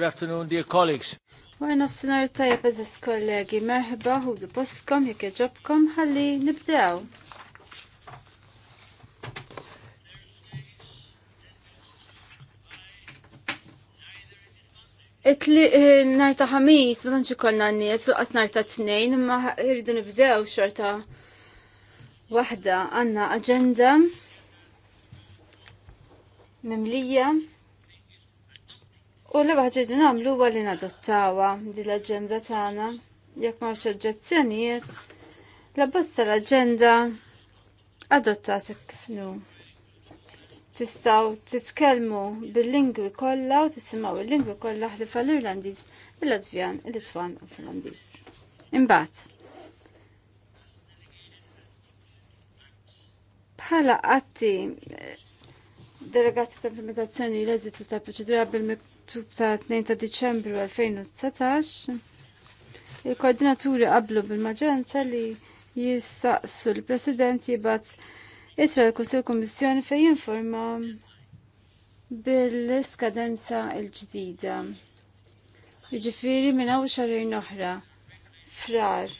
Good afternoon, dear colleagues. Għaj nafsinar tajab eżis kollegi, merħba u duboskom, jek ġobkom, ħalli nibdew. Itli eh, nar ta' ħamis, ma tanċi konna n-nies, u qas nar ta' t-nejn, ma rridu nibdew xorta wahda għanna agenda Memlija. U li waħġi namlu għalli nadottawa di l-agenda tagħna jekk mawx oġġezzjonijiet la bosta l agenda adottat kif nu. Tistaw titkellmu bil-lingwi kollha u tisimgħu il-lingwi kollha ħlifa l-Irlandiż, il latvijan il-Litwan u l-Irlandiż. Imbagħad. Bħala qatti eh, delegati ta' implementazzjoni l-eżitu ta' proċedura bil mik miktub ta' 2 ta' Diċembru 2019 il-koordinaturi qablu bil-maġġoranza li jissaqsu l-President jibat itra l-Konsil Kommissjoni fej jinforma bil-skadenza l-ġdida. Jiġifieri minna u xarejn oħra frar.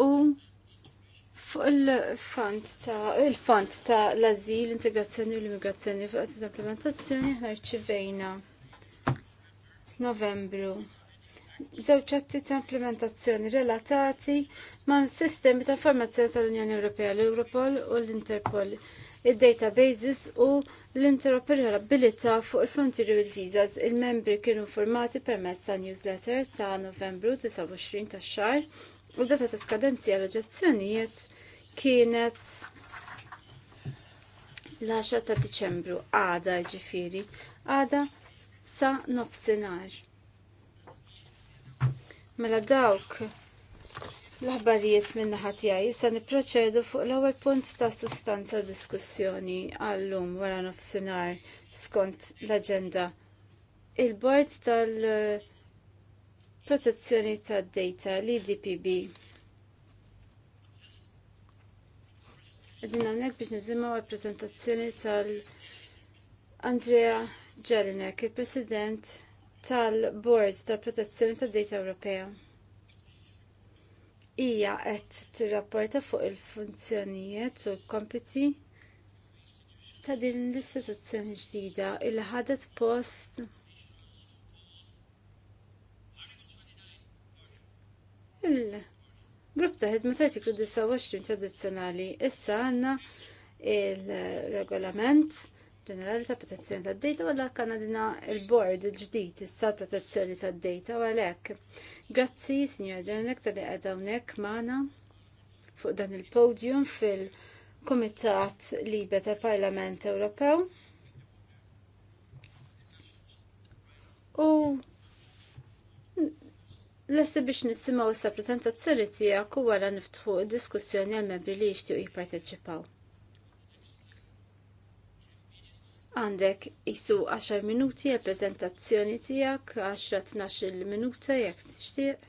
U Fuq il-fond ta' il-fond ta' l-azil, integrazzjoni u l-immigrazzjoni fuq qed implementazzjoni ħna rċivejna Novembru. Żewġ atti ta' implementazzjoni relatati ma' sistemi ta' formazzjoni tal-Unjoni Ewropea l-Europol u l-Interpol il-databases u l-interoperabilità fuq il-frontieri u l-visas. Il-membri kienu formati permezz ta' newsletter ta' novembru 29 ta' xar u data ta' skadenzi għal oġezzjonijiet kienet l-10 ta' Diċembru għada ġifiri għada sa nofsinar. Mela dawk l-aħbarijiet minna ħatijaj sa niproċedu fuq l-ewwel punt ta' sustanza diskussjoni għallum wara nofsinar skont l-agenda. Il-Bord tal- protezzjoni tad data l-IDPB. Għedin għamnek biex nizimaw għal-prezentazzjoni tal-Andrea Jelinek, il-President tal-Board tal-Protezzjoni tad-Data Ewropea. Ija qed tirrapporta fuq il-funzjonijiet u l-kompiti ta' din l-istituzzjoni ġdida il ħadet post il Grupp ta' ħidma ta' artiklu 29 tradizzjonali issa għandna il-regolament ġenerali ta' protezzjoni ta' data u għallak għanadina il-board il-ġdijt issa protezzjoni ta' data u għalek. Grazzi, signora ġenerik, tal-li għadawnek maħna fuq dan il-podium fil-Komitat Libe tal Parlament Ewropew. U Lesti biex nisimaw issa prezentazzjoni tiegħek u wara niftħu diskussjoni għal membri li jixtiequ jipparteċipaw. Għandek jisu 10 minuti għal prezentazzjoni tiegħek, 10-12 minuta jekk tixtieq.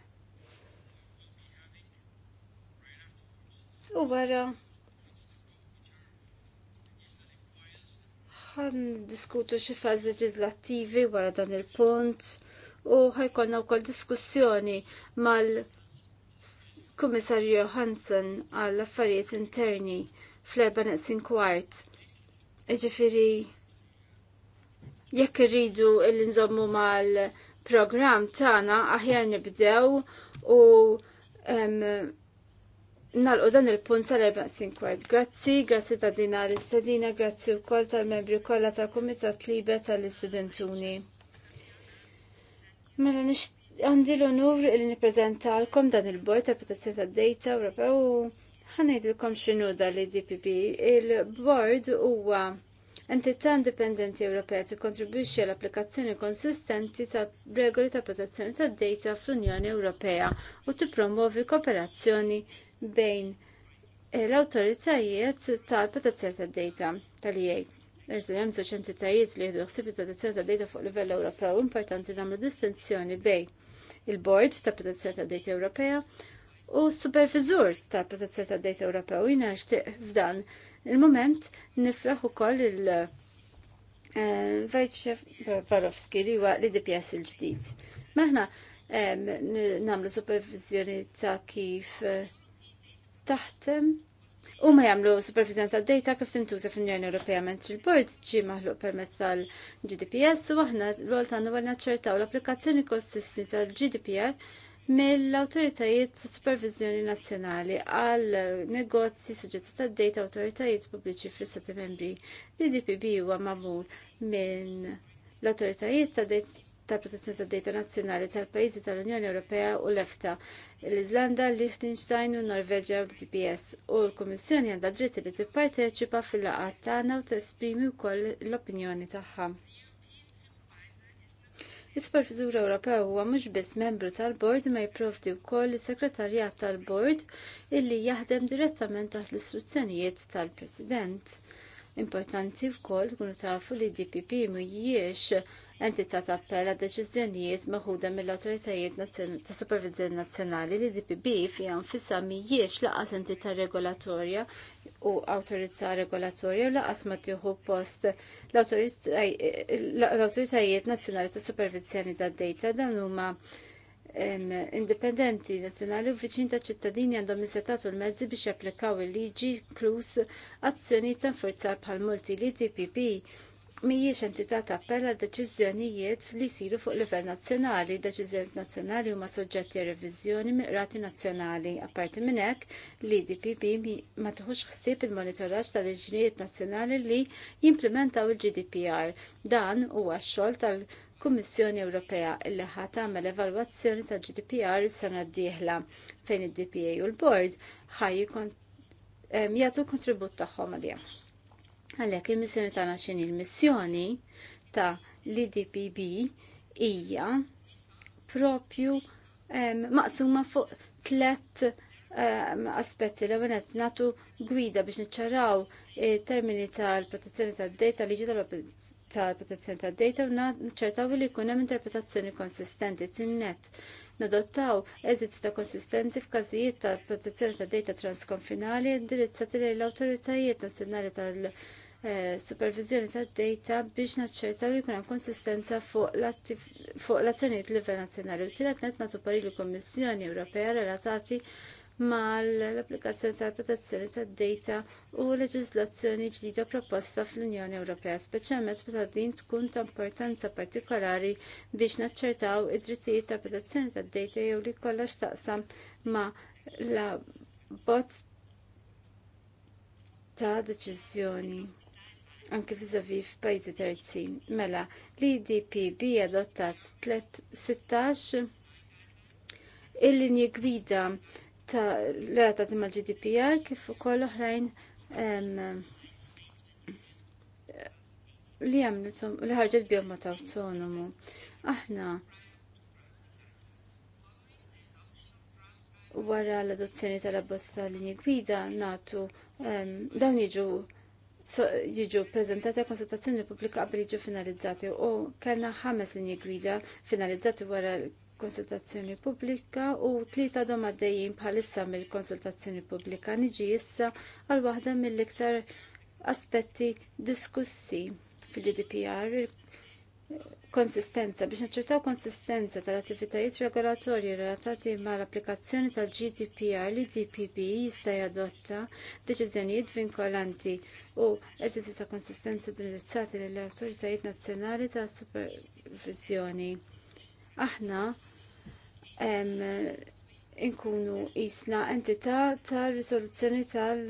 U wara għan diskutu xi fażi leġislattivi wara dan il-punt u u wkoll diskussjoni mal kummissarju Hansen għall affarijiet interni fl-erba neqsin kwart. Iġifiri, jekk irridu il-nżommu mal-program tagħna aħjar nibdew u Nalqu dan il-punt sal-4 kwart. Grazzi, grazzi ta' dina l-istedina, grazzi u kol tal-membri kolla tal-Komitat Libe tal-Istudentuni. Mela għandi l-onur li għalkom dan il-Bord ta' Protezzjoni tad-Data Ewropew u ħanajdilkom x'inhu dal dpp Il-Bord huwa entità indipendenti Ewropea tikkontribwixxi għall applikazzjoni konsistenti ta' regoli ta' protezzjoni tad-data fl-Unjoni Ewropea u tippromovi kooperazzjoni bejn eh, l autoritajiet tal-protezzjoni tad-data tal-EA. Lersin hemm żewġ entitajiet li jieħdu għsib il-protezzjoni ta' dejta fuq livell Ewropew importanti nagħmlu distinzjoni bejn il-Bord ta' Protezzjoni ta' dejta Ewropea u s-supervizur ta' protezzjoni ta' dejta Ewropew jiena nixtieq f'dan il-moment nifraħ ukoll il- Vajċef eh, Barovski li għu l-DPS il-ġdid. Maħna namlu supervizjoni ta' kif eh, taħtem u ma jagħmlu supervizjon tad-data kif tintuża fl-Unjoni Ewropea mentri l-bord ġie maħluq permezz tal-GDPS u aħna l-għol tagħna wara naċċertaw l-applikazzjoni konsistni tal-GDPR mill-autoritajiet ta' supervizjoni nazzjonali għal negozji suġġetti ta' data autoritajiet pubbliċi fl stati membri. DPB huwa mamul minn l-autoritajiet ta' data tal-protezzjoni tad-data nazzjonali tal-pajjiżi tal-Unjoni Ewropea u l-EFTA, l-Iżlanda, Liechtenstein u n-Norveġġja u l-GPS u l-Kummissjoni għandha dritt li tipparteċipa fil-laqgħat tagħna u tesprimi wkoll l-opinjoni tagħha. Is-Supervisur Ewropew huwa mhux biss membru tal-Bord ma jipprovdi wkoll is-Sekretarjat tal-Bord illi jaħdem direttament taħt l-istruzzjonijiet tal-President. Importanti wkoll tkunu tafu li DPP mhijiex entità tappella deċiżjonijiet maħuda mill-awtoritajiet ta' supervizjoni nazzjonali li DPB fija nfissa mhijiex laqas entità regolatorja u awtorità regolatorja u laqas ma tieħu post l-awtoritajiet nazzjonali ta' supervizjoni tad-dejta dan huma indipendenti nazzjonali u viċin ta' ċittadini għandhom insetatu l-mezzi biex japplikaw il-liġi klus azzjoni ta' forzar bħal multi li TPP mijiex entità ta' għal deċiżjonijiet li jsiru fuq livell nazzjonali, deċiżjonijiet nazzjonali huma soġġetti għal reviżjoni miqrati nazzjonali. Apparti minn hekk li DPP ma tħux ħsieb il-monitoraġġ tal iġnijiet nazzjonali li jimplementaw il-GDPR. Dan huwa x-xogħol tal- Kummissjoni Ewropea illi ħat tagħmel evalwazzjoni ta' GDPR is-sena d-dieħla fejn id-DPA u l-Bord ħaj jagħtu kontribut tagħhom għalija. Għalhekk il-missjoni tagħna x'inhi l-missjoni ta' l-IDPB hija propju maqsuma fuq tlet aspetti l għanet natu gwida biex niċċaraw termini tal-protezzjoni tad-data liġi tal-protezzjoni tad-data u niċċertaw li jkun hemm interpretazzjoni konsistenti tinnet. Nadottaw eżit ta' konsistenzi f'każijiet tal-protezzjoni tad-data transkonfinali indirizzati lill awtoritajiet nazzjonali tal- Eh, supervizjoni ta' data biex naċċertaw li jkun hemm konsistenza fuq l-azzjonijiet livell nazzjonali. U tielet net nagħtu parili Kummissjoni Ewropea relatati mal-applikazzjoni tal-protezzjoni tad-data u leġiżlazzjoni ġdida proposta fl-Unjoni Ewropea, speċjalment meta din tkun ta' importanza partikolari biex naċċertaw id-drittijiet ta' protezzjoni tad-data jew li kollox x'taqsam ma' la bot ta' deċiżjoni anke vizavi f'pajzi terzi. Mela, l-IDP bi adottat 16 il-linji gwida ta' l-għata mal gdpr kif ukoll oħrajn li għamletom, li ħarġet bjom ma ta' autonomu. Aħna, wara l-adozzjoni tal-abbozz tal-linji gwida, natu dawn jiġu jiġu prezentati konsultazzjoni pubblika qabel jiġu finalizzati u kellna ħames linji gwida finalizzati wara konsultazzjoni pubblika u tlieta dom għaddejjin bħalissa mill-konsultazzjoni pubblika niġi issa għal waħda mill-iktar aspetti diskussi fil-GDPR konsistenza biex naċċertaw konsistenza tal-attivitajiet regolatorji relatati mal applikazzjoni tal-GDPR li DPP jista' jadotta deċiżjonijiet vinkolanti u eżiti ta' konsistenza drizzati lill awtoritajiet nazzjonali ta' supervizjoni. Aħna inkunu isna entità ta' risoluzzjoni tal-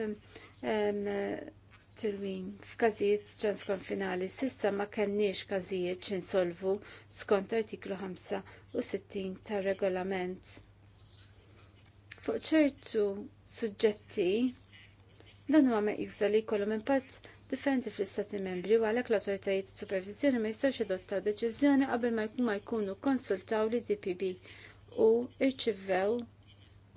tilwim f'każijiet transkonfinali sissa ma kenniex każijiet x'insolvu skont artiklu 65 tar-regolament. Fuq ċertu suġġetti dan huwa meqjusa li jkollhom impatt differenti fl-Istati membri u għalhekk l-awtoritajiet ta' supervizjoni ma jistgħux adottaw deċiżjoni qabel ma jkunu konsultaw li DPB u rċivew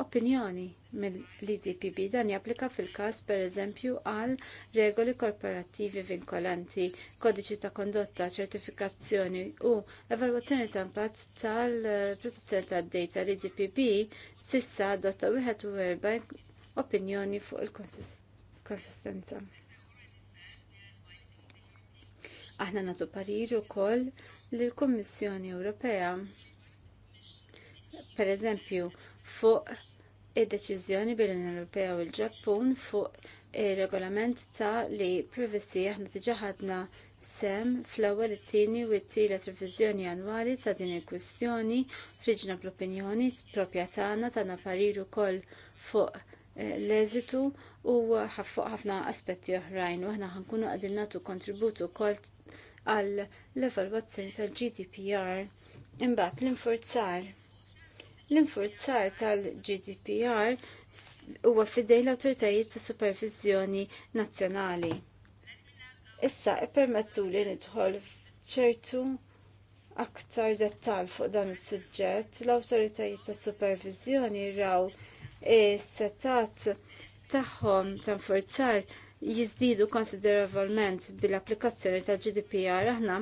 opinjoni mill-IDPB dan japplika fil-każ pereżempju għal regoli korporattivi vinkolanti, kodiċi ta' kondotta, ċertifikazzjoni u evalwazzjoni ta' impatt tal-protezzjoni tad-data l-IDPB sissa adotta 41 opinjoni fuq il-konsistenza. Aħna nagħtu pariru kol lill kummissjoni Ewropea. pereżempju fuq id-deċiżjoni bil-Unjoni Ewropea u l-Ġappun fuq ir-regolament ta' li privacy aħna diġà ħadna sem fl-ewwel it-tieni u t-tielet reviżjoni annwali ta' din il-kwistjoni riġna bl-opinjoni proprja tagħna tagħna parir ukoll fuq eh, l-eżitu u fuq ħafna aspetti oħrajn u aħna ħankunu qegħdin nagħtu kontribut ukoll għall evalwazzjoni tal-GDPR imbagħad l-infurzar L-infurzar tal-GDPR huwa fidej l-autoritajiet ta' supervizjoni nazzjonali. Issa ippermettu li nidħol f'ċertu aktar dettal fuq dan is-suġġett, l-awtoritajiet ta' supervizjoni raw is-setat tagħhom ta' forzar jizdidu konsiderevolment bil-applikazzjoni ta' GDPR aħna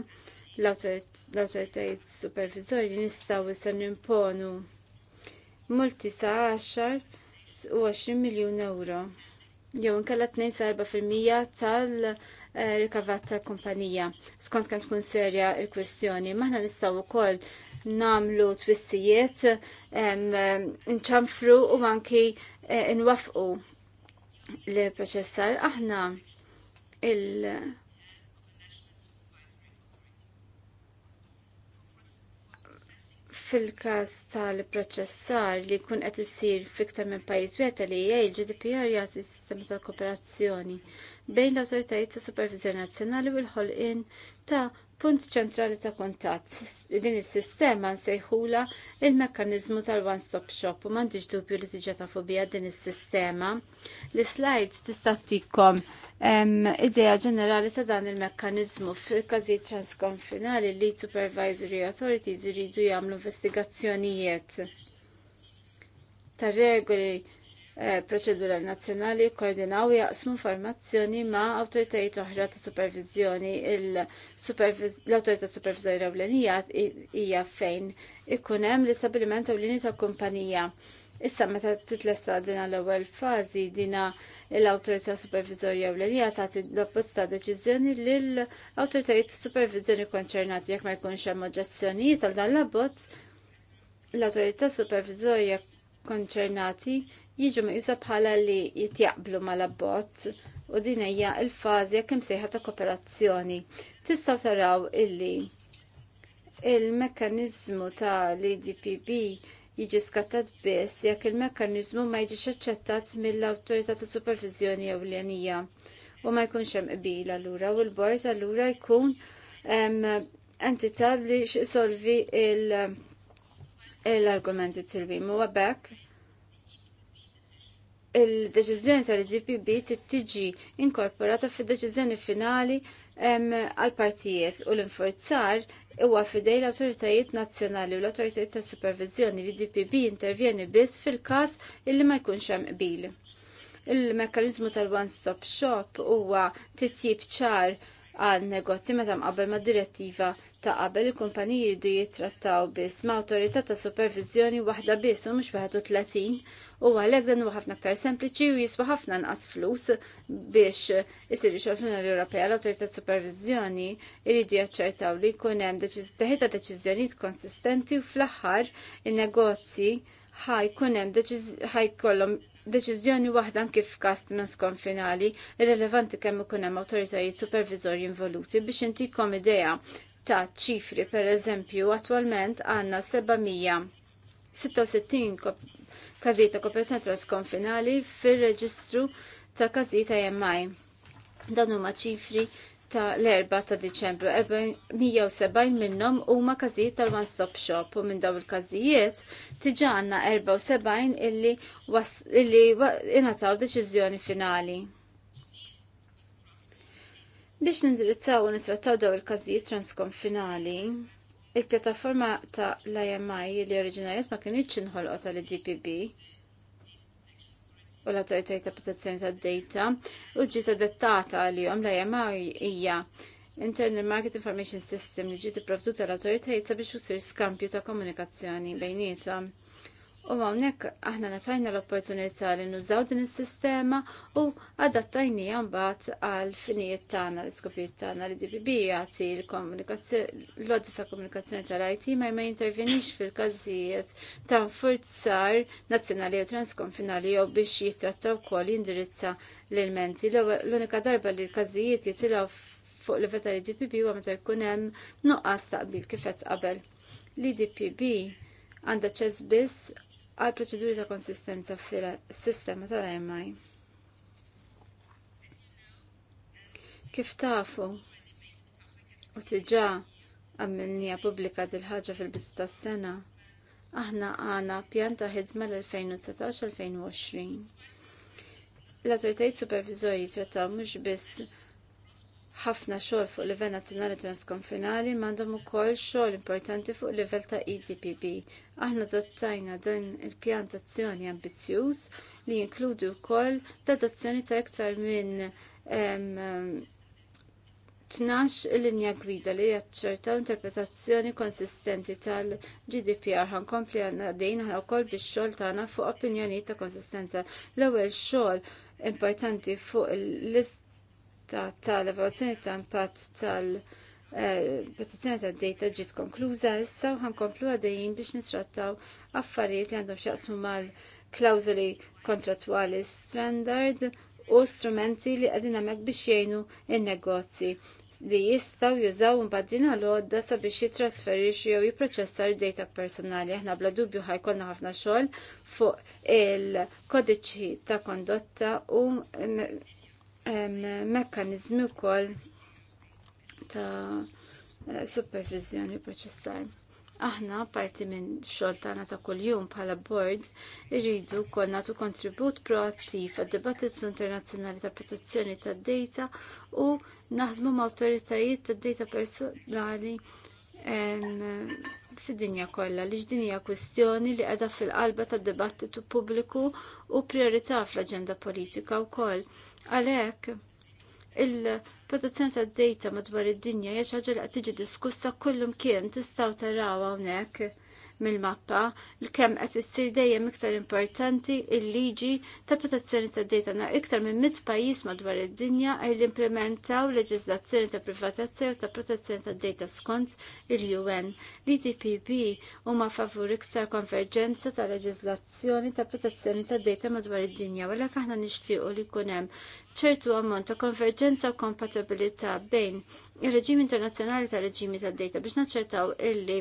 l-awtoritajiet supervizorji nistgħu issa nimponu multi sa' 10 u 20 miljun euro. Jew inkella 2 4% tal-rikavat tal-kumpanija. Skont kemm tkun serja il-kwestjoni, maħna nistgħu wkoll namlu twissijiet, nċanfru u anki e, nwafqu li proċessar Aħna il- fil-każ tal-proċessar li jkun qed isir fiktar minn pajjiż wieħed li hija l-GDPR jagħti sistema ta' kooperazzjoni bejn l-awtoritajiet ta' supervizjoni nazzjonali u l-ħolqien ta' punt ċentrali ta' kuntatt. Din is-sistema nsejħula il-mekkaniżmu tal-one-stop shop u m'għandix dubju li tiġa ta' fobija din is-sistema. L-slides tista' tikkom idea ġenerali ta' dan il-mekkaniżmu fil-każijiet transkonfinali li supervisory authorities iridu jagħmlu investigazzjonijiet ta' regoli Eh, proċedura nazzjonali koordinaw jaqsmu informazzjoni ma' autoritajiet oħra ta' supervizjoni l-autorità supervizjoni ewlenija hija fejn ikun hemm l-istabiliment ewlieni ta' kumpanija. Issa meta titlesta dina l-ewwel fażi dina l-awtorità supervizorja u l-għalija tagħti l opposta deċiżjoni lill awtoritajiet supervizjoni konċernati jekk ma jkunx hemm oġġezzjonijiet għal dan l-abbozz l-awtorità supervizorja konċernati jiġu meqjusa bħala li jitjaqblu mal-abbozz u din hija l-fażi jekk hemm sejħa ta' kooperazzjoni. Tistgħu taraw illi il-mekkaniżmu ta' l-IDPB jiġi skattat biss jekk il-mekkaniżmu ma jiġix aċċettat mill-awtorità ta' supervizjoni ewlenija u ma jkunx hemm qbil allura u l-bord allura jkun entità li solvi l-argumenti tilwim u għabek il-deċiżjoni tal-GPB tittiġi inkorporata fid-deċiżjoni finali għal-partijiet u l-infurzar huwa fidej l-autoritajiet nazzjonali u l-autoritajiet ta' supervizjoni li DPB intervjeni biss fil-każ illi ma jkunx hemm qbil. il mekkaniżmu tal tal-one-stop shop huwa titjib ċar għal negozji meta mqabel ma' direttiva ta' qabel il-kumpaniji jridu jittrattaw biss ma' awtorità ta' supervizjoni waħda biss u mhux 31 u għalhekk dan huwa ħafna aktar sempliċi u jiswa ħafna nqas flus biex isir xogħol l unjoni Ewropea l-awtorità ta' supervizjoni jridu jaċċertaw li jkun hemm teħita deċiżjonijiet konsistenti u fl-aħħar in-negozji ħajkun hemm ħajkollhom deċiżjoni waħda kif kas finali, irrelevanti kemm ikun hemm awtoritajiet supervizorji involuti biex intikom idea ta' ċifri, per eżempju, attualment għanna 766 kazita kooperazzjoni transkonfinali fil-reġistru ta' kazita EMI. Dan huma ċifri ta' l-4 ta' Diċembru, 170 minnhom huma każijiet tal-One Stop Shop u minn daw il-każijiet tiġa għandna 74 illi, illi inataw deċiżjoni finali. Biex nindirizzaw u nitrattaw daw il-każijiet transkonfinali, il-pjattaforma ta' l-IMI li oriġinarjat ma kienx inħolqot tal-DPB u l-autoritajt ta' protezzjoni ta' data u ġiet adettata li jom l-IMI hija Internal Market Information System li ġiet ipprovduta l-autoritajt sabiex usir skampju ta' komunikazzjoni bejnietom. U hawnhekk aħna natajna l-opportunità li nużaw din is-sistema u adattajnija mbagħad għal finijiet tagħna l-iskopijiet tagħna li DPB għati l-lodda sa' komunikazzjoni tal-IT ma ma jintervenix fil-każijiet ta' forzar nazzjonali u transkonfinali jew biex jittrattaw ukoll jindirizza l elmenti L-unika darba li l-każijiet jitilgħu fuq level tal-IDPB huwa meta jkun hemm nuqqas taqbil kif qabel. L-IDPB għandha ċess biss għal proċeduri ta' konsistenza fil-sistema tal-MI. Kif tafu u tiġa għamilnija publika dil-ħagġa fil-bidu tas sena aħna għana pjan ta' ħidma l-2019-2020. L-autoritajt supervizori trattaw mhux biss ħafna xogħol fuq livell nazzjonali transkonfinali m'għandhom ukoll xogħol importanti fuq livell ta' EDPB. Aħna dottajna dan il-pjan tazzjoni ambizzjuż li jinkludi wkoll l-adozzjoni ta' iktar minn Tnax il-linja gwida li jaċċertaw interpretazzjoni konsistenti tal-GDPR ħan kompli għanna dejn ħana u koll biex xol tana fuq opinjoni ta' konsistenza. L-ewel xol importanti fuq il-list Ta' tal-evaluazzjoni ta' impatt tal-petizzjoni ta' data ġiet konkluża issa u ħankomplu għadejjin biex nitrattaw affarijiet li għandhom x'jaqsmu mal-klawżoli kontrattwali standard u strumenti li qegħdin għamek biex jgħinu il negozji li jistaw jużaw mbaddina l-odda sabiex jitrasferixi jew jiproċessar data personali. Aħna bla dubju ħajkonna ħafna xogħol fuq il-kodiċi ta' kondotta u mekkanizmi wkoll ta' supervizjoni proċessar. Aħna parti minn xogħol tagħna ta' kuljum bħala board irridu konna tu kontribut proattiv għad-dibattitu internazzjonali ta' protezzjoni tad-data u naħdmu ma' autoritajiet tad-data personali fid-dinja kollha li dinja kwestjoni li qiegħda fil-qalba tad-dibattitu pubbliku u priorità fl-aġenda politika wkoll. Għalhekk il-protezzjoni tad dejta madwar id-dinja hija xi ħaġa li qed tiġi diskussa kullum kien tistgħu taraw hawnhekk mill-mappa l kemm qed issir dejjem iktar importanti il-liġi ta' protezzjoni ta' data na' iktar minn mit pajjiż madwar id-dinja għal implementaw leġiżlazzjoni ta' privatezza u ta' protezzjoni ta' data skont il-UN. L-ITPB huma favur iktar konverġenza ta' leġiżlazzjoni ta' protezzjoni ta' data madwar id-dinja u l aħna nixtiequ li jkun hemm ċertu ammont ta' konverġenza u kompatibilità bejn ir-reġim internazzjonali ta' reġimi ta' data biex naċċertaw illi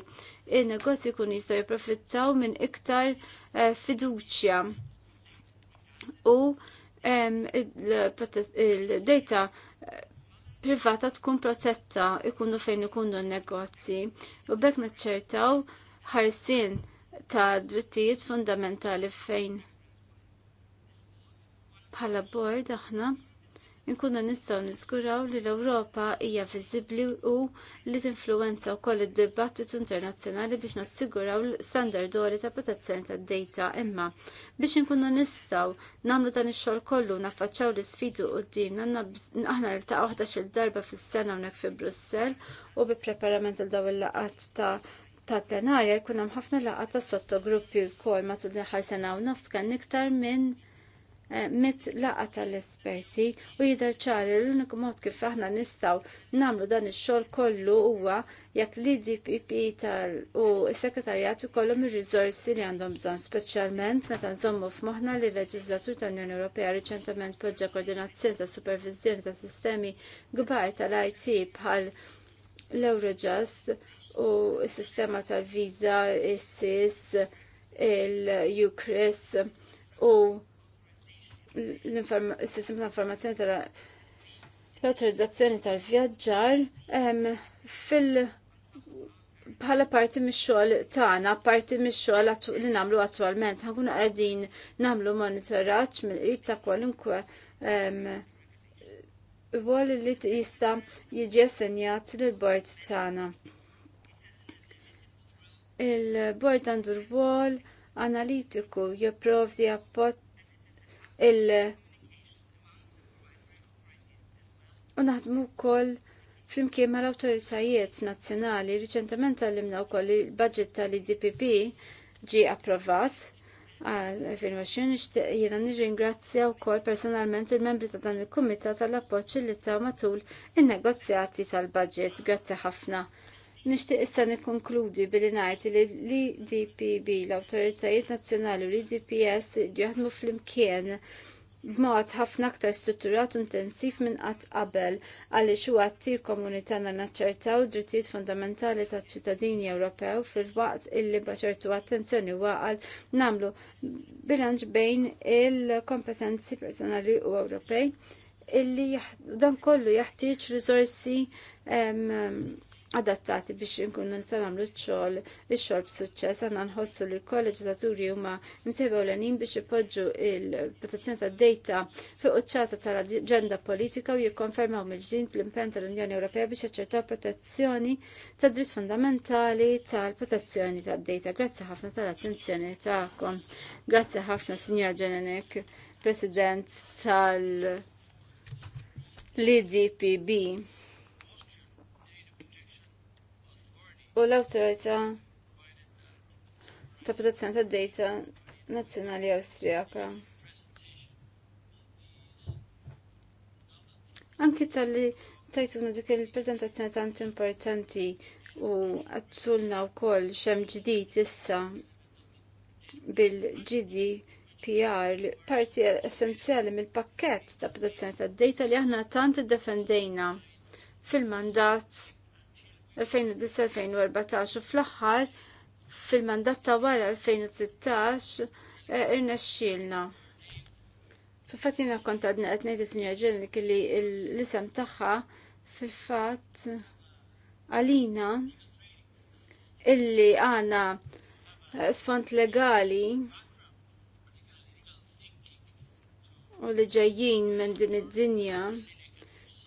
il-negozji kun jistgħu jipprofittaw minn iktar eh, fiduċja u il-data eh, privata tkun protetta ikunu fejn ikunu n-negozji u bekk naċċertaw ħarsin ta' drittijiet fundamentali fejn bħala bord aħna inkunna nistgħu niskuraw li l-Ewropa hija viżibbli u li tinfluwenza wkoll id-dibattitu internazzjonali biex nassiguraw l-standard dwar ta' protezzjoni tad dejta imma biex inkunna nistgħu nagħmlu dan ix-xogħol kollu naffaċċaw l-isfidu qudiemna aħna niltaqgħu waħda xil darba fis-sena hawnhekk fi Brussell u bi preparament għal daw il-laqat ta' tal-plenarja jkun hemm ħafna laqgħa ta' sottogruppi wkoll matul din aħħar sena u nofs kan iktar minn Eh, mit laqa tal-esperti u jidher ċari l-uniku mod kif aħna nistgħu nagħmlu dan ix-xogħol kollu huwa jekk l-IDPP tal u s-sekretarjat ikollhom ir-riżorsi li għandhom bżonn, speċjalment meta nżommu f'moħħna li l-leġislatur tal-Unjoni Ewropea riċentement poġġa koordinazzjoni ta' supervizjoni ta' sistemi kbar tal-IT bħal l-Eurojust u s-sistema tal-viża, is-SIS, il-UCRIS u l-sistem ta' informazzjoni tal l-autorizzazzjoni tal-vjaġġar ehm, fil- bħala parti mix-xogħol tagħna, parti mix-xogħol li nagħmlu attwalment, ħankunu qegħdin nagħmlu monitoraġġ mill-qrib ta' kwalunkwe ehm, wol li jista' jiġi assenjat lill-bord tagħna. Il-bord għandu rwol analitiku jipprovdi appoġġ il- U naħdmu wkoll flimkien mal awtoritajiet nazzjonali riċentement għallimna wkoll il-budget tal-IDPP ġie approvat għal 2020 jiena nirringrazzja wkoll personalment il-membri ta' dan il-kumitat għall appoġġ li taw matul in-negozjati tal-budget. Grazzi ħafna. Nixtieq issa nikkonkludi billi ngħid li l-IDPB, l-Awtoritajiet Nazzjonali u l-IDPS jaħdmu flimkien b'mod ħafna aktar strutturat u intensiv minn qatt qabel għaliex huwa ttir komunità komunitana naċċertaw drittijiet fundamentali taċ ċittadini Ewropew fil-waqt illi ċertu attenzjoni waqal nagħmlu bilanċ bejn il-kompetenzi personali u Ewropej illi dan kollu jaħtieġ riżorsi adattati biex inkunu nistgħu nagħmlu x-xogħol ix-xogħol b'suċċess għandna nħossu li l-kolleġġaturi huma msejbew lenin biex ipoġġu il-protezzjoni tad-dejta fuq ċata tal-aġenda politika u jikkonfermaw mill-ġdid l-impenn tal-Unjoni Ewropea biex jaċċertaw protezzjoni tad dritt fundamentali tal-protezzjoni tad-dejta. Grazzi ħafna tal-attenzjoni tagħkom. Grazzi ħafna Sinjora Ġenenek, President tal-LDPB. u l-Awtorità ta' Protezzjoni tad-Data Nazzjonali Awstrijaka. Anki tal-li tajtuna dik il-prezentazzjoni tant importanti u għazzulna u koll xem ġdijt issa bil-ġidi PR parti essenzjali mill-pakket ta' protezzjoni ta' data li aħna tant defendejna fil-mandat 2014 u fl-aħħar fil-mandat ta' wara 2016 eh, irnexxielna. Fil-fatina kont għadna qed ngħid is-Sinjora Ġelni kelli l-isem tagħha fil-fatt għalina illi għandna eh, sfond legali u li ġejjin minn din id-dinja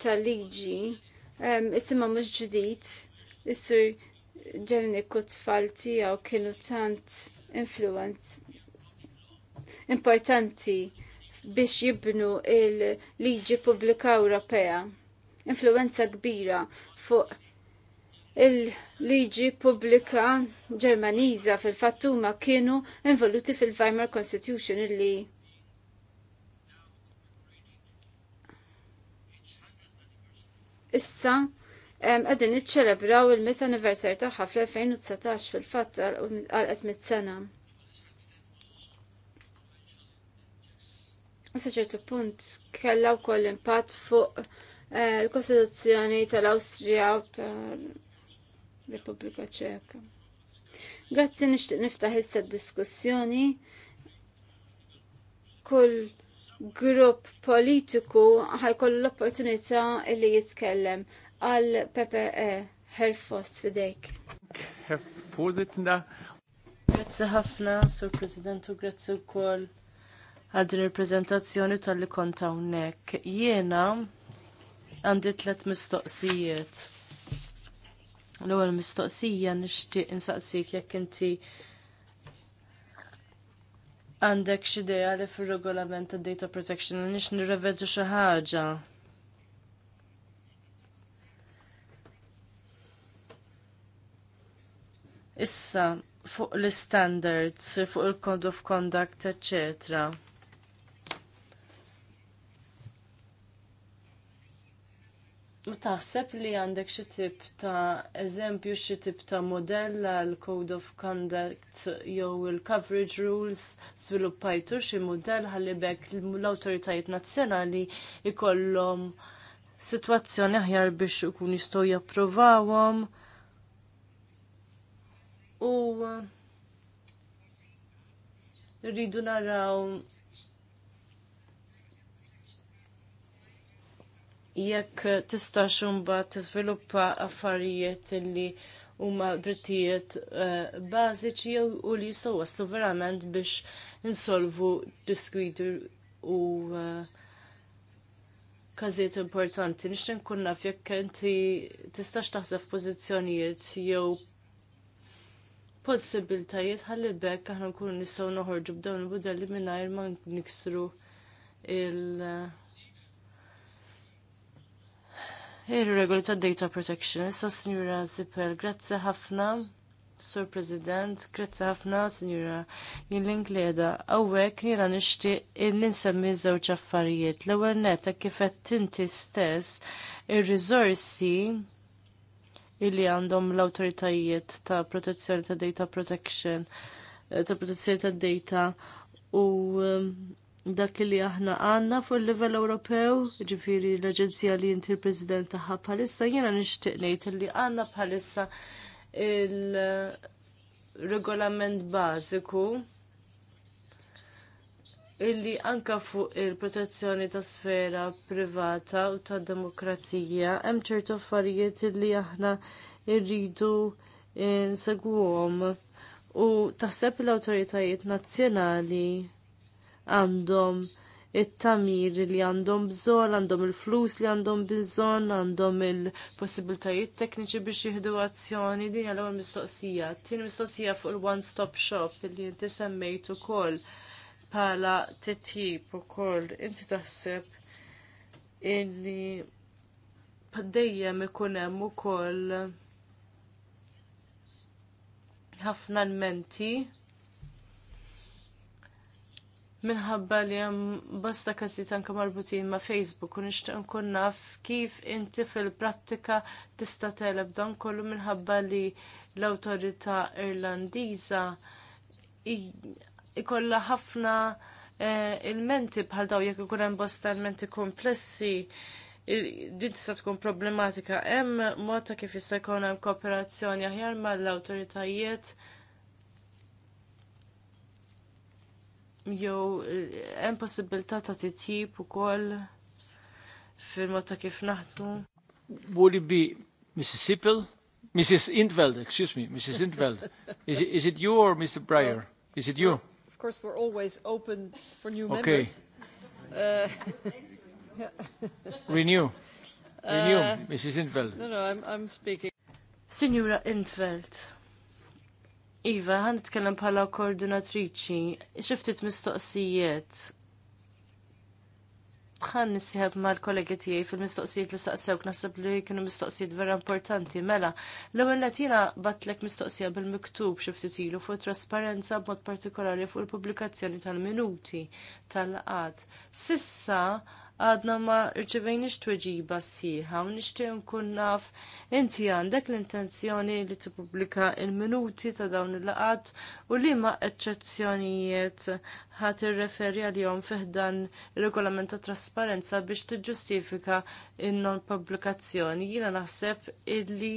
tal-liġi eh, isimma mhux ġdid Is-sur Ġernik u tfal tiegħu kienu tant influenz importanti biex jibnu il-liġi pubblika Ewropea. Influenza kbira fuq il-liġi pubblika ġermaniza fil-fattuma kienu involuti fil-Weimar Constitution illi issa għedin iċċelebraw il-mit anniversary taħħa fl-2019 fil-fatt għal-qed mit-sena. Issa ċertu punt kella wkoll impatt fuq eh, l-Kostituzzjoni tal-Awstrija u tal-Repubblika Ċeka. Grazzi nixtieq niftaħ issa diskussjoni kull grupp politiku ħajkollu l-opportunità li jitkellem għal PPE Herfos fidejk. Herfositna. Grazzi ħafna, Sur President, u u wkoll għal din il-prezentazzjoni tal-li kont unnek. Jiena għandi tlet mistoqsijiet. L-ewwel mistoqsija nixtieq insaqsik jekk inti għandek xi idea li fir-regolament tad data protection nix nirrevedu xi ħaġa Issa, fuq l-standards, fuq il-code of conduct, etc. U taħseb li għandek xi tip ta' eżempju xi tip ta' modell għal Code of Conduct jew il-Coverage Rules żviluppajtu xi modell ħalli bekk l-awtoritajiet nazzjonali jkollhom sitwazzjoni aħjar biex ikun jistgħu japprovawhom u uh, rridu naraw jekk tista' xumba tiżviluppa affarijiet li huma drittijiet uh, bażiċi u li jistgħu waslu verament biex insolvu diskwidu u uh, każijiet importanti. Nixtieq nkun naf jekk inti tistax taħseb pożizzjonijiet jew possibiltajiet ħalli bekk aħna nkunu nistgħu noħorġu b'dawn il budelli mingħajr ma niksru il- eh, Ir-regoli ta' data protection. Issa Sinjura Zippel, grazzi ħafna, Sur President, grazzi ħafna, Sinjura Jillink li edha. Awek nira nixtieq il ninsemmi żewġ affarijiet. L-ewwel netta kif tinti stess ir rizorsi illi għandhom l-autoritajiet ta' protezzjoni ta' data protection, eh, ta' protezzjoni ta' data u ehm, dak li aħna għanna fuq il-livell Ewropew, ġifiri l-Aġenzija li inti l-President taħħa bħalissa, jena nixtieq ngħid li għandna bħalissa il-regolament eh, bażiku illi anka fuq il-protezzjoni ta' sfera privata u ta' demokrazija hemm ċertu affarijiet illi aħna rridu nsegwuhom u taħseb l-awtoritajiet nazzjonali għandhom it-tamir li għandhom bżonn, għandhom il-flus li għandhom bżonn, għandhom il-possibilitajiet tekniċi biex jieħdu azzjoni din għal mistoqsija. Tieni mistoqsija fuq il-one-stop shop li inti semmejt ukoll bħala titjib ukoll inti taħseb illi dejjem ikun hemm ukoll ħafna n menti minħabba li hemm bosta każijiet anke marbutin ma' Facebook u nixtieq nkun naf kif inti fil-prattika tista' teleb dan kollu minħabba li l-awtorità Irlandiża ikolla ħafna eh, il-menti bħal daw jekk ikun hemm bosta menti komplessi din tista' tkun problematika. Hemm mod ta' kif jista' jkun hemm kooperazzjoni aħjar mal-awtoritajiet jew eh, hemm possibilità ta' titjib ukoll fil-mod ta' kif naħdmu. Would it be Mrs. Sippel? Mrs. Intveld, excuse me, Mrs. Intveld. Is it, is it you or Mr. Breyer? Is it you? course, we're always open for new okay. members. Uh, Renew. Renew, uh, Mrs. Infeld. No, no, I'm, I'm speaking. Signora Infeld. Iva, għan t nitkellem bħala koordinatriċi, xiftit mistoqsijiet bħan ma mal-kollegi tiegħi fil-mistoqsijiet li saqsewk naħseb li kienu mistoqsijiet vera importanti. Mela, l-ewwel qed batlek mistoqsija bil-miktub xi ftit ilu fuq trasparenza b'mod partikolari fuq il-pubblikazzjoni tal-minuti tal-qad. Sissa għadna ma rċivejniex tweġiba sħiħa u nixtieq nkun naf inti għandek l-intenzjoni li tippubblika il-minuti ta' dawn il-laqat u li ma eċċezzjonijiet ħat irreferi għal-jom fiħdan il-regolament ta' trasparenza biex tiġġustifika in-non pubblikazzjoni. Jiena naħseb illi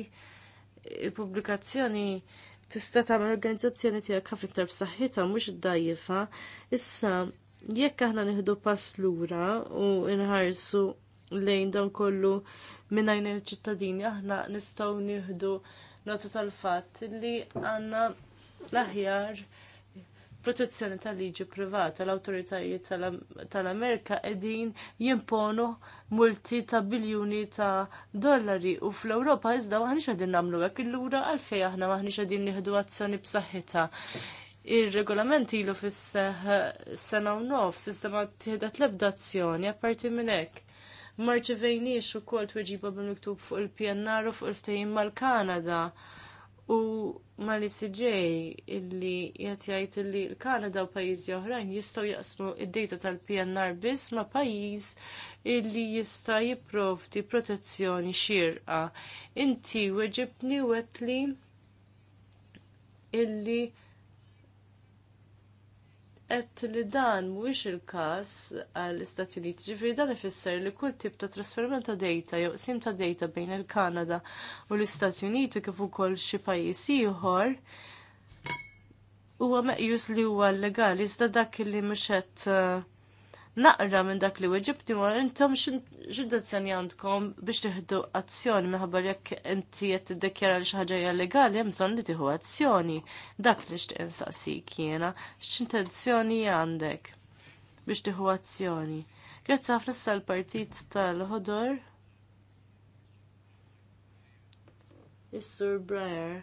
il-pubblikazzjoni tista' tagħmel organizzazzjoni tiegħek ħafna iktar b'saħħitha mhux iddajjifha. Issa Jekk aħna nieħdu pass lura u nħarsu lejn dan kollu minn il-ċittadini, aħna nistgħu nieħdu nota tal-fatt li għandna l-aħjar protezzjoni tal-liġi privata, l awtoritajiet tal-Amerika qegħdin jimponu multi ta' biljuni ta' dollari u fl ewropa iżda maħniex qegħdin nagħmlu hekk illura għalfejn aħna maħniex qegħdin nieħdu azzjoni b'saħħitha il-regolament ilu fis-seħ sena u nof, sistema tieħdet l-ebda azzjoni, apparti minn hekk. Marċivejniex ukoll tweġiba bil-miktub fuq il-PNR u fuq il-ftehim mal-Kanada u mal-ICJ illi qed jgħid illi l-Kanada u pajjiżi oħrajn jistgħu jaqsmu id-data tal-PNR biss ma' pajjiż illi jista' jipprovdi protezzjoni xierqa. Inti weġibni wetli illi qed li dan mhuwiex il-każ għall-Istati Uniti. Ġifieri dan ifisser li kull tip ta' trasferiment ta' data jew qsim ta' data bejn il-Kanada u l-Istati Uniti kif ukoll xi pajjiż ieħor huwa meqjus li huwa legali iżda dak li mhux qed naqra minn dak li weġibni ma intom x'intenzjoni għandkom biex tieħdu azzjoni minħabba jekk inti qed tiddekjara li xi ħaġa hija legali hemm bżonn li tieħu azzjoni. Dak li xtieq insaqsik jiena x'intenzjoni għandek biex tieħu azzjoni. Grazzi ħafna issa l-partit tal-ħodor. Is-Sur Breyer.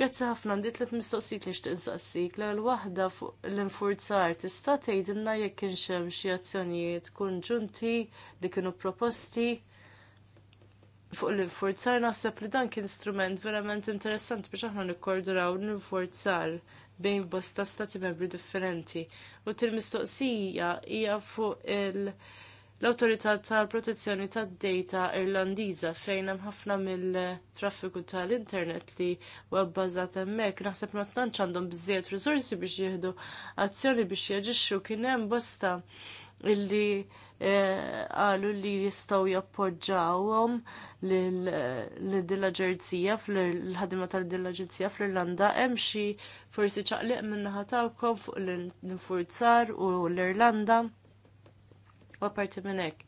Grazzi ħafna għandi tliet mistoqsijiet li xtieq nsaqsik l waħda fuq l-infurzar tista' tgħidilna jekk kien hemm xi azzjonijiet kunġunti li kienu proposti fuq l-infurzar naħseb li dan kien strument verament interessanti biex aħna nikkoorduraw l-infurzar bejn bosta stati membri differenti. U til-mistoqsija hija fuq il- l-Awtorità tal-Protezzjoni tad-Data Irlandiża fejn hemm ħafna mill-traffiku tal-Internet li huwa bbażat hemmhekk naħseb ma tantx għandhom biżżejjed riżorsi biex jieħdu azzjoni biex jaġixxu kien hemm bosta illi eh, qalu li jistgħu jappoġġawhom lil ġerzija fl-ħadima tal-dillaġerzija fl-Irlanda hemm xi forsi ċaqliq min-naħa tagħkom fuq l-infurzar u l-Irlanda. U apparti minn hekk,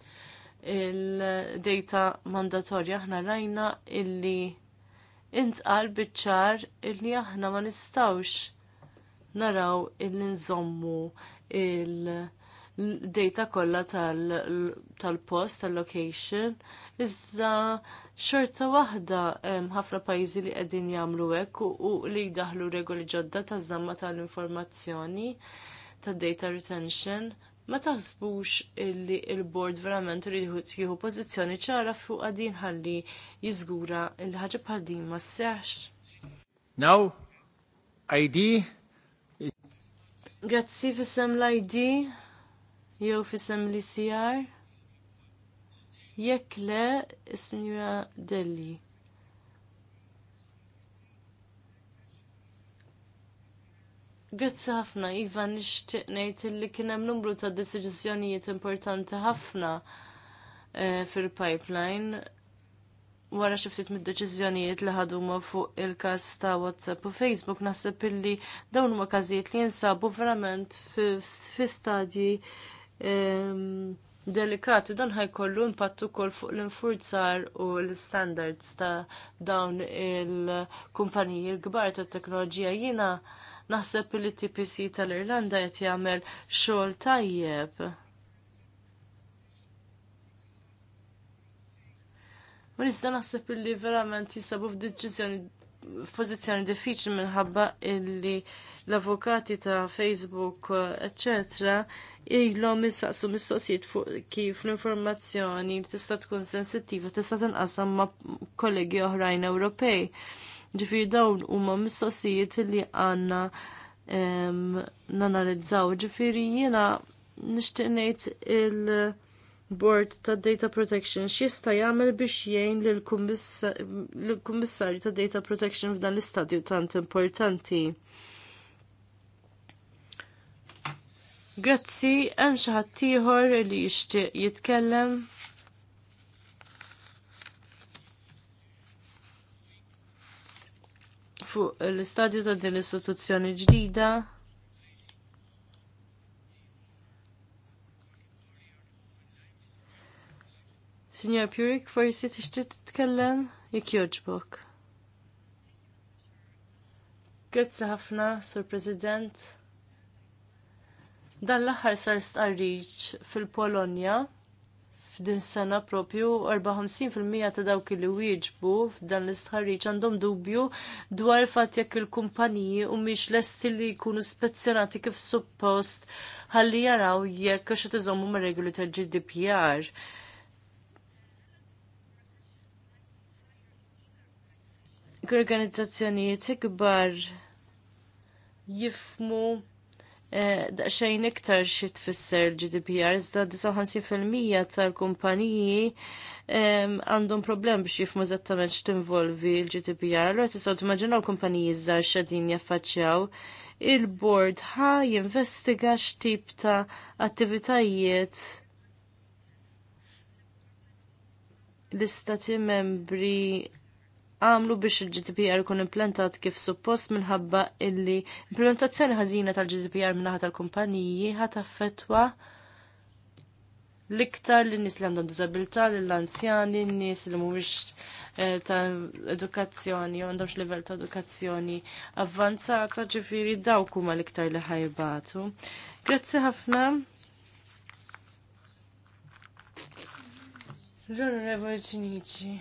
il-data mandatorja aħna rajna illi intqal biċ-ċar illi aħna ma nistawx naraw illi nżommu il-data kollha tal-post, tal-location, iżda xorta waħda ħafna pajjiżi li qegħdin jagħmlu hekk u li jdaħlu regoli ġodda taż-żamma tal-informazzjoni tad data retention ma taħsbux illi il-bord verament jieħu pożizzjoni ċara fuq għadin ħalli jiżgura il ħaġa bħal din ma sseħx. Now, ID. Grazzi fissem l-ID, jew fissem l-ICR. Jekk le, is-Sinjura Delli. Grazzi ħafna, Iva, nixtieq ngħid li kien hemm numru ta' deċiżjonijiet importanti ħafna eh, fil-pipeline wara xi ftit mid-deċiżjonijiet li ħaduma fuq il-każ ta' WhatsApp u Facebook nasib illi dawn huma każijiet li jinsabu verament fi stadji ehm, delikati dan ħajkollu impatt ukoll fuq l-infurzar u l-standards ta' dawn il-kumpaniji l-kbar tat teknoloġija jiena Naħseb li TPC tal-Irlanda qed jagħmel xogħol tajjeb. Ma nista naħseb illi verament jisabu f'deċiżjoni f'pożizzjoni diffiċli minħabba illi l-avukati ta' Facebook, etc. ilhom issaqsu mistoqsijiet fuq kif l-informazzjoni tista' tkun sensittiva tista' tinqasam ma' kollegi oħrajn Ewropej. Ġifiri dawn huma mistoqsijiet li għanna nanalizzaw. Ġifiri jiena nixtieq ngħid il-Board ta' Data Protection x'jista' jagħmel biex jgħin lill-Kummissarju ta' Data Protection f'dan l-istadju tant importanti. Grazzi, hemm xi ħadd ieħor li jixtieq jitkellem. fuq l-istadju ta' din l-istituzzjoni ġdida. Signor Purik, forsi tixtieq titkellem jekk jogħġbok. Grazzi ħafna, Sur President. Dan l-aħħar sar starriġ fil-Polonja f'din sena propju 54% ta' dawk li wieġbu f'dan l-istħarriġ għandhom dubju dwar fatt jekk il-kumpaniji u miex lesti li jkunu spezzjonati kif suppost ħalli jaraw jekk għax iżommu mar regoli tal-GDPR. Organizzazzjonijiet ikbar jifmu Eh, Daqxajn iktar xi tfisser GDPR iżda 59% tal-kumpaniji għandhom problem biex jifmu eżattament x'tinvolvi l-GDPR. Allura tistgħu timmaġinaw kumpaniji żgħar x'qegħdin jaffaċċjaw il-board ħa jinvestiga x'tip ta' attivitajiet l-istati membri għamlu biex il-GDPR kun implantat kif suppost minħabba illi implementazzjoni ħażina tal-GDPR minnaħat tal-kumpaniji ħat affetwa l-iktar l nies li għandhom disabilità, l-anzjani, n-nies li mhuwiex eh, ta' edukazzjoni, għandhomx livell ta' edukazzjoni avvanzata, ġifiri dawk huma l-iktar li ħajbatu. Grazzi ħafna. L-Onorevole Cinici.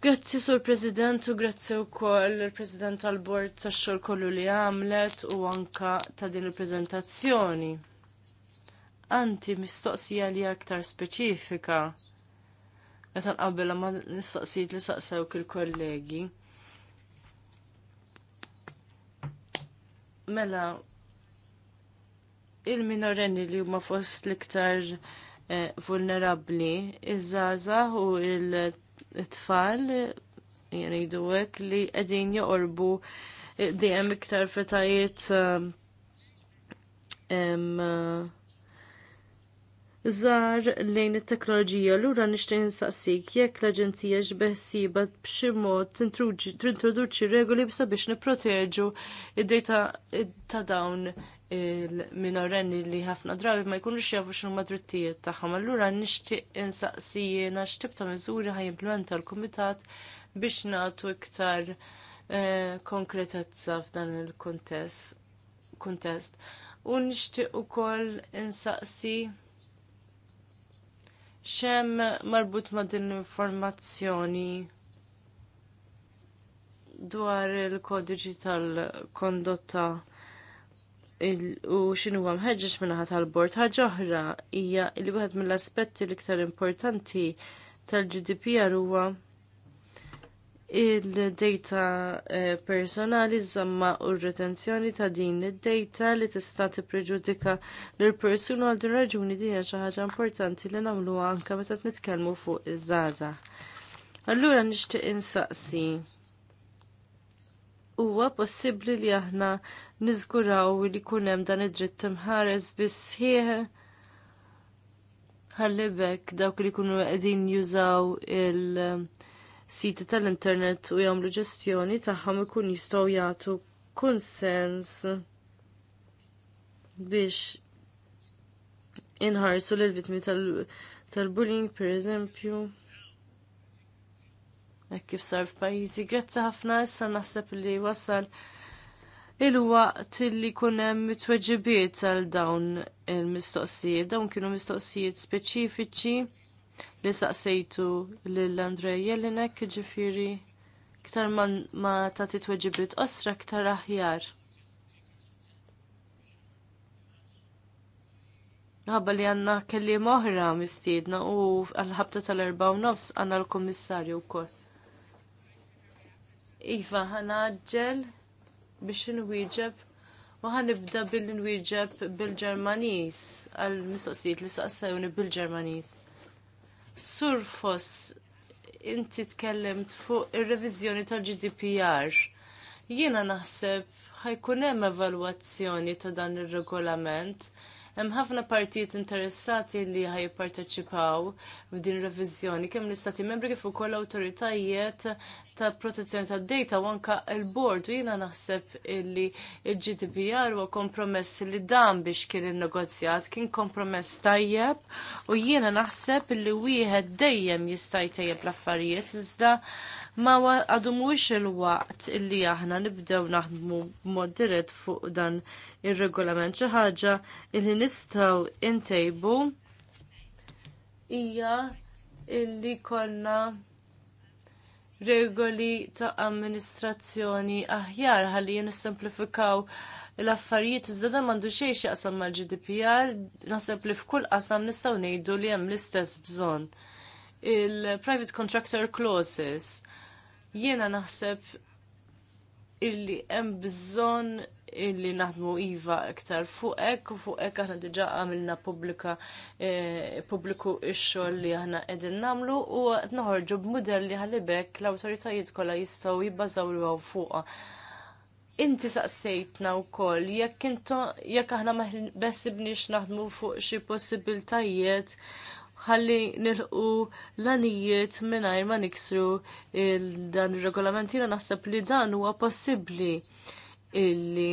Grazzi sur President u grazzi u koll il-President tal-Bord ta' xol kollu li għamlet u anka ta' din il-prezentazzjoni. Anti mistoqsija li aktar speċifika. Għetan qabbela ma' nistaqsijiet li saqsew il-kollegi. Mela, il-minorenni li huma fost l-iktar eh, vulnerabli, iż-żaza u il- it-tfal jiridu hekk li qegħdin joqorbu dejjem iktar fetajiet Zar um, uh, lejn it-teknoloġija lura nixtieq insaqsik jekk l-Aġenzija x'beħsiba b'xi mod tintroduċi regoli sabiex nipproteġu id-data ta' dawn il-minorenni li ħafna drabi ma jkunux jafu xnu madrittijiet tagħhom. Allura nixtieq insaqsijiena x'tib ta' miżuri ħajimplementa l-Kumitat biex nagħtu iktar eh, konkretezza f'dan il-kuntest. U nixtieq ukoll insaqsi xem marbut ma' din l-informazzjoni dwar il-kodiġi tal-kondotta u xinu għam ħedġeġ minnaħat tal-bord. ħagġa oħra hija li wieħed mill-aspetti l-iktar importanti tal-GDPR huwa il-data eh, personali zamma u retenzjoni ta' din id-data li tista' tippreġudika l persuna għal din raġuni din hija xi ħaġa importanti li nagħmluha anke meta nitkellmu fuq iż żaza Allura nixtieq insaqsi huwa possibbli li aħna niżguraw li jkun hemm dan id-dritt imħares biss ħieħ ħallibek dawk li jkunu qegħdin jużaw il-siti tal-internet u jagħmlu ġestjoni tagħhom ikun jistgħu jagħtu kunsens biex inħarsu l-vitmi tal-bullying, per eżempju hekk kif sar f'pajjiżi. Grazzi ħafna issa naħseb li wasal il-waqt li kunem tweġibiet għal dawn il-mistoqsijiet. Dawn kienu mistoqsijiet speċifiċi li saqsejtu lil andrej Jelinek ġifiri ktar man, ma tagħti tweġibiet osra ktar aħjar. Għabba li għanna kelli moħra mistiedna u għal-ħabta tal-erba u nofs għanna l-komissarju u koll. Iva, ħanaġġel biex nwieġeb u ħanibda bil nwieġeb bil-Ġermanis għal-mistoqsijiet li saqsajuni bil-Ġermanis. Surfos, inti tkellimt fuq ir-reviżjoni tal-GDPR. Jiena naħseb ħajkunem hemm evalwazzjoni ta' dan ir-regolament Hemm ħafna partijiet interessati li ħajjipparteċipaw f'din reviżjoni kemm l-istati membri kif ukoll awtoritajiet ta' protezzjoni tad data u anke l-bord u jiena naħseb illi il-GDPR huwa kompromess li dan biex kien innegozjat kien kompromess tajjeb u jiena naħseb illi wieħed dejjem jista' jtejjeb l-affarijiet iżda ma għadu mhuwiex il-waqt illi aħna nibdew naħdmu b'mod dirett fuq dan ir-regolament xi ħaġa illi nistgħu intejbu hija illi konna regoli ta' amministrazzjoni aħjar ħalli nissimplifikaw l-affarijiet iżda m'għandu xi x'jaqsam mal-GDPR, naħseb li f'kull qasam nistgħu ngħidu li hemm l-istess bżonn. Il-private contractor clauses Jiena naħseb illi hemm bżonn illi naħdmu iva iktar fuq hekk u fuq hekk aħna diġà għamilna pubblika eh, pubbliku x-xogħol li aħna qegħdin nagħmlu u qed noħorġu b'mudell li ħalibek l-awtoritajiet kollha jistgħu jibbażawruha fuqha. Inti saqsejtna wkoll jekk jekk aħna ma naħdmu fuq xi possibiltajiet ħalli nilqu l-anijiet mingħajr ma niksru dan ir-regolament jiena naħseb li dan huwa possibbli illi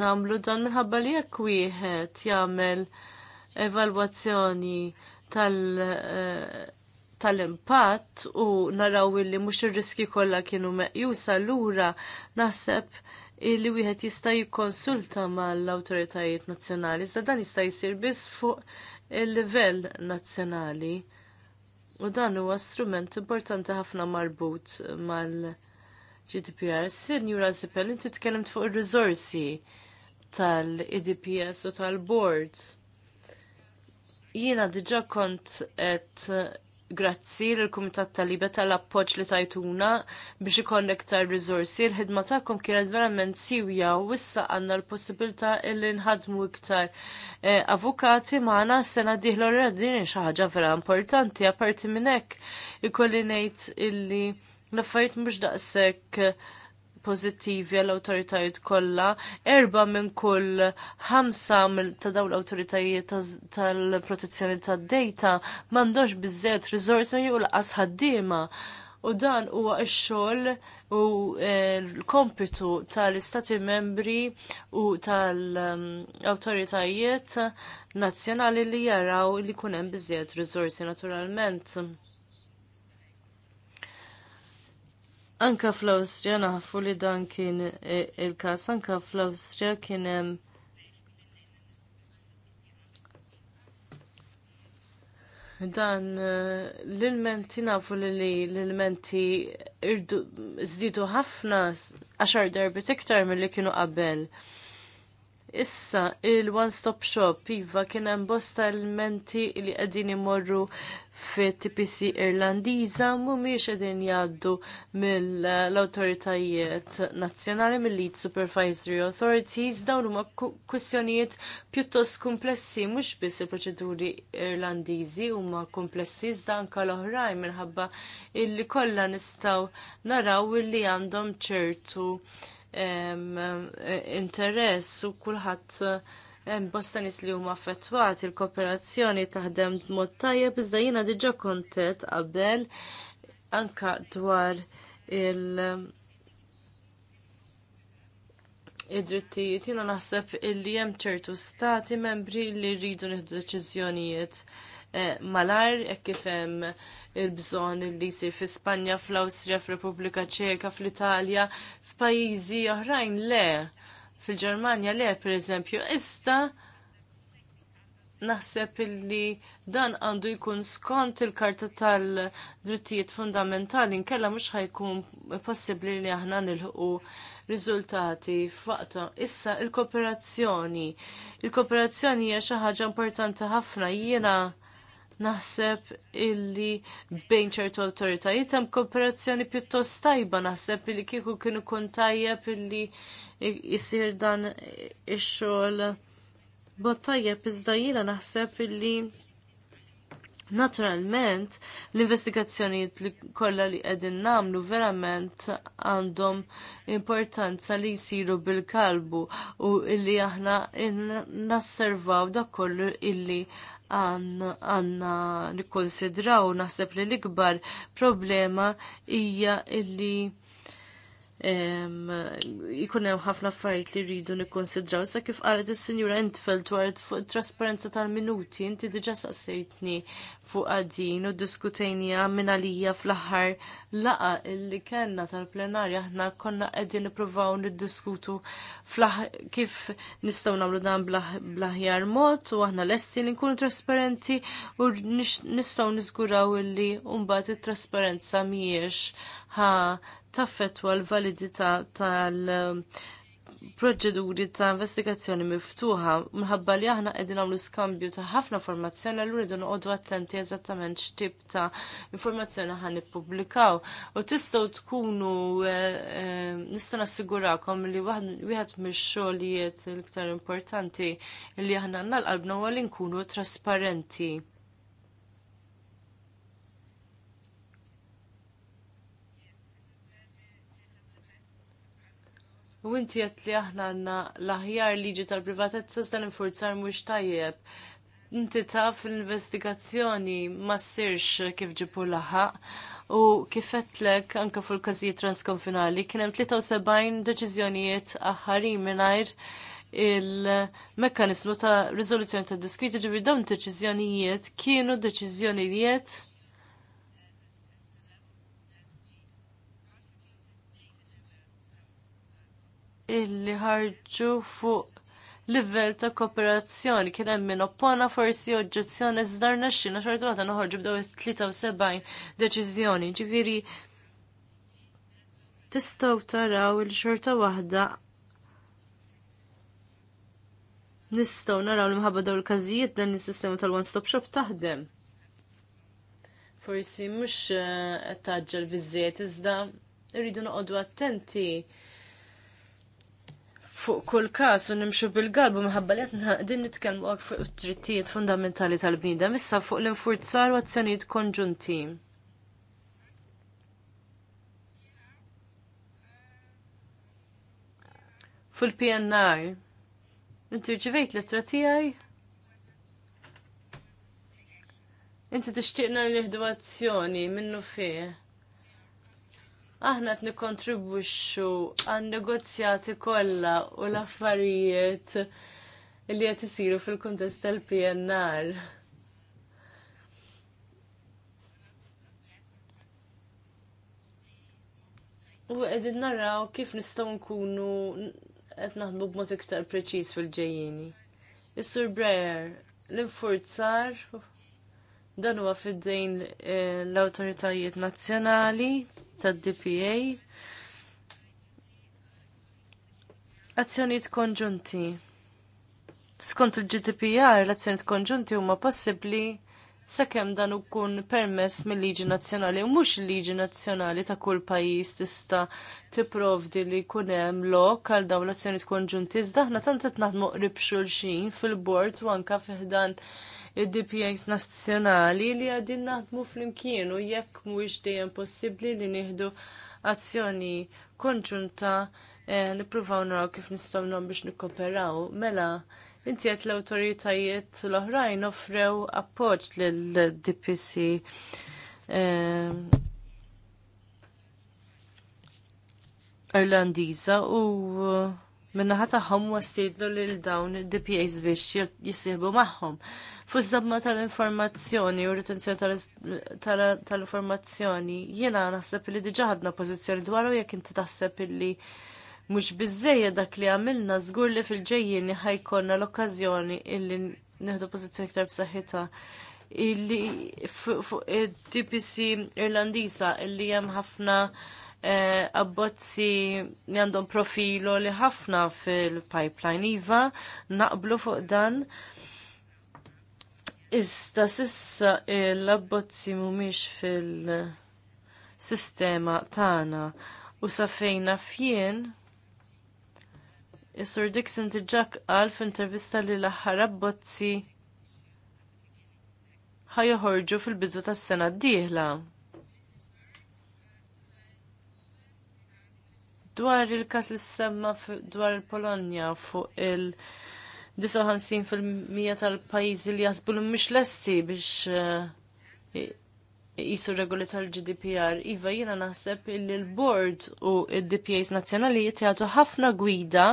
nagħmlu dan minħabba li jekk wieħed jagħmel evalwazzjoni tal- eh, tal-impatt u naraw illi mhux ir-riski kollha kienu meqjusa allura naħseb illi wieħed jista' jikkonsulta mal-awtoritajiet nazzjonali, iżda dan jista' jsir biss fuq il-livell nazzjonali. U dan huwa strument importanti ħafna marbut mal-GDPR. Sinjura Zipel, inti tkellimt fuq ir-riżorsi tal-IDPS u tal-board. Jiena diġà kont qed Grazzi l-Kumitat tal tal-appoġġ li tajtuna biex ikollna iktar rizorsi. Il-ħidma tagħkom kienet verament siwja u issa għandna l-possibilità li nħadmu iktar eh, avukati magħna sena diħlu l radin xi ħaġa vera importanti apparti minn hekk ikolli ngħid illi l-affarijiet mhux daqshekk pozittivi għall awtoritajiet kollha, erba' minn kull ħamsa ta' dawn l-awtoritajiet tal-protezzjoni tad-dejta m'għandhomx biżżejjed riżorsi u laqas ħaddiema. U dan huwa x-xogħol u eh, l-kompitu tal-istati membri u tal-awtoritajiet mm, nazzjonali li jaraw li jkun hemm biżżejjed riżorsi naturalment Anka fl-Awstrija naħfu li dan kien e, il-kas, anka fl-Awstrija kien hemm dan e, l-ilmenti nafu li l-ilmenti irdu zdidu ħafna għaxar darbit iktar mill-li kienu qabel. Issa il-one stop shop iva kien hemm bosta elementi li qegħdin imorru fit-TPC Irlandiża mhumiex qegħdin jgħaddu mill-awtoritajiet nazzjonali mill-Lead Supervisory Authorities dawn huma kwistjonijiet pjuttost komplessi mhux biss il-proċeduri Irlandiżi huma komplessi iżda anke l-oħrajn minħabba illi kollha nistgħu naraw illi għandhom ċertu interess u kulħadd bosta nies li huma affettwati il-kooperazzjoni taħdem mod tajjeb iżda jiena diġà kontet qabel anka dwar il- id-drittijiet jiena naħseb illi hemm ċertu stati membri li rridu nieħdu deċiżjonijiet eh, malar hekk kif hemm il-bżonn li jsir fi Spanja, fl-Awstrija, fir-Repubblika Ċeka, fl-Italja, f'pajjiżi oħrajn le, fil-Ġermanja le pereżempju, issa naħseb illi dan għandu jkun skont il-karta tal-drittijiet fundamentali nkella mhux ħajkun possibbli li aħna nilħu riżultati f'waqta. Issa il-kooperazzjoni. Il-kooperazzjoni hija xi ħaġa importanti ħafna jiena naħseb illi bejn ċertu autoritajiet hemm kooperazzjoni pjuttost tajba naħseb illi kieku kienu kun tajjeb illi jisir dan ix-xogħol bot tajjeb iżda jiena naħseb illi Naturalment, l-investigazzjonijiet li kollha li qegħdin nagħmlu verament għandhom importanza li jsiru bil-kalbu u illi aħna nasservaw dak kollu illi għanna nikkonsidraw naħseb li l-ikbar problema hija illi jikun hemm ħafna affarijiet li rridu nikkonsidraw. Sa kif qalet is-Sinjura Entfeld dwar fuq trasparenza tal-minuti, inti diġà saqsejtni fuq qadin u diskutejnija minn għalija fl-aħħar laqa illi kellna tal-plenarja aħna konna qegħdin nippruvaw niddiskutu kif nistgħu nagħmlu dan bl-aħjar mod u aħna lesti li nkunu trasparenti u nistgħu niżguraw illi mbagħad it-trasparenza mhijiex ha taffetwa l-validità tal- proċeduri ta' investigazzjoni miftuħa minħabba li aħna qegħdin nagħmlu skambju ta' ħafna informazzjoni l rridu noqogħdu attenti eżattament x'tip ta' informazzjoni ħan nippubblikaw. U tistgħu tkunu eh, eh, nista' nassigurakom li wieħed mix-xogħlijiet l-iktar importanti li aħna nalqalbna huwa li nkunu trasparenti. U inti qed li aħna għandna l-aħjar liġi tal-privatezza dan infurzar mux tajjeb. Inti taf fil investigazzjoni ma ssirx kif ġipu laħaq u kif kifetlek anke fuq każijiet transkonfinali kien hemm 73 deċiżjonijiet aħħarin mingħajr il-mekkanizmu ta' rizoluzjoni ta' diskwiti ġifieri dawn deċiżjonijiet kienu deċiżjonijiet illi ħarġu fuq livell ta' kooperazzjoni kien hemm min oppona forsi oġġezzjoni iżdar xina xorta waħda noħorġu b'daw 73 deċiżjoni. Ġifieri tistgħu taraw il xorta waħda nistgħu naraw l-imħabba daw il-każijiet dan is-sistema tal-one stop shop taħdem. Forsi mhux eh, qed taġġel biżżejjed iżda rridu noqogħdu attenti fuq kull każ u nimxu bil-galbu minħabba li qed din nitkellmu għak fuq id-drittijiet fundamentali tal-bniedem issa fuq l-infurzar u azzjonijiet konġunti. Fuq l pnr inti rċivejt l-ittra tiegħi? Inti tixtieqna li azzjoni minnu fih aħna qed nikkontribwixxu għan-negozjati kollha u l-affarijiet li qed isiru fil-kuntest tal-PNR. U qegħdin narraw kif nistgħu nkunu qed naħdmu b'mod iktar preċiż fil-ġejjieni. Is-Sur Breyer, l-infurzar Dan huwa fid-dejn eh, l-awtoritajiet nazzjonali tad-DPA. Azzjonijiet konġunti. Skont il-GDPR, l-azzjonijiet konġunti huma possibbli sakemm dan ukun permess mill-liġi nazzjonali u mhux il-liġi nazzjonali ta' kull pajjiż tista' tipprovdi li jkun hemm lok għal dawn l-azzjonijiet konġunti iżda aħna tant qed naħdmu qrib xulxin fil-bord u anke ħdan id dpas nazzjonali li għadin naħdmu fl-imkien u jekk mhuwiex dejjem possibbli li nieħdu azzjoni konġunta eh, nippruvaw naraw kif nistgħu nagħmlu biex nikkoperaw. Mela, inti qed l-awtoritajiet l-oħrajn offrew appoġġ lill-DPC eh, Irlandiża u minnaħa tagħhom wastidlu lil dawn id-DPAs biex jisieħbu magħhom fu żabma tal-informazzjoni u retenzjoni tal-informazzjoni. Jiena naħseb li diġà ħadna pożizzjoni u jekk inti taħseb illi mhux biżejjed dak li għamilna żgur li fil-ġejjin ħajkonna l-okkażjoni illi neħdu pożizzjoni iktar b'saħħitha illi fuq id-DPC Irlandiża illi hemm ħafna eh, abbozzi li għandhom profilo li ħafna fil-pipeline. Iva, naqblu fuq dan, Issa sissa l-abbozzi mhumiex fil-sistema tagħna u safejna fjien Is-Sur Dixon tiġak qal f'intervista li l-aħħar abbozzi ħajjoħorġu fil-bidu tas-sena d-dieħla. dwar il-kas li semma dwar il-Polonja fuq il-, -Polonja, il 59% tal-pajjiżi li jasbu l mhux lesti biex jisu eh, regoli tal-GDPR. Iva jiena naħseb illi l-board u d-DPAs nazjonali jitjatu ħafna gwida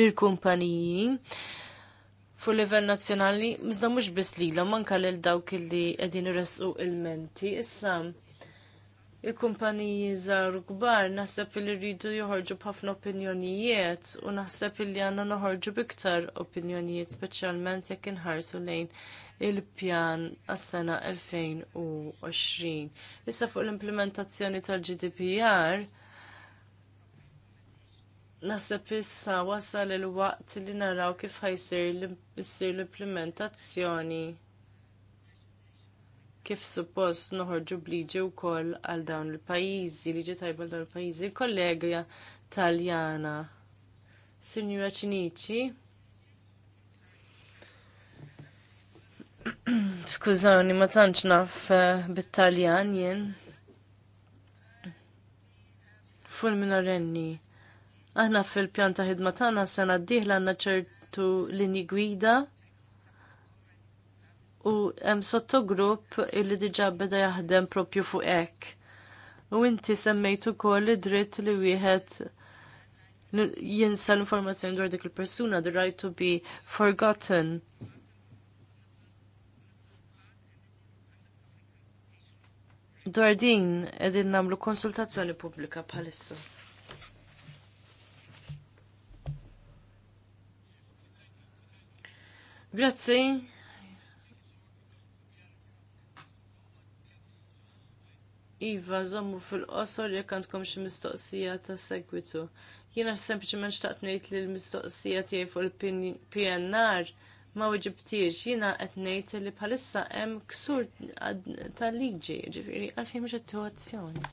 lill kumpaniji fu livell nazzjonali, mizda mhux biss l manka lil dawk illi qegħdin irresqu il-menti. Issa, il-kumpaniji żgħar u kbar naħseb li rridu joħorġu b'ħafna opinjonijiet u naħseb li għandna noħorġu biktar opinjonijiet speċjalment jekk inħarsu lejn il-pjan għas-sena 2020. Issa fuq l-implementazzjoni tal-GDPR naħseb issa wasal il-waqt li naraw kif ħajsir l-implementazzjoni kif suppost noħorġu bliġi wkoll għal dawn il-pajjiżi, liġi tajba għal dawn il-pajjiżi. Kollega Taljana, Sinjura Cinici. Skużawni, ma tantx naf eh, bit-Taljan jien. Ful Renni, Aħna fil-pjan ta' ħidma tagħna sena d għandna ċertu linji gwida u hemm sottogrupp illi diġà beda jaħdem propju fuq hekk. U inti semmejt ukoll id-dritt li wieħed jinsa l-informazzjoni dwar dik il-persuna, the right to be forgotten. Dwar din edin namlu konsultazzjoni pubblika bħalissa. Grazzi. Iva, zommu fil-qosor jek għandkom xie mistoqsija ta' segwitu. Jiena sempliċement xtaqt nejt li l-mistoqsija tiegħi fuq il-PNR ma weġibtiex. Jiena qed ngħid li bħalissa hemm ksur tal-liġi, ġifieri għalfejn mhux attituazzjoni.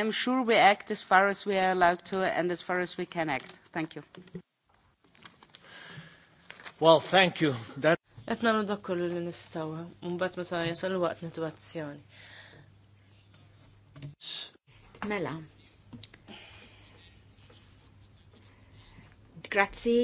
I'm sure we act as far as we are allowed to and as far as we can act. Thank you. Well, thank you. That... Et namlu dak kollu li nistaw, mbagħad meta jasal waqt nituazzjoni. Mela. Grazzi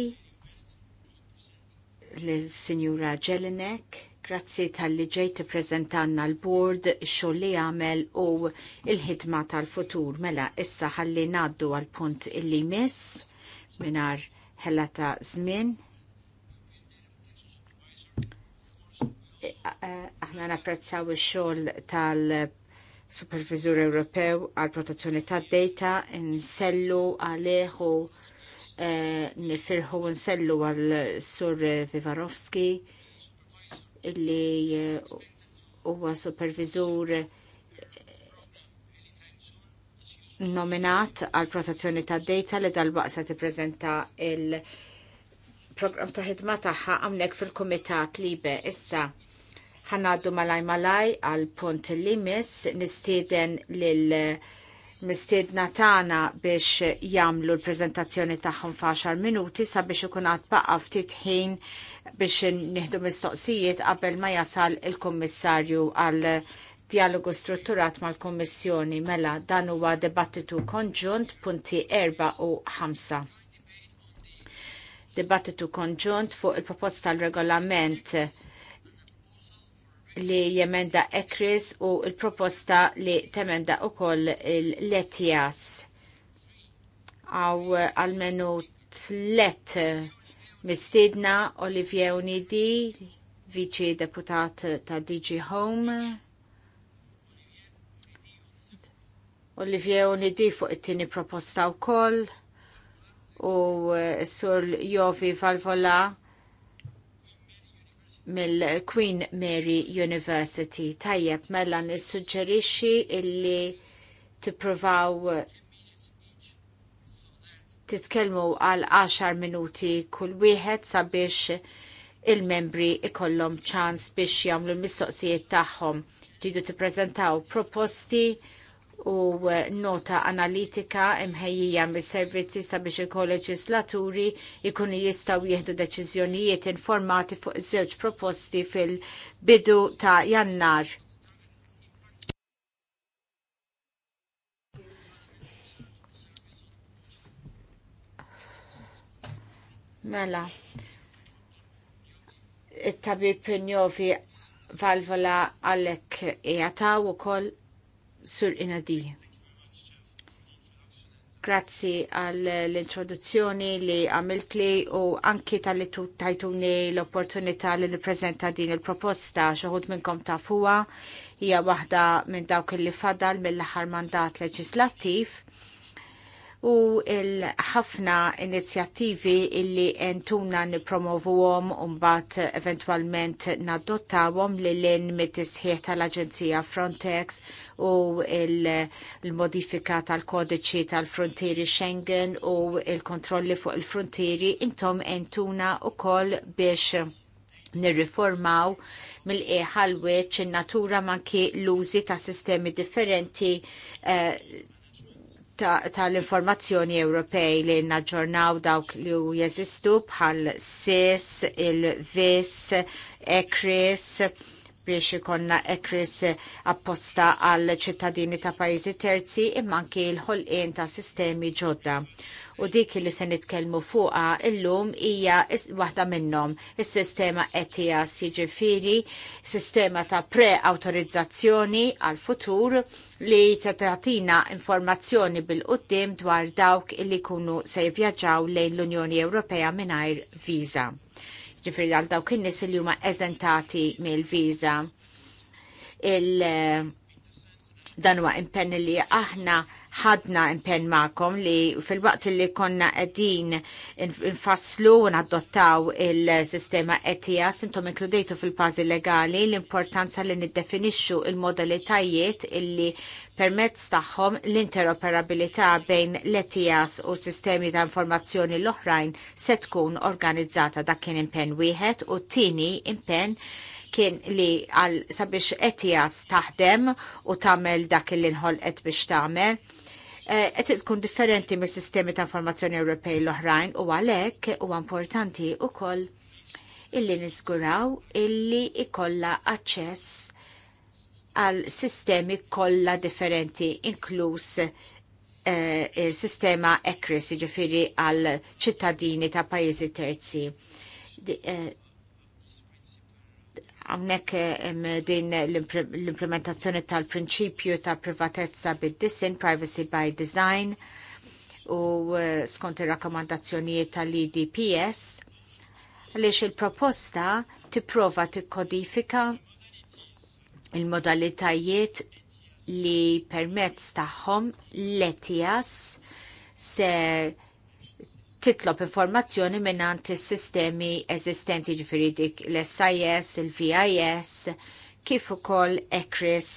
l-Sinjura Jelinek, grazzi tal-li ġej prezentanna l-bord xogħol li għamel u il-ħidma tal-futur. Mela, issa ħalli ngħaddu għal punt illi miss mingħajr ħella ta' żmien aħna napprezzaw ix-xogħol tal-Supervisur Ewropew għal protezzjoni tad-data nsellu għalih u eh, nifirħu nsellu għal Sur Vivarovski illi eh, huwa supervisur eh, nominat għal protezzjoni tad data li dal se tippreżenta il programm ta' ħidma tagħha hawnhekk fil-Kumitat Libe issa ħanaddu malaj malaj għal punt li mis nistieden lil mistiedna tagħna biex jagħmlu l-preżentazzjoni tagħhom f'għaxar minuti sabiex ikun għad ftit ħin biex nihdu mistoqsijiet qabel ma jasal il-Kummissarju għal dialogu strutturat mal-Kommissjoni mela dan huwa dibattitu konġunt punti 4 u 5. Debattitu konġunt fuq il-proposta l regolament li jemenda ekris u il-proposta li temenda u koll l-letjas għaw għalmenu tlet mistidna Olivier Unidi, viċi deputat ta' DG Home, Olivier Unidi fuq it-tini proposta u koll, u eh, sur Jovi Valvola mill-Queen Mary University. Tajjeb, mela nissuġġerixxi illi tippruvaw titkellmu għal 10 minuti kull wieħed sabiex il-membri ikollhom ċans biex jagħmlu l-mistoqsijiet tagħhom. Tridu tippreżentaw proposti u eh, nota analitika imħejjija mis-servizzi sabiex il-kolleġislaturi ikunu jistgħu jieħdu deċiżjonijiet informati fuq żewġ proposti fil-bidu ta' jannar. Mela, it-tabib Pinjovi valvola għalek ijataw e u koll Sur Inadi. Grazzi għall-introduzzjoni li għamilt li u anki tal-li tajtuni l-opportunità li nipprezenta din il-proposta xoħud minnkom ta' fuwa hija waħda minn dawk li fadal mill-aħħar mandat leġislattiv u ħafna inizjattivi illi entuna nipromovuhom u mbagħad eventwalment nadottawhom li lin mit-tisħiħ tal-Aġenzija Frontex u l-modifika tal-kodiċi tal-frontieri Schengen u il-kontrolli fuq il-frontieri intom entuna ukoll biex nirriformaw mill-eħalweċ in-natura manki l-użi ta' sistemi differenti eh, tal-informazzjoni ta Ewropej li naġġornaw dawk li jeżistu bħal SIS, il-VIS, ECRIS, biex ikonna ekris apposta għal ċittadini ta' pajjiżi terzi imma anke l-ħolqien ta' sistemi ġodda u dik li se nitkellmu fuqha illum hija waħda minnhom is-sistema hija e jiġifieri sistema ta' pre-awtorizzazzjoni għal futur li tatina tagħtina informazzjoni bil-qudiem dwar dawk li jkunu se jivvjaġġaw lejn l-Unjoni Ewropea mingħajr viża Ġifieri għal dawk in-nies li huma eżentati mill-viża. Il eh, dan huwa impenn li aħna ħadna impenn ma'kom li fil-waqt li konna qegħdin infasslu u nadottaw il-sistema ETIAS intom inkludejtu fil pazi legali l-importanza li niddefinixxu il-modalitajiet illi permezz tagħhom l-interoperabilità bejn l-ETIAS u sistemi ta' informazzjoni l-oħrajn se tkun organizzata dak kien impenn wieħed u t-tieni impenn kien li għal sabiex etijas taħdem u tamel dak li nħolqet biex tamel. Eh, qed tkun differenti mis-sistemi ta' informazzjoni Ewropej l-oħrajn u għalhekk huwa importanti wkoll illi niżguraw illi ikolla aċċess għal sistemi kollha differenti inkluż eh, il-sistema ECRIS, ġifiri għal ċittadini ta' pajizi terzi. Eh, Għamnek din l-implementazzjoni tal-prinċipju ta' privatezza bid-disin, privacy by design, u eh, skont il-rakkomandazzjonijiet tal-IDPS, għaliex il-proposta tipprova tikkodifika il-modalitajiet li permezz tagħhom l-ETIAS se titlob informazzjoni minnant is-sistemi eżistenti ġifiri dik l-SIS, il-VIS, kif ukoll ECRIS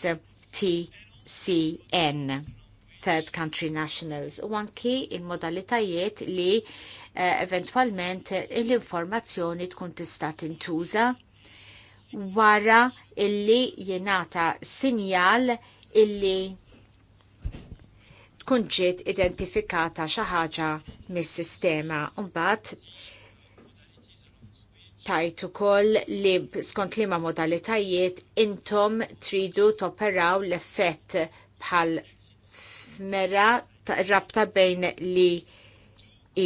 TCN, Third Country Nationals, u anki il-modalitajiet li uh, eventualment l-informazzjoni tkun tista' tintuża wara illi jenata sinjal illi tkun ġiet identifikata xi ħaġa mis-sistema. Mbagħad tajt ukoll li skont liema modalitajiet intom tridu toperaw l-effett bħal f'mera rabta bejn li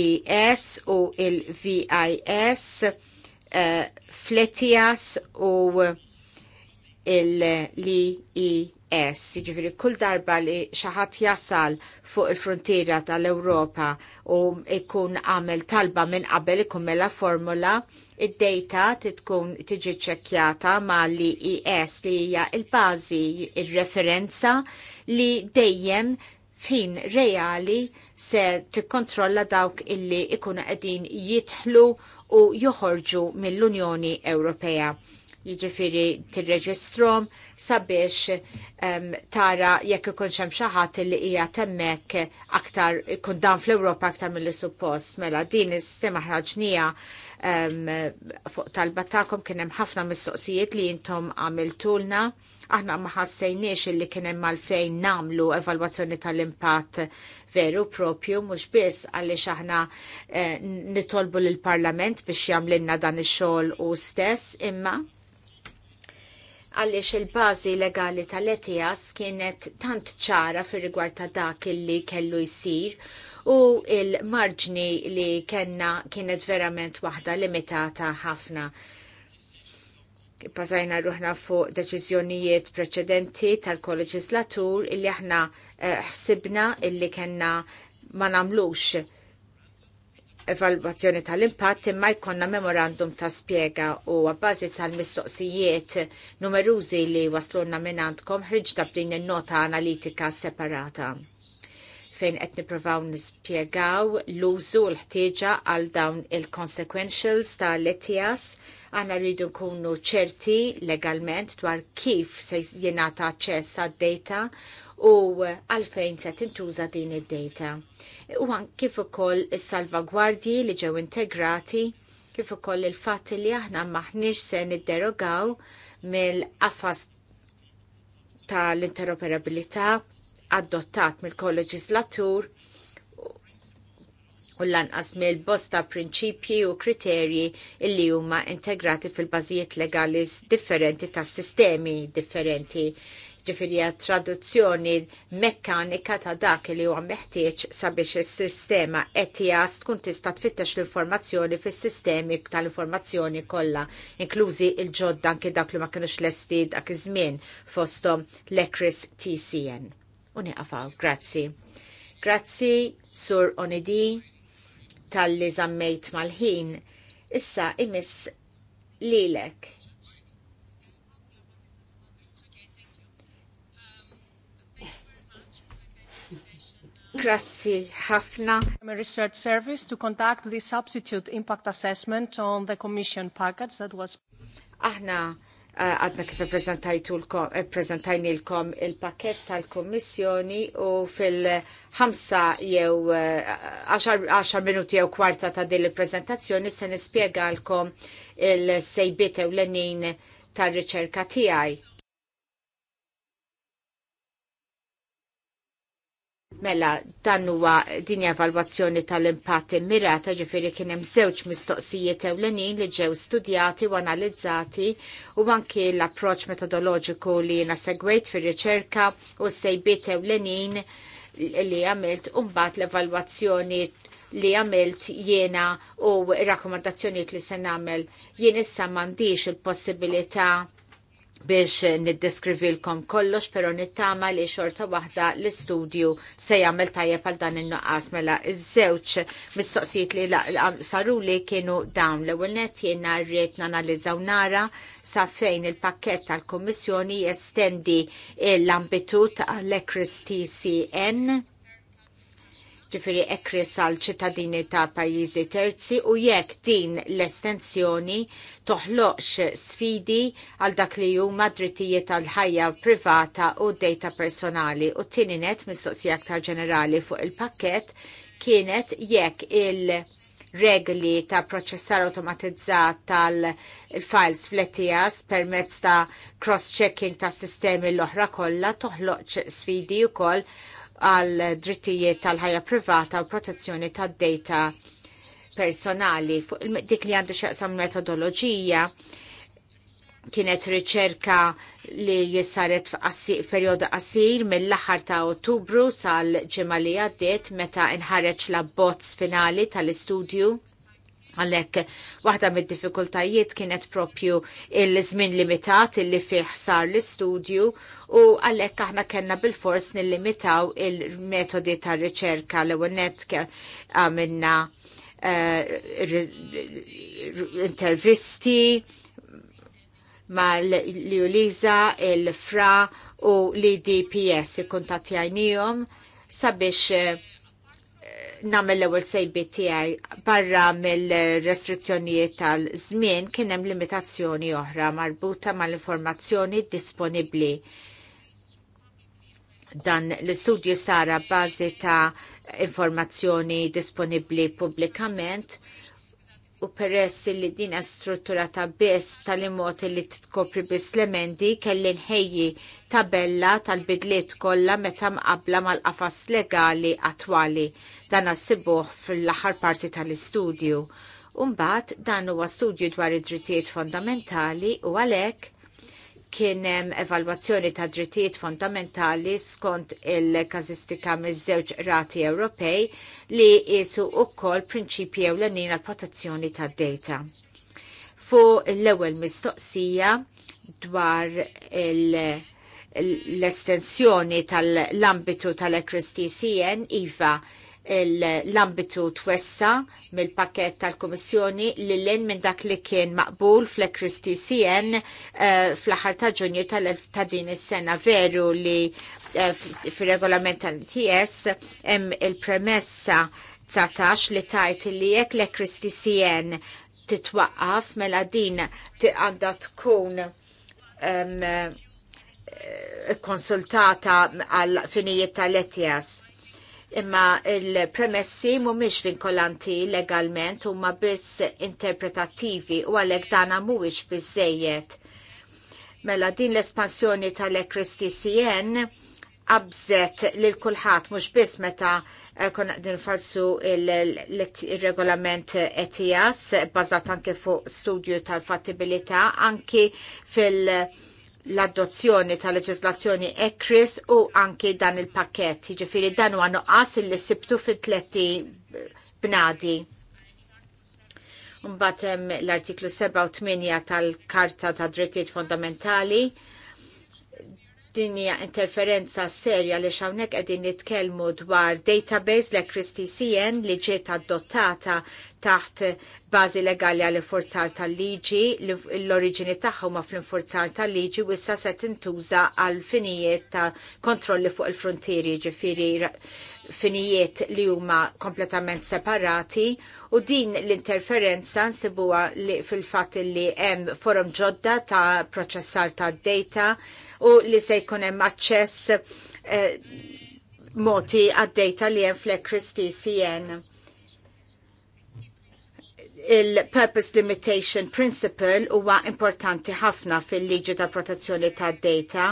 is e u il-VIS e uh, eh, Fletias u il-LES S, ġifiri kull darba li xaħat jasal fuq il-frontiera tal-Europa u ikun għamel talba minn qabel ikun mela formula, id-data titkun tiġi ċekjata ma li IS li hija il-bażi il-referenza li dejjem fin reali se tikkontrolla dawk illi ikun qegħdin jitħlu u joħorġu mill-Unjoni Ewropea. Jiġifieri tirreġistrom, sabiex um, tara jekk ikun xem xaħat li hija temmek aktar ikun dan fl-Ewropa aktar mill suppost mela din is-sema ħraġnija um, fuq talba tagħkom kien hemm ħafna mistoqsijiet li intom għamiltulna aħna ma ħassejniex li kien hemm għalfejn nagħmlu evalwazzjoni tal-impatt veru propju mhux biss għaliex aħna eh, nitolbu lill-Parlament biex jagħmlilna dan ix-xogħol u stess imma għaliex il-bażi legali tal-ETIAS kienet tant ċara fir rigward ta' dak illi kellu jsir u il-marġni li kellna kienet verament waħda limitata ħafna bazajna ruħna fuq deċiżjonijiet preċedenti tal-kolleġislatur illi aħna eh, ħsibna illi kena ma namlux evalwazzjoni tal-impatt imma jkollna memorandum ta' spjega u għabbażi tal-mistoqsijiet numerużi li waslunna minn għandkom ħriġna b'din in-nota analitika separata fejn qed nippruvaw nispjegaw l-użu l-ħtieġa għal dawn il-consequentials tal-ETIAS għanna rridu nkunu ċerti legalment dwar kif se jingħata aċċess għad-data u għalfejn se tintuża din id-data. U kif ukoll is-salvagwardji li ġew integrati kif ukoll il-fatt li aħna maħniex se nidderogaw mill-qafas tal-interoperabilità adottat mill-kolleġislatur u lanqas mill-bosta prinċipji u kriterji illi huma integrati fil-bażijiet legali differenti tas sistemi differenti ġifiri traduzzjoni mekkanika ta' dak li huwa meħtieġ sabiex is-sistema ETIAS tkun tista' tfittex l-informazzjoni fis-sistemi tal-informazzjoni kollha, inklużi il-ġodda anke dak li ma kienux lesti dak iż-żmien fosthom l-ECRIS TCN. U nieqafaw, grazzi. Grazzi, Sur Onidi, tal-li zammejt mal-ħin. Issa imis lilek Grazzi ħafna. Research Service to conduct the substitute impact assessment on the Commission package that was. Aħna eh, għadna kif eh, prezentajni l-kom il-pakket tal-Kommissjoni u fil ħamsa jew 10 eh, minuti jew kwarta ta' din il-prezentazzjoni se l-kom il u l ewlenin tal riċerka tijaj. Mela, dan huwa din evalwazzjoni tal-impatt immirata ġifieri kien hemm żewġ mistoqsijiet ewlenin li ġew studjati u analizzati u anke l-approċċ metodoloġiku li jiena segwejt fir-riċerka u sejbiet ewlenin li għamilt u mbagħad l-evalwazzjoni li għamilt jiena u r-rakkomandazzjonijiet li se nagħmel jien issa m'għandix il-possibilità biex niddeskrivilkom kollox, pero nittama li xorta waħda l-istudju se jagħmel tajjeb għal dan in-nuqqas mela iż-żewġ mistoqsijiet li saru li kienu dawn l-ewwel nett jiena rrid nanalizzaw nara sa fejn il-pakkett tal-Kummissjoni jestendi l-ambitu tal-ECRIS TCN ġifiri ekris għal ċittadini ta' pajjiżi terzi u jekk din l-estensjoni toħloqx sfidi għal dak li huma drittijiet għal ħajja privata u data personali u tieni net mistoqsija aktar ġenerali fuq il-pakket kienet jekk il- regli ta' proċessar automatizzat tal-files fl-ETIAS permezz ta' cross-checking ta' sistemi l-oħra kollha toħloq sfidi wkoll għal drittijiet tal-ħajja privata u protezzjoni tad-data personali fuq dik li għandu xaqsam metodoloġija kienet riċerka li jissaret f'perjodu qasir mill-aħħar ta' Ottubru sal-ġimgħa li għaddiet meta nħareġ l-abbozz finali tal-istudju Għallek, waħda mid diffikultajiet kienet propju il-żmien limitat illi fih sar l-istudju u għallek aħna kena bil-fors nillimitaw il-metodi ta' riċerka l għonet għamilna eh, intervisti ma' l-Juliza, il-Fra u l-DPS, il-kuntatjajnijom sabiex eh, namel l-ewel sejbi tiegħi barra mill-restrizzjonijiet tal-żmien kien hemm limitazzjoni oħra marbuta mal-informazzjoni disponibbli. Dan l-istudju sara bażi ta' informazzjoni disponibbli pubblikament u peress li din is-struttura ta' biss tal-imot li tkopri biss l-emendi kelli nħejji tabella tal-bidliet kollha meta mqabbla mal-qafas legali attwali dan assibuh fl-aħħar parti tal-istudju. Umbat dan huwa studju dwar id-drittijiet fondamentali u għalhekk kien hemm evalwazzjoni ta' drittijiet fondamentali skont il-kazistika miż-żewġ rati Ewropej li qisu wkoll prinċipji ewlenin għall protezzjoni tad-data. Fu l-ewwel mistoqsija dwar il- l-estensjoni tal-ambitu tal-ECRIS-TCN, IVA, l-ambitu twessa mill-pakket tal-Komissjoni li l minn dak li kien maqbul fl-Kristi CN eh, fl-ħar ta' ġunju ta' din is-sena veru li eh, fil-regolament tal-TS hemm il-premessa 19 li tajt li jekk l-Kristi CN titwaqqaf mela din għandha tkun eh, konsultata għal finijiet tal-ETS imma il-premessi mhumiex vinkolanti legalment huma biss interpretattivi u għalhekk dana mhuwiex biżejjed. Mela din l-espansjoni tal-ECRIS-TCN qabżet lil kulħadd mhux biss meta eh, kon din falsu il-regolament ETIAS bazat anke fuq studju tal-fattibilità anki fil- l-adozzjoni ta' leġislazzjoni ECRIS u anki dan il-pakket. Ġifiri dan huwa nuqqas li sibtu fi tletti bnadi. Mbagħad hemm l-artiklu 7 u 8 tal-Karta ta' Drittijiet Fundamentali Din hija interferenza serja li hawnhekk qegħdin nitkellmu dwar database l CN li ġiet adottata taħt bażi legali għall forzar tal-liġi, l-oriġini tagħhom ma fl-infurzar tal-liġi u issa se tintuża għal finijiet ta' kontrolli fuq il-frontieri ġifieri finijiet li huma kompletament separati u din l-interferenza nsibuha fil-fatt li hemm forum ġodda ta' proċessar ta' data u li se jkun hemm aċċess eh, moti għad-data li hemm fl-Ekris il-Purpose Limitation Principle huwa importanti ħafna fil-liġi ta' protezzjoni ta' data.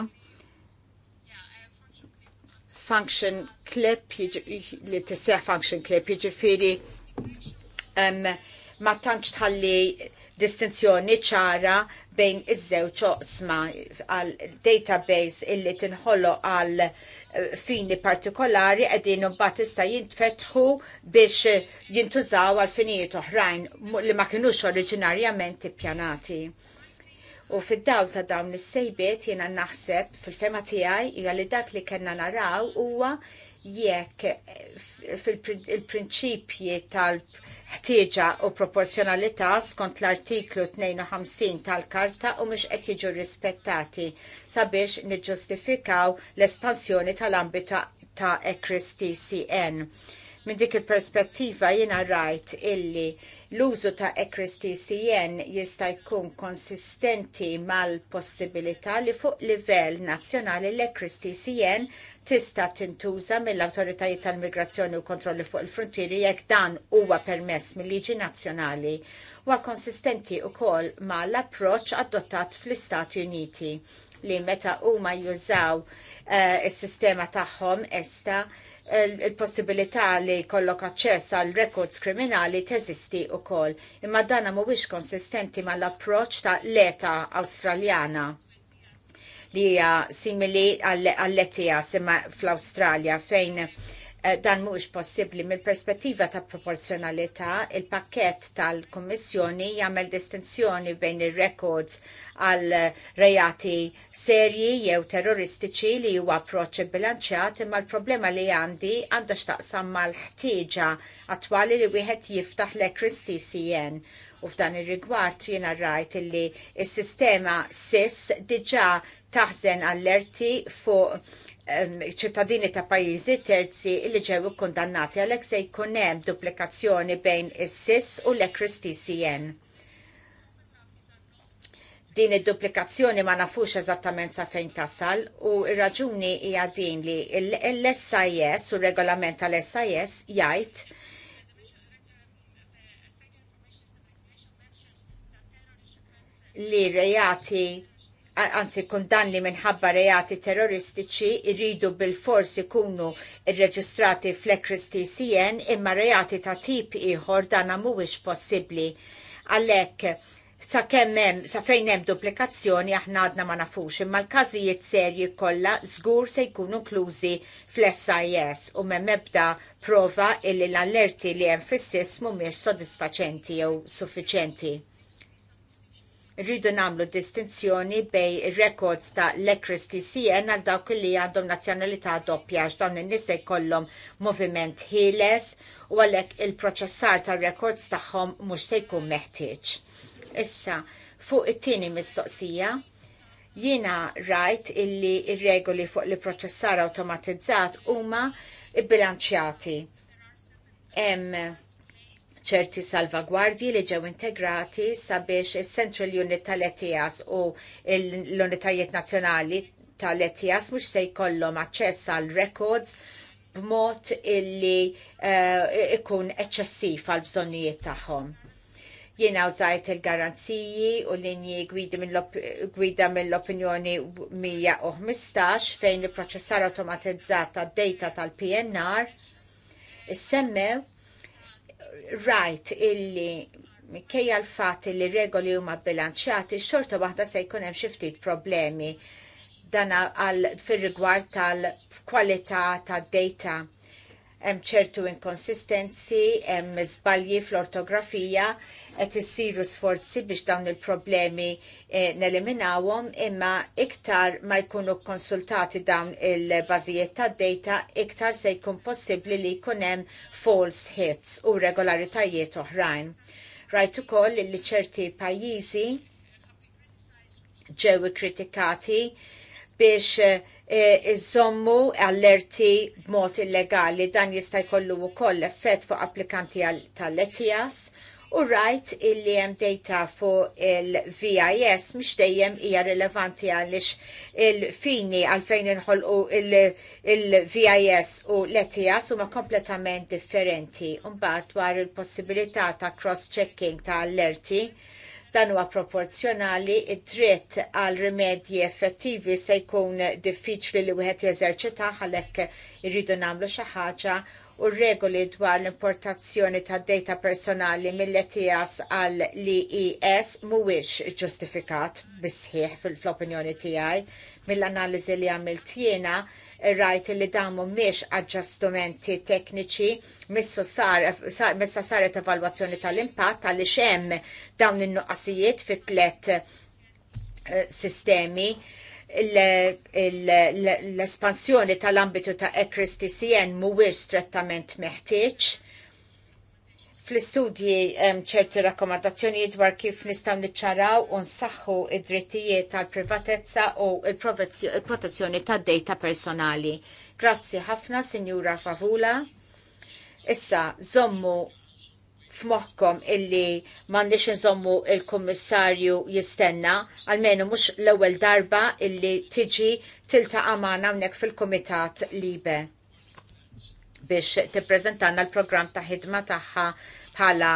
Function clip, li tisseħ function clip, jiġifieri ma tantx tħalli distinzjoni ċara bejn iż-żewġ oqsma għal database illi tinħollu għal eh, fini partikolari qegħdin u issa jintfetħu biex jintużaw għal finijiet oħrajn li ma kinux oriġinarjament ippjanati. U fid-dawl ta' dawn is-sejbiet jiena naħseb fil-fema tiegħi hija li dak li kellna naraw huwa jekk eh, fil-prinċipji tal-ħtieġa u proporzjonalità skont l-artiklu 52 tal-karta u mhux qed jiġu rispettati sabiex niġġustifikaw l-espansjoni tal-ambita ta' ECRIS TCN. Minn dik il-perspettiva jiena rajt illi l-użu ta' ECRIS TCN jista' jkun konsistenti mal-possibilità li fuq livell nazzjonali l-ECRIS TCN tista' tintuża mill-awtoritajiet tal-migrazzjoni u kontrolli fuq il-frontieri jekk dan huwa permess mill-liġi nazzjonali huwa konsistenti wkoll mal approċċ adottat fl-Istati Uniti li meta huma jużaw eh, is-sistema tagħhom esta il-possibilità li jkollok aċċess għal records kriminali teżisti wkoll, imma dana mhuwiex konsistenti mal-approċċ ta' l-ETA Awstraljana li hija simili għall-ETA imma fl-Awstralja fejn Eh, dan mhuwiex possibbli mill-perspettiva ta' proporzjonalità, il-pakkett tal-Kummissjoni jagħmel distinzjoni bejn ir-records għal rejati serji jew terroristiċi li huwa approċċ bilanċjat imma l-problema li għandi għandha x'taqsam mal-ħtieġa attwali li wieħed jiftaħ lek ekris U f'dan ir-rigward jiena rajt illi s-sistema SIS diġà taħżen allerti fuq ċittadini ta' pajjiżi terzi li ġew ikkundannati għalhekk se jkun hemm duplikazzjoni bejn is-SIS u l-ECRIS TCN. Din id-duplikazzjoni ma nafux eżattament sa fejn tasal u r-raġuni hija din li l-SIS u regolament tal-SIS jgħid li rejati anzi kundanni minħabba reati terroristiċi irridu bil-fors ikunu irreġistrati fl-ekris TCN imma reati ta' tip ieħor dana mhuwiex possibbli. Għalhekk sa hemm sa fejn hemm duplikazzjoni aħna għadna ma nafux imma l-każijiet serji kollha żgur se jkunu klużi fl-SIS u m'hemm ebda prova illi l-allerti li hemm fis-sis mhumiex sodisfaċenti jew suffiċenti rridu namlu distinzjoni bej records ta' l-ekris TCN għal dawk li għandhom nazzjonalità doppja għax dawn in-nies se jkollhom moviment ħieles u għalhekk il-proċessar ta' records tagħhom mhux se jkun meħtieġ. Issa, fuq it-tieni mistoqsija, jiena rajt illi r regoli fuq li proċessar awtomatizzat huma bilanċjati. Hemm ċerti salvagwardji li ġew integrati sabiex il-Central Unit tal-ETIAS u l-Unitajiet Nazzjonali tal-ETIAS mhux se jkollhom aċċess għal records b'mod illi uh, ikun eċċessiv għal bżonnijiet tagħhom jiena użajt il-garanziji u linji gwida mill-opinjoni 115 fejn il-proċessar automatizzat tad data tal-PNR semmew rajt illi kejja l-fat li regoli huma bilanċjati xorta waħda se jkun hemm xi ftit problemi dan għal fir-rigward tal-kwalità tad-data. Hemm ċertu inkonsistenzi, hemm żbalji fl-ortografija, qed issiru sforzi biex dawn il-problemi eh, neliminawhom imma iktar ma jkunu konsultati dawn il-bażijiet tad-data iktar se jkun possibbli li jkun hemm false hits u regolaritajiet oħrajn. Rajt ukoll li ċerti pajjiżi ġewi kritikati biex eh, iżommu allerti b'mod illegali dan jista' jkollu wkoll effett fuq applikanti tal-ETIAS u rajt illi hemm data fuq il-VIS mhux dejjem hija rilevanti għaliex il-fini għalfejn inħolqu il-VIS u l-ETIAS huma kompletament differenti. Mbagħad dwar il-possibilità ta' cross-checking ta' allerti dan huwa proporzjonali id-dritt għal rimedji effettivi se jkun diffiċli li wieħed jeżerċitaha għalhekk irridu nagħmlu xi ħaġa u regoli dwar l-importazzjoni ta' data personali mill-ETIAS għal l-IES mhuwiex ġustifikat bisħieħ fil-opinjoni tiegħi mill-analiżi li għamilt jiena rajt li dawn mhumiex aġġustamenti tekniċi missa saret evalwazzjoni tal-impatt għaliex hemm dawn in-nuqqasijiet fit tlet eh, sistemi l-espansjoni tal-ambitu ta' ECRIS TCN mhuwiex strettament meħtieġ fl-istudji ċerti rakkomandazzjoni dwar kif nistaw niċċaraw u nsaħħu id-drittijiet tal-privatezza u il-protezzjoni tad data personali. Grazzi ħafna, Sinjura Favula. Issa, zommu f'moħħkom illi m'għandniex inżommu il-kummissarju jistenna, għalmenu mhux l-ewwel darba illi tiġi tiltaqa' magħna hawnhekk fil-Kumitat Libe biex tippreżentanna l-programm ta' ħidma tagħha bħala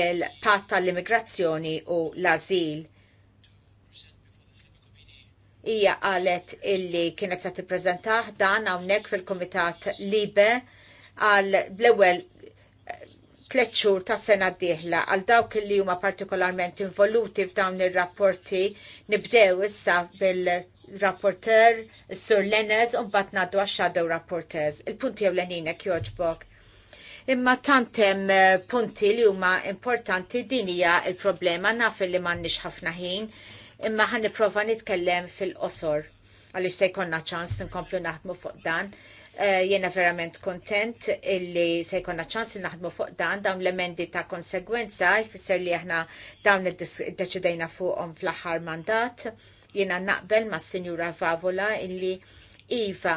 l-patt tal-immigrazzjoni u l-azil hija qalet illi kienet se tippreżentah dan hawnhekk fil-Kumitat Libe għal bl-ewwel tliet xhur tas sena d-dieħla għal dawk li huma partikolarment involuti f'dawn ir-rapporti nibdew issa bil-rapporter is-sur Lenez u mbagħad ngħaddu għax-shadow rapporters. Il-punti jew ewlenienek jogħġbok. Imma tant hemm eh, punti li huma importanti din hija l problema naf li m'għandniex ħafna ħin imma ħan nipprova nitkellem fil-qosor għaliex se jkollna ċans nkomplu naħdmu fuq dan. Eh, Jena verament kontent illi se jkonna ċans li naħdmu fuq dan dawn l-emendi ta' konsegwenza jfisser li aħna dawn id-deċidejna fuqhom fl-aħħar mandat. Jena naqbel ma' Sinjura Vavola illi Iva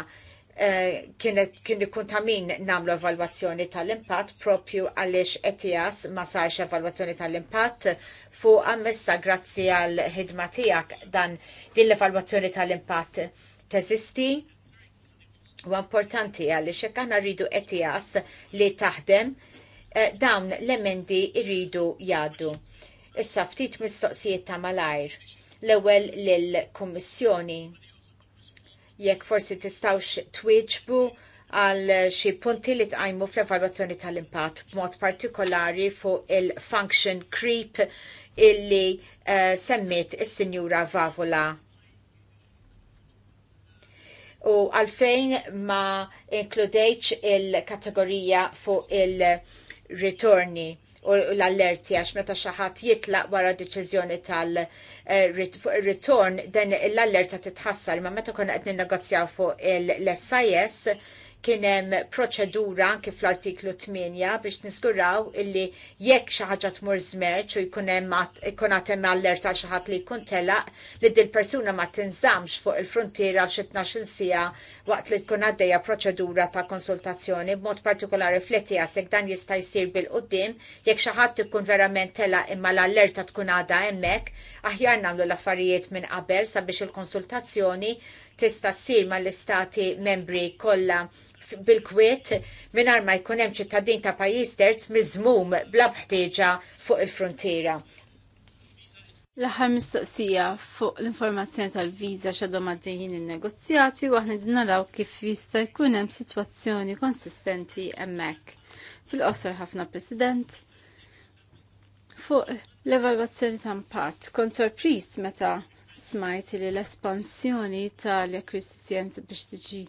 eh, kien ikun ta' min namlu evalwazzjoni tal-impatt propju għaliex ETIAS ma sarx evalwazzjoni tal-impatt fuq ammessa grazzi għal ħidma tiegħek dan din l-evalwazzjoni tal-impatt teżisti U importanti għaliex hekk aħna rridu ETIAS li taħdem eh, dawn l-emendi rridu jgħaddu. Issa ftit mistoqsijiet ta' malajr. L-ewwel lill-Kummissjoni. Jekk forsi tistawx twieġbu għal xi punti li tqajmu fl-evalwazzjoni tal-impatt b'mod partikolari fuq il-function creep illi uh, eh, semmit is-Sinjura Vavola u għalfejn ma inkludejċ il-kategorija fuq il-ritorni u l-allerti għax meta xaħat jitlaq wara deċiżjoni tal-ritorn dan l-allerta titħassar ma meta konna qed negozjaw fuq l-SIS kien hemm proċedura anke fl-artiklu 8 biex niskuraw illi jekk xi ħaġa tmur żmerġ u jkun hemm ikun għad hemm allerta xi ħadd li jkun telaq li din persuna ma tinżamx fuq il-frontiera f'xi 12 il sija waqt li tkun għaddejja proċedura ta' konsultazzjoni b'mod partikolari fletti għasek dan jista' jsir bil-qudiem jekk xi ħadd ikun verament telaq imma l-allerta tkun għadha hemmhekk aħjar nagħmlu l-affarijiet minn qabel sabiex il-konsultazzjoni tista' ssir mal-istati membri kollha bil-kwiet mingħajr ma jkun hemm ċittadin ta' pajjiż terz miżmum bla ħtieġa fuq il-frontiera. L-aħħar mistoqsija fuq l-informazzjoni tal-viża x'għadhom għaddejjin in-negozjati u aħna naraw kif jista' jkun hemm sitwazzjoni konsistenti hemmhekk. Fil-qosor ħafna President. Fuq l-evalwazzjoni ta' impatt, kont sorpriż meta smajt li l-espansjoni tal-ekwistizienza biex tiġi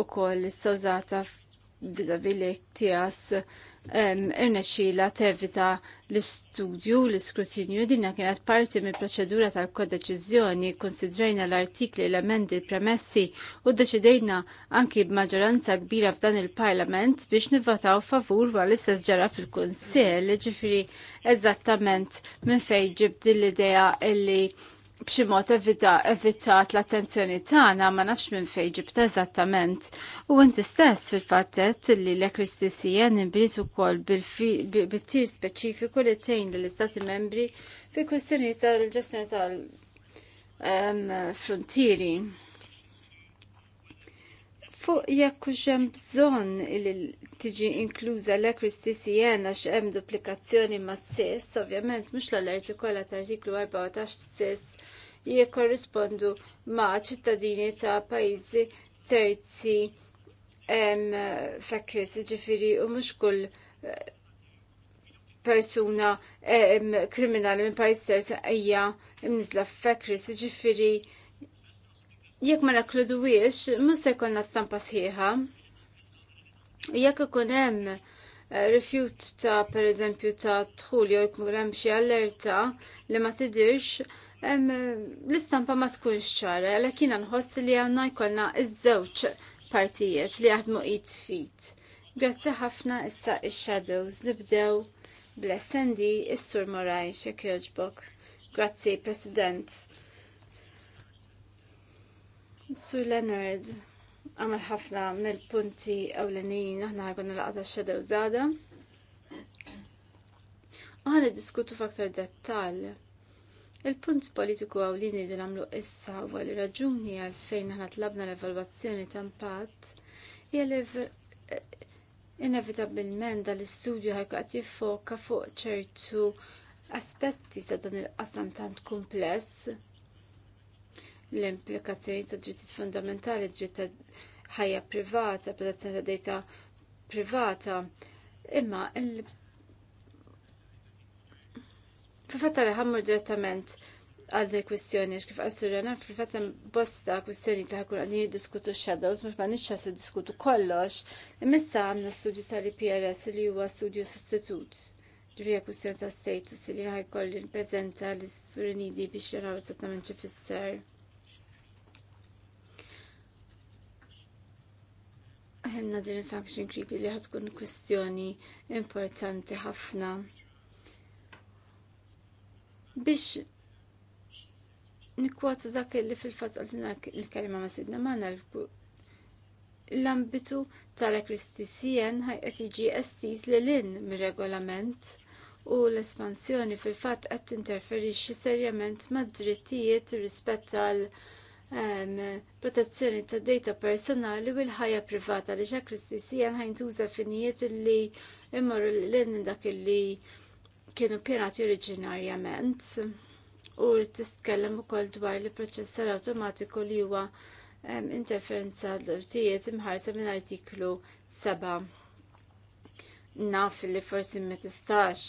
u koll istawżata f'dizabilik tijas irnexxila tevita l-istudju, l-iskrutinju, dinna kienet parti mill proċedura tal-kodeċizjoni, konsidrejna l-artikli, l-emendi, l-premessi u deċidejna anki b'maġġoranza kbira f'dan il-parlament biex nivvotaw favur għal istess ġara fil-Kunsill, ġifiri eżattament minn fejn ġibdi l-idea illi b'xi mod evita evitat l-attenzjoni tagħna ma nafx minn fejn ġibta eżattament. U inti stess fil-fatt li l-Ekristi imbrit ukoll bil-tir speċifiku li tgħin lill-Istati Membri fi kwistjoni tal-ġestjoni tal-frontieri. Ehm, um, fuq jekk hemm bżonn li tiġi inkluża l għax hemm duplikazzjoni ma' sis, ovvjament mhux l-artikola ta' artiklu 14 f'sis jikorrispondu ma' ċittadini ta' pajjiżi terzi fekkris, ġifiri, u mhux kull eh, persuna kriminali minn pajjiż terzi hija nizla fekkris, ġifiri jekk ma nakluduwiex, mhux se jkollna stampa sħiħa. Jekk ikun hemm eh, rifjut ta' pereżempju ta' dħul jew jkun hemm xi allerta li ma tidirx, l-istampa ma tkunx ċara, għalhekk jiena nħoss li għandna jkollna iż-żewġ partijiet li jaħdmu id fit. Grazzi ħafna issa ix-shadows nibdew bl-SND is-Sur Moraj xek jogħġbok. Grazzi, President. Sur Leonard, għamil ħafna mill-punti ewlenin aħna ħagħuna l-qata u zada. Għana diskutu f'aktar dettal. Il-punt politiku għawlini li għamlu issa u għal raġuni għalfejn aħna tlabna l-evalwazzjoni ta' impatt hija li inevitabilment dal-istudju għat jiffoka fuq ċertu aspetti sa' dan il-qasam tant kumpless l-implikazzjoni ta' drittijiet fundamentali, dritt ta' ħajja privata, protezzjoni ta' dejta privata. Imma il Fil-fatta li ħammur direttament għal dik kwistjoni, kif għassurjana, fil-fatta bosta kwistjoni ta' ħakun għadni jiddiskutu shadows, mux ma' se diskutu kollox, imissa għanna studju tal-IPRS li huwa studju sostitut. Ġivija kwistjoni ta' status li ħajkolli n-prezenta li s-surinidi biex jaraw trattament ċifisser. ħemna din il-faction creepy li ħatkun kwistjoni importanti ħafna. Biex nikkwota dak li fil-fat għaldina l-kalima ma sidna maħna l-ambitu tal ħaj ħajqet jiġi estiż li l-in mir-regolament u l-espansjoni fil-fat qed tinterferixxi serjament mad-drittijiet rispett tal- protezzjoni ta' data personali u l-ħajja privata li xa l-istisijan tuża finijiet li immorru l-len dak li kienu pjanati oriġinarjament u tistkellem ukoll dwar li proċessar awtomatiku li huwa interferenza l-irtijiet imħarsa minn artiklu 7 naf li forsi ma tistax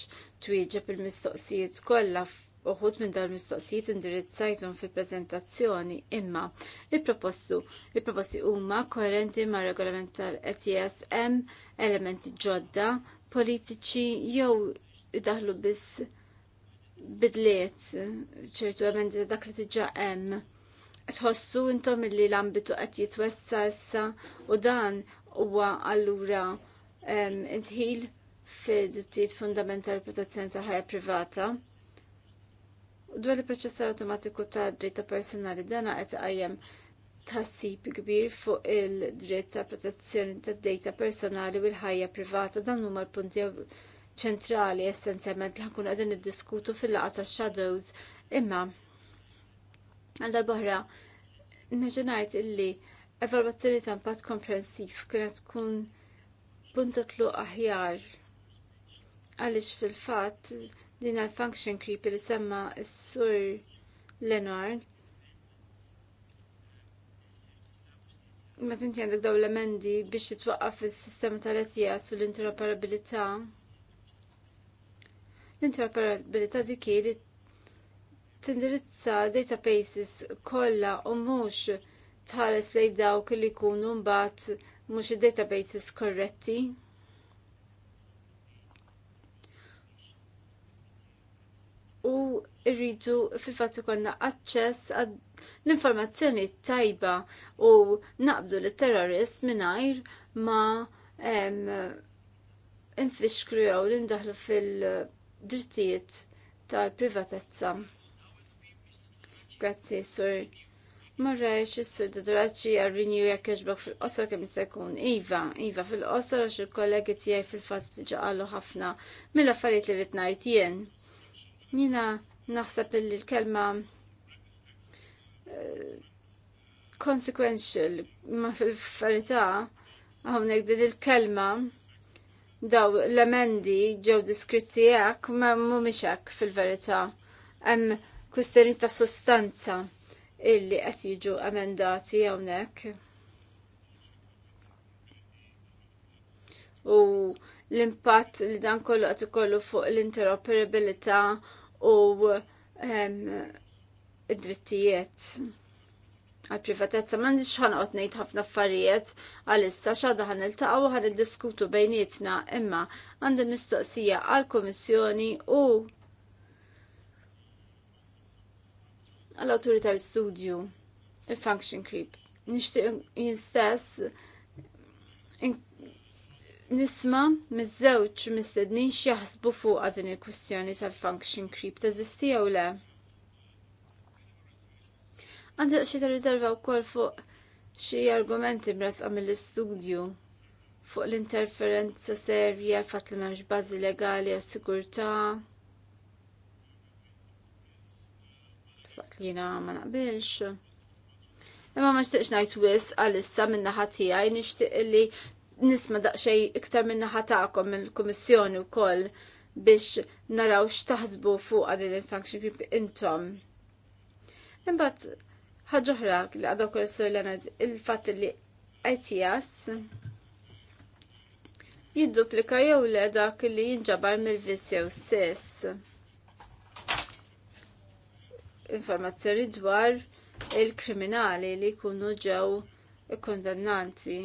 twieġeb il-mistoqsijiet kollha uħut minn dal mistoqsijiet indirizzajtum fil prezentazzjoni imma il-propostu il-proposti huma koerenti ma' regolament tal etsm hemm elementi ġodda politiċi jew idaħlu biss bidliet ċertu emendi dak li tiġa hemm. Tħossu intom li l-ambitu qed jitwessa issa u dan huwa allura intħil fid-dittijiet fundamentali protezzjoni tal-ħajja privata dwar il-proċessar automatiku ta' dritta personali dana qed qajjem tħassib kbir fuq il-dritt ta' protezzjoni ta' data personali u l-ħajja privata dan huma l-punti ċentrali essenzjalment li ħankun qegħdin niddiskutu fil-laqgħa ta' shadows imma għal darbohra ngħid illi evalwazzjoni ta' impatt komprensiv kienet tkun punta tluq aħjar għaliex fil-fatt din għal-function creep li semma s-sur Leonard. Ma tinti għandek daw l-emendi biex t-waqqaf il-sistema tal etija su l-interoperabilità. L-interoperabilità dikki li t-indirizza databases kollha u mhux tħares lejn dawk li jkunu mbagħad mhux id-databases korretti. u rridu fil-fatt ikonna aċċess l-informazzjoni tajba u naqbdu l terrorist mingħajr ma infixkru jew li ndaħlu fil-drittijiet tal-privatezza. Grazzi, Sur. Marra xissur da draċi għal rinju jek fil-qosor kem sekun. Iva, Iva fil-qosor għax il-kollegi tijaj fil-fat tġaqallu ħafna mill-affarijiet li rritnajt jien. Nina naħseb li l-kelma eh, consequential ma fil-verità hawnhekk din il-kelma daw l-emendi ġew diskritti hekk ma mhumiex hekk fil-verità. Hemm kwistjoni ta' sostanza illi qed jiġu emendati hawnhekk. U l-impatt li dan kollu għat ikollu fuq l-interoperabilità u id-drittijiet għal privatezza ma nix ħanqot ngħid ħafna affarijiet għal-issa xada ħan iltaqgħu ħan iddiskutu bejnietna imma għandi mistoqsija għal kummissjoni u għal awtorità l-studju il-function creep. Nixtieq jien stess nisma miż-żewġ mistednin x'jaħsbu fuq din il-kwistjoni tal-function creep teżisti jew le. Għandek xi tar-riserva wkoll fuq xi argumenti mresqa mill-istudju fuq l-interferenza serja l-fatt li m'hemmx bażi legali għas-sigurtà. Faqt li jiena ma naqbilx. Imma ma xtiqx ngħid wisq għalissa min-naħa tiegħi nixtieq li nisma daqxej iktar minna ħatakom minn l-Komissjoni u koll biex naraw xtaħsbu fuq għadin il-function group intom. Imbat, ħagġoħra li għadaw kol sur Leonard il-fat li ITS jidduplika jew le dak li jinġabar mill-vis jew sis. Informazzjoni dwar il-kriminali li jkunu ġew kondannanti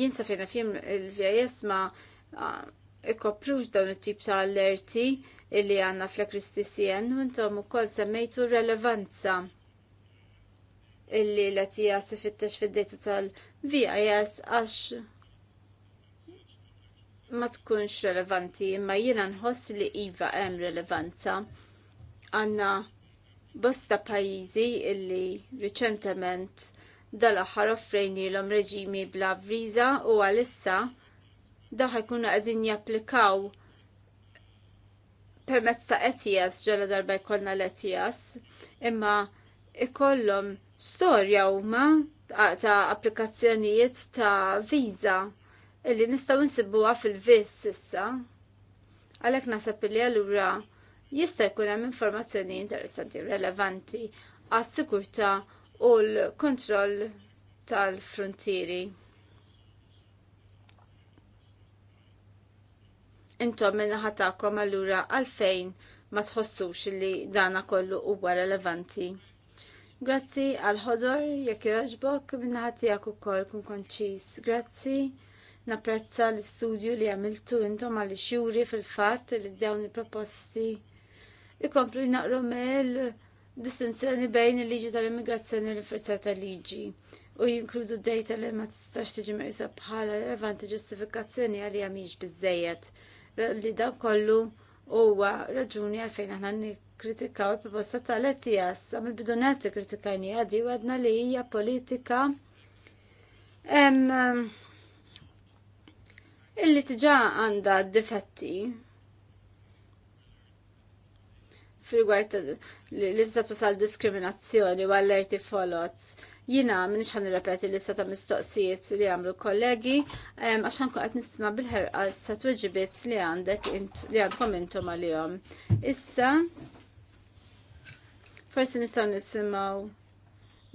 jinsa fejna fjem il-VIS ma ikkopruġ dawn it-tip ta' allerti illi għanna fl-Kristisien u intom ukoll semmejtu relevanza illi l qed jasi fittex fid-data tal-VIS għax ma tkunx relevanti imma jiena nħoss li iva hemm relevanza għanna bosta pajjiżi illi riċentement dal-aħħar offrejni l-om reġimi bla viża u għalissa daħ jkunu għedin japplikaw permezz ta' ETIAS ġala darba jkollna l-ETIAS imma ikollhom storja huma ta' applikazzjonijiet ta' viża illi nistgħu nsibuha fil-vis issa. Għalhekk naħseb li allura jista' jkun hemm informazzjoni interessanti u relevanti għas sikurta u l-kontroll tal-frontieri. Intom minna ħatakom allura għalfejn ma tħossux li dana kollu huwa relevanti. Grazzi għal ħodor jekk jogħġbok minna ħatijak ukoll kun konċis. Grazzi napprezza l-istudju li għamiltu intom għal xjuri fil-fatt li dawn il-proposti ikomplu naqru mill distinzjoni bejn il-liġi tal-immigrazzjoni u l-forza tal-liġi u jinkludu data li ma tistax tiġi meqsa bħala relevanti ġustifikazzjoni għalli mhix biżejjed li dan kollu huwa raġuni għalfejn aħna nikkritikaw il-proposta tal ets għam il-bidu nefti kritikajni għadi u għadna li hija politika illi tiġa għanda difetti fil-gwart li t wasal diskriminazzjoni u allerti folot. Jina minix ħan repeti l-lista ta' mistoqsijiet li għamlu kollegi, għaxan kuqat nistima bil għal sa' tweġibiet li għandek li għandkom intom għal-jom. Issa, forsi nistaw nisimaw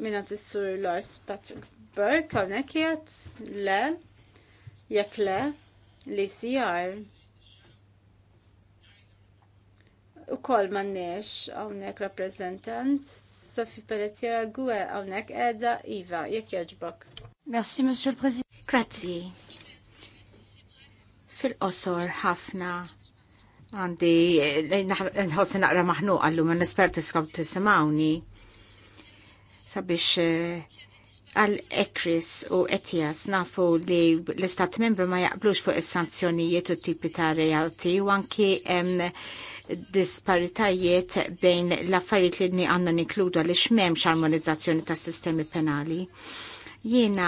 minna t-sur Lars Patrick Burke, għonek jgħat, le, jek le, li CR. u kol mannex għawnek rappresentant Sofi Pelletiera Gwe għawnek edha Iva, jek jaġbok. Merci, Monsieur le Président. Grazzi. Fil-qosor ħafna għandi nħossi naqra maħnu għallu ma nisper t-semawni sabiex eh, għal ekris u etjas nafu li l-istat membru ma jaqblux fuq is-sanzjonijiet u tipi ta' realti u anki disparitajiet bejn l-affarijiet li ni għanna nikludu li xmem armonizzazzjoni ta' sistemi penali. Jiena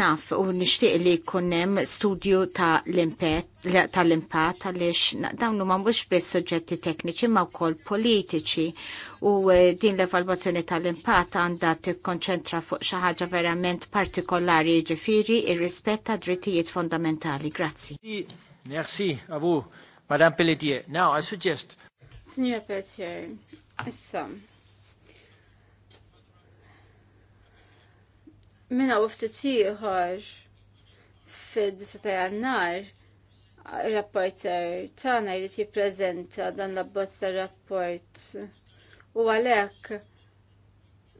naf u nishtiq li kunnem studju ta' l-impat għalix dawnu ma' mux biss suġġetti tekniċi ma' wkoll politiċi u eh, din l-evalwazzjoni tal-impat għandha tikkonċentra fuq xi ħaġa verament partikolari ġifiri ir-rispett ta' drittijiet fondamentali. Grazzi. Merci, avu. Madame Pelletier, now I suggest. Signor Pelletier, issa. Minna u ftitiħor fid-disa ta' jannar, rapporter tana jrid jippreżenta dan l-abbozz ta' rapport. U għalhekk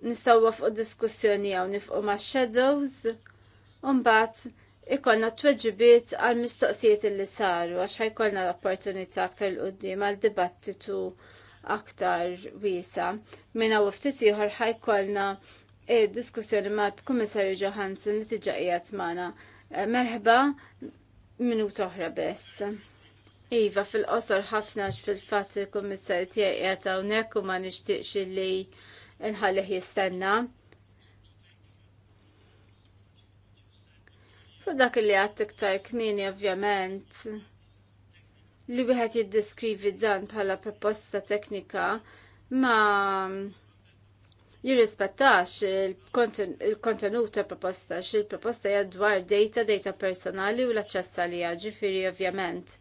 nistgħu fuq diskussjoni hawn nifqu ma' shadows u mbagħad ikkolna t-tweġibiet għal mistoqsijiet li saru, għax ħajkolna l-opportunità aktar l-qoddim għal dibattitu aktar wiesa. Minna u ftit ieħor ħajkollna eh, diskussjoni ma' kummissarju Johansson li t qiegħed magħna. Eh, merħba minuta oħra bess. Iva fil-qosor ħafna fil-fatt il-kummissarju tiegħi qiegħed hawnhekk u ma nixtieqx li nħallih jistenna. Fu dak li għat iktar kmini ovvjament li wieħed jiddiskrivi dan bħala proposta teknika ma jirrispettax il-kontenut ta' proposta xil proposta hija dwar data, data personali u l-aċċess għalija ġifieri ovvjament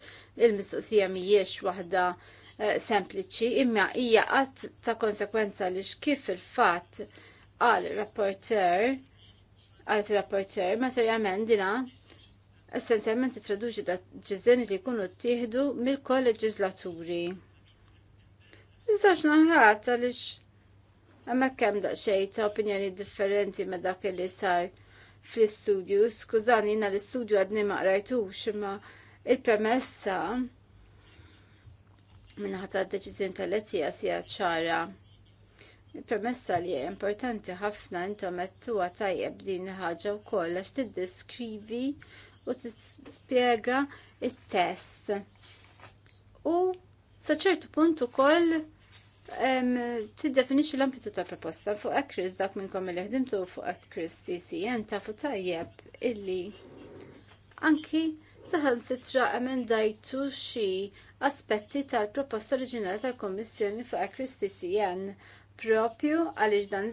il-mistoqsija mhijiex waħda eh, sempliċi imma hija qatt ta' konsekwenza li x'kif il-fatt għal rapporter għalet rapporter, materjalment dina essenzjalment traduċi da ġizzeni li jkunu ttieħdu mill-kolleġislaturi. Iżax naħat għalix għamma kem daqxej ta' opinjoni differenti me dak li sar fl-istudju, skużani jina l-istudju għadni ma qrajtux imma il-premessa ħata d deċizjoni tal-etija sija ċara. Si Il-premessa li hija importanti ħafna intom qed tuha tajjeb din ħaġa wkoll għax tiddeskrivi u tispjega it-test. U sa ċertu punt ukoll tiddefinixxi l-ambitu ta' proposta fuq Chris dak minnkom li ħdimtu fuq Akris TCN tafu tajjeb illi anki saħan sitra emendajtu xi aspetti tal-proposta oriġinali tal-Kommissjoni fuq Akris TCN propju għaliex dan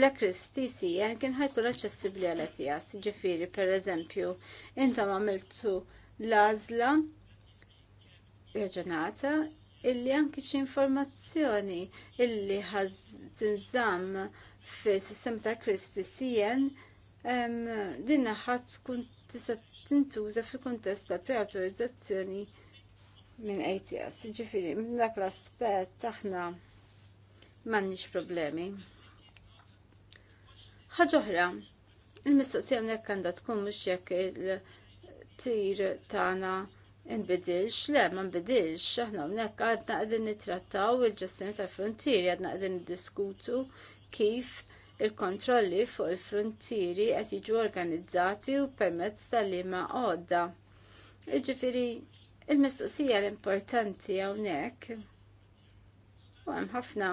l-ekris jen kien ħajkun aċċessibbli għal etijas. per pereżempju intom għamiltu l-għażla illi anki xi informazzjoni illi ħaż fi fis ta' Kris TCN dinna ħadd tkun tista' tintuża fil-kuntest ta' preawtorizzazzjoni minn ATS. Ġifieri, minn dak l-aspett aħna m'għandniex problemi. Ħaġa oħra, il-mistoqsija nek għandha tkun mhux jekk il-tir tagħna nbidilx, le ma nbidilx, aħna hawnhekk għadna għadin nittrattaw il-ġestjoni tal-frontieri, għadna qegħdin diskutu kif il-kontrolli fuq il-frontieri qed jiġu organizzati u permezz tal-liema għodda. Jiġifieri il-mistoqsija l-importanti hawnhekk U hemm ħafna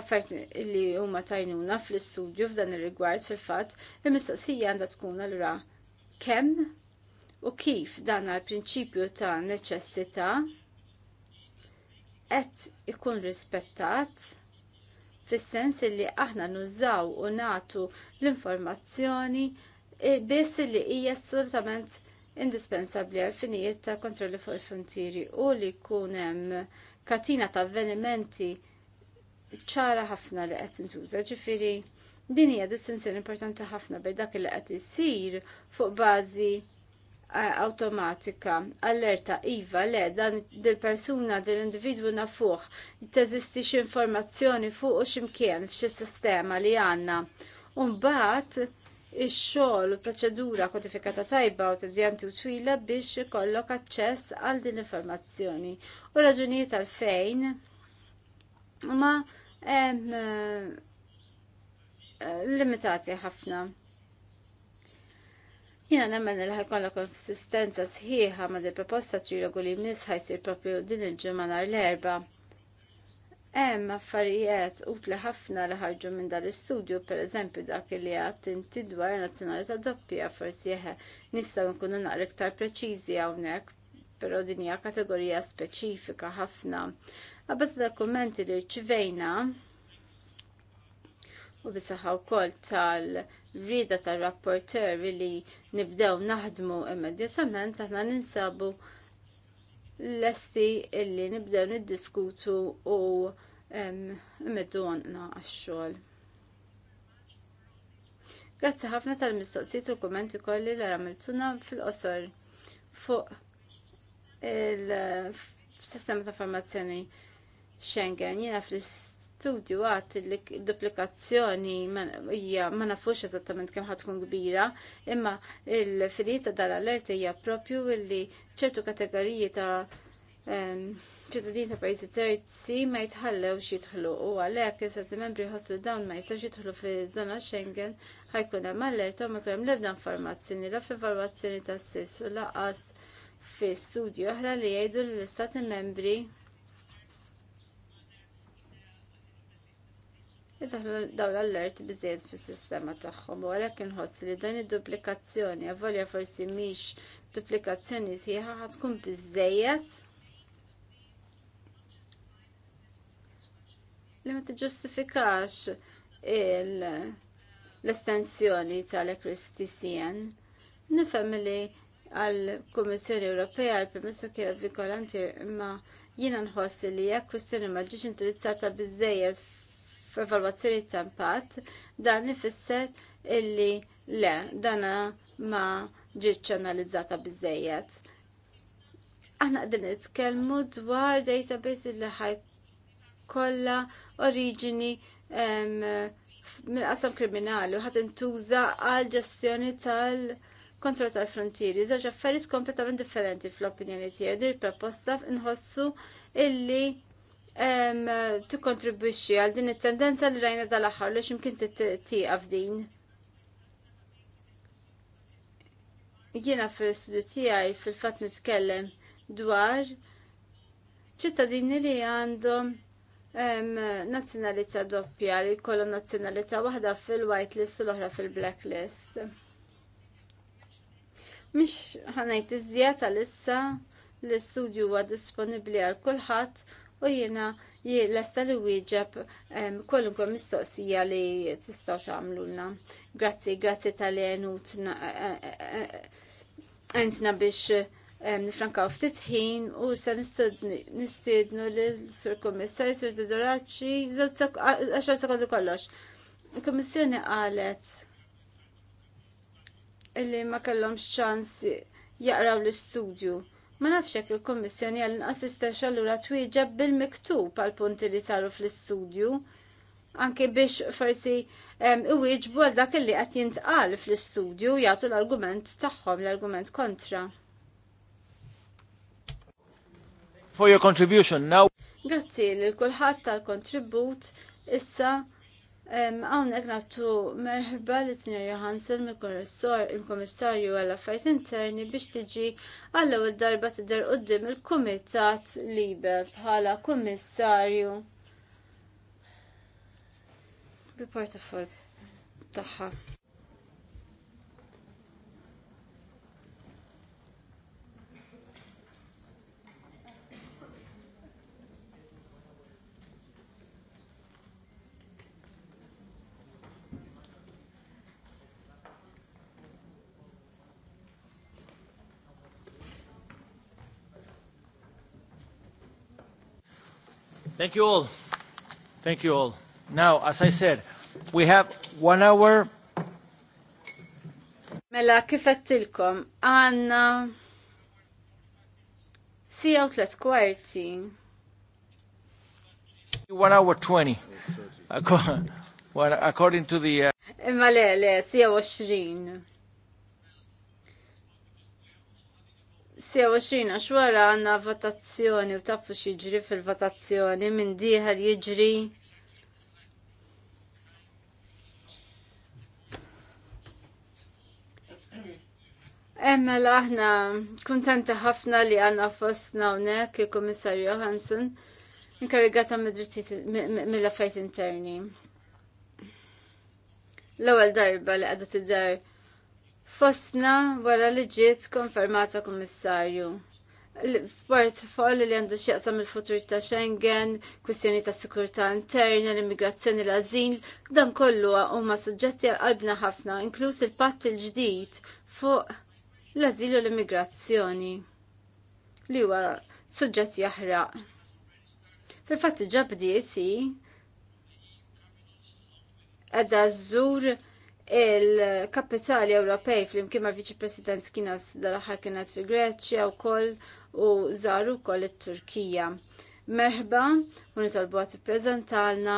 affarijiet li huma tajnuna fl-istudju f'dan ir-rigward fil-fatt il-mistoqsija għandha tkun għal-ra kemm u kif dan l-prinċipju ta' neċessità qed ikun rispettat fis-sens li aħna nużaw u nagħtu l-informazzjoni eh, biss li hija assolutament indispensabbli għal finijiet ta' kontrolli fuq il-frontieri u li jkun hemm katina ta' avvenimenti ċara ħafna li qed intuża ġifieri din hija distinzjoni importanti ħafna bejn dak li qed isir fuq bażi eh, awtomatika allerta iva le dan dil-persuna dil-individwu nafuħ teżisti xi informazzjoni fuq u x'imkien f'xi sistema li għandna. Umbagħad ix-xogħol u proċedura kodifikata tajba u tiżjanti u twila biex ikollok aċċess għal din l-informazzjoni. U raġunijiet għal fejn huma eh, limitati ħafna. Jina nemmen li ħajkolla konsistenza sħiħa ma' di proposta trilogu li mis ħajsir propju din il ġimgħa nhar l-erba' Hemm affarijiet utli ħafna li ħarġu minn dal-istudju, pereżempju dak li għad inti dwar nazzjonalità doppja forsi jeħe nistgħu nkunu naqra iktar preċiżi hawnhekk, però din hija kategorija speċifika ħafna. Għabbaż dokumenti li rċivejna u bisaħaw kol tal-rida tal-rapporter li nibdew naħdmu immedjatament aħna ninsabu lesti illi nibdew niddiskutu u imeddu għanqna għax-xogħol. Grazzi ħafna tal-mistoqsijiet u kummenti kolli li għamiltuna fil-qosor fuq il-sistema ta' formazzjoni Schengen. Jiena fl studju għat li duplikazzjoni hija ma nafux eżattament kemm ħatkun kbira, imma il ta' dal-alert hija propju li ċertu kategoriji ta' ċittadin ta' pajjiżi terzi ma jitħallewx jidħlu u għalhekk is membri ħossu dawn ma jistgħux jidħlu fi żona Schengen ħajkun hemm allert u ma kemm l-ebda informazzjoni la f'evalwazzjoni ta' sis u laqas fi studju oħra li jgħidu l-istati membri dawn l-allert biżżejjed fis-sistema tagħhom u għalhekk inħoss li dan id-duplikazzjoni avolja forsi mhix duplikazzjoni sħiħa ħad tkun biżżejjed. li ma tiġġustifikax l-estensjoni tal-ekristisien. Nifhem li għal-Kummissjoni Ewropea l-permessa kienet vinkolanti imma jiena nħossi li hekk kwistjoni ma ġietx indirizzata biżżejjed f'evalwazzjoni ta' impatt dan ifisser illi le dana ma ġietx analizzata biżejjed. Aħna qegħdin nitkellmu dwar database li ħaj kollha oriġini mill-qasam kriminali u ħadd intuża għal ġestjoni tal- kontrol tal-frontieri, żewġ affarijiet kompletament differenti fl-opinjoni tiegħi. Dir proposta nħossu illi tikkontribwixxi għal din it-tendenza li rajna tal-aħħar li x'imkien tittieqaf din. Jiena fil-studju tiegħi fil-fatt nitkellem dwar ċittadini li għandhom nazzjonalità doppja li jkollhom nazzjonalità waħda fil-white list u l-oħra fil-black list. Mhix ħanajt iżjed għalissa l-istudju huwa disponibbli għal kulħadd u jiena lesta li wieġeb kwalunkwe mistoqsija li tistgħu tagħmlulna. Grazzi, grazzi tal-li e, e, e, għentna biex nifrankaw ftit ħin u se nistiednu li sur kummissar sur Didoraċi, għaxar sekondu kollox. Il-Kommissjoni qalet illi ma kellhomx ċans jaqraw l-istudju Ma nafx hekk il-Kummissjoni għal inqas allura twieġeb bil-miktub għal punti li saru fl-istudju anke biex forsi iwieġbu għal dak li qed jintqal fl-istudju jagħtu l-argument tagħhom l-argument kontra. For your contribution now. Grazzi lil kulħadd tal-kontribut issa ekna tu merħba li Sinjor Johansen il-Komissarju għall affajt interni biex tiġi għall ewwel darba tidher qudiem il-Kumitat Liber bħala Komissarju. bil-portafol tagħha. Thank you all. Thank you all. Now, as I said, we have one hour. Mela, kifettilkom, għanna sija u tlet kwarti. One hour twenty. According to the... Mela, le, le, sija u 26 għax wara għandna votazzjoni u tafu xieġri fil-votazzjoni minn diħal jiġri Emma aħna kuntenta ħafna li għanna fostna unek il komissar Johansson inkarigata mill-affajt interni. L-ewwel darba li t-dar fostna wara li ġiet konfermata kummissarju. Portfoll li għandu xieqsam il-futur ta' Schengen, kwistjoni ta' sikurta' interna, l-immigrazzjoni, l-azil, dan kollu huma suġġetti għal qalbna ħafna, inkluż il-patt il-ġdid fuq l-azil u l-immigrazzjoni li huwa suġġett jaħraq. Fil-fatt ġabdieti għadha żżur il-kapitali Ewropej fl-imkien ma' Viċi President kienas dal-aħħar kienet fi Greċja u koll u żaru koll it-Turkija. Merħba, unu tal prezentalna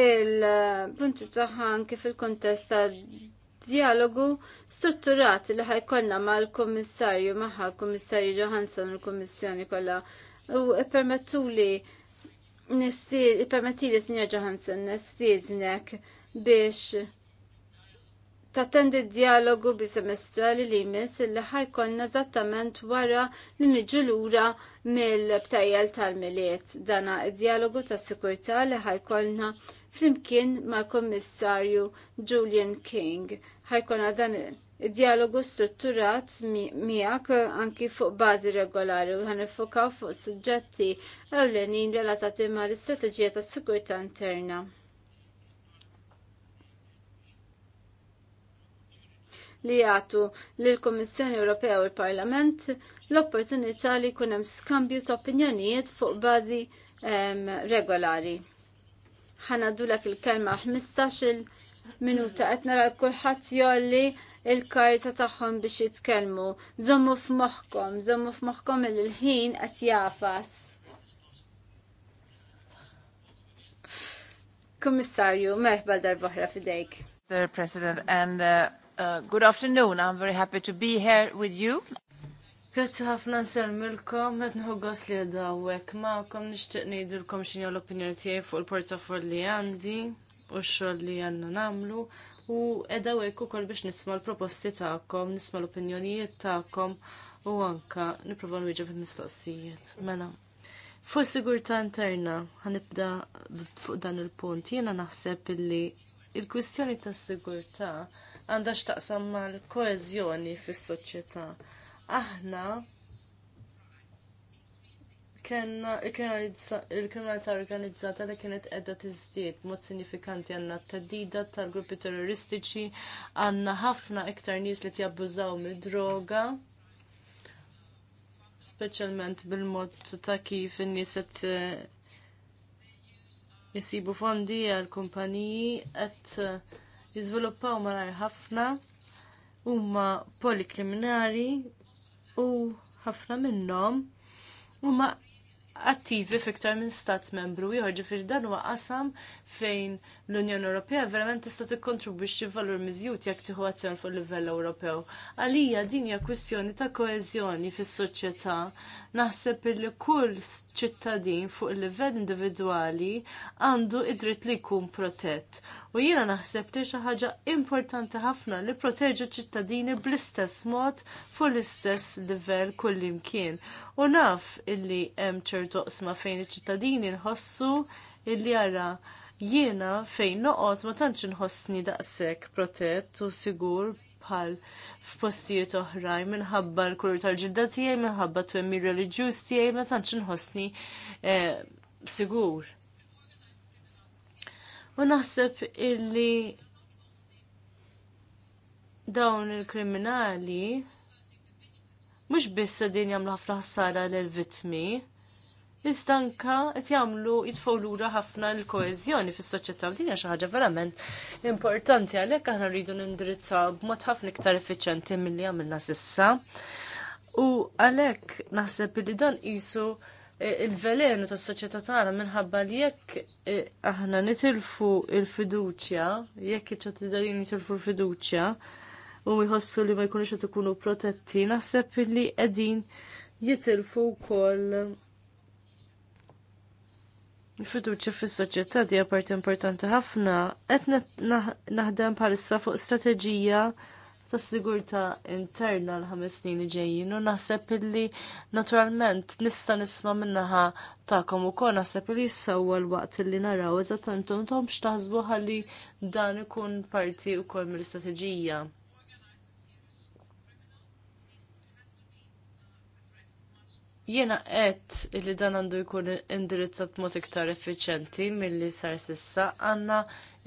il-punti taħan kif il-kontest ta' dialogu strutturat li ħajkonna ma' l-Komissarju maħħa, Komissarju Johansson u l-Komissjoni kolla u permettu li nistil, permettili signor Johansson, nistiednek biex tattendi dialogu bi semestrali li jmiss illi ħajkolna eżattament wara li niġu lura mill-btajjel tal-miliet. Dana dialogu ta' sikurtà li ħajkolna flimkien mal-Kommissarju Julian King. Ħajkolna dan dialogu strutturat miegħek eh, anki fuq bażi regolari u ħanifokaw fuq suġġetti ewlenin relatati ma' l-istrateġija tas sigurtà interna. li jagħtu lill kummissjoni Ewropea u l-Parlament l-opportunità li jkun hemm skambju ta' opinjonijiet fuq bażi regolari. Ħanadulek il-kelma 15 minuta qed nara kulħadd jolli il-karta tagħhom biex jitkellmu. Żommu f'moħħkom, żommu f'moħħkom il-ħin qed jafas. Kummissarju, merħba darbohra fidejk. Mr. President, and uh, uh, good afternoon. I'm very happy to be here with you. Grazzi ħafna nselmilkom, għed nħoggos li għedawek, ma' kom nishtiq nejdilkom xinja l-opinjoni tijaj fuq il-portafolli għandi u xoll li għanna namlu u edha u kol biex nisma l-proposti ta'kom, nisma l-opinjonijiet ta'kom u anka niprofa nwieġa fil-mistoqsijiet. Mela, fuq sigurta interna għanibda fuq dan il-punt, jena naħseb illi il-kwistjoni ta' sigurta għandha x'taqsam mal koezjoni fis-soċjetà. Aħna kena il-kriminalità organizzata li kienet edha tiżdied mod sinifikanti għandna t-tadida tal-gruppi terroristiċi għandna ħafna iktar nies li t-jabbużaw mid-droga speċjalment bil-mod ta' kif in-nies qed eh, jisibu fondi għal kumpaniji qed eh, jiżviluppaw marar ħafna huma polikriminali u ħafna minnhom huma attivi fiktar minn stat membru ieħor fil dan huwa qasam fejn l-Unjoni Ewropea verament tista' tikkontribwixxi valur miżjud jekk tieħu azzjon fuq livell Ewropew. Għalija din hija kwistjoni ta' koeżjoni fis-soċjetà. Naħseb li kull ċittadin fuq il-livell individwali għandu id-dritt li jkun protett. U jiena naħseb li xi ħaġa importanti ħafna li ċ ċittadini bl-istess mod fuq l-istess livell kullimkien. U naf illi hemm ċertu qsma fejn iċ-ċittadini nħossu illi jara. Jiena fejn noqgħod ma tantx inħossni daqshekk protett u sigur bħal f'postijiet oħrajn minħabba l-kulur tal-ġidda tiegħi, minħabba twemmi reliġjuż tiegħi ma tantx inħossni eh, sigur. U naħseb illi dawn il-kriminali mhux biss din jagħmlu ħafna ħsara lill vittmi Iżda anka qed jagħmlu jitfgħu lura ħafna l-koeżjoni fis-soċjetà u din hija xi ħaġa verament importanti għalhekk aħna rridu nindirizzaw b'mod ħafna iktar effiċjenti milli għamilna sissa. U għalhekk naħseb li dan qisu e, il-velenu tas-soċjetà tagħna minħabba li jekk e, aħna nitilfu il-fiduċja, jekk iċ-ċittadini nitilfu l-fiduċja u jħossu li ma jkunux qed ikunu protetti, naħseb li qegħdin jitilfu wkoll Il-fiduċa fis soċjetà di parti importanti ħafna, qed naħdem bħalissa fuq strateġija ta' sigurtà interna l-ħames snin li ġejjin u naħseb illi naturalment nista' nisma' minnaħa tagħkom ukoll naħseb illi issa l-waqt illi naraw eżatt intom x'taħsbu ħalli dan ikun parti wkoll mill-istrateġija. Jiena għedt li dan għandu jkun indirizzat mod iktar effiċenti milli sar sissa għandna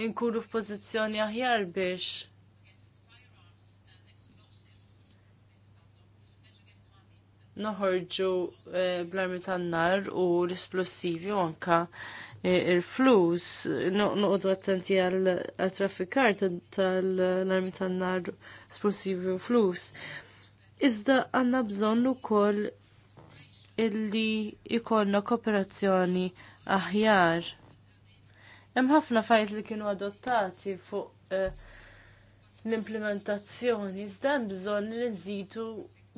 nkunu f'pożizzjoni aħjar biex noħorġu eh, bl-armi tan-nar u l-esplosivi u anka eh, il-flus, noqdu attenti għal-traffikar tal-armi tan-nar esplosivi u flus. Iżda għanna bżonnu kol illi ikollna kooperazzjoni aħjar. Hemm ħafna fajt li kienu adottati fuq eh, l-implementazzjoni, iżda hemm bżonn li nżidu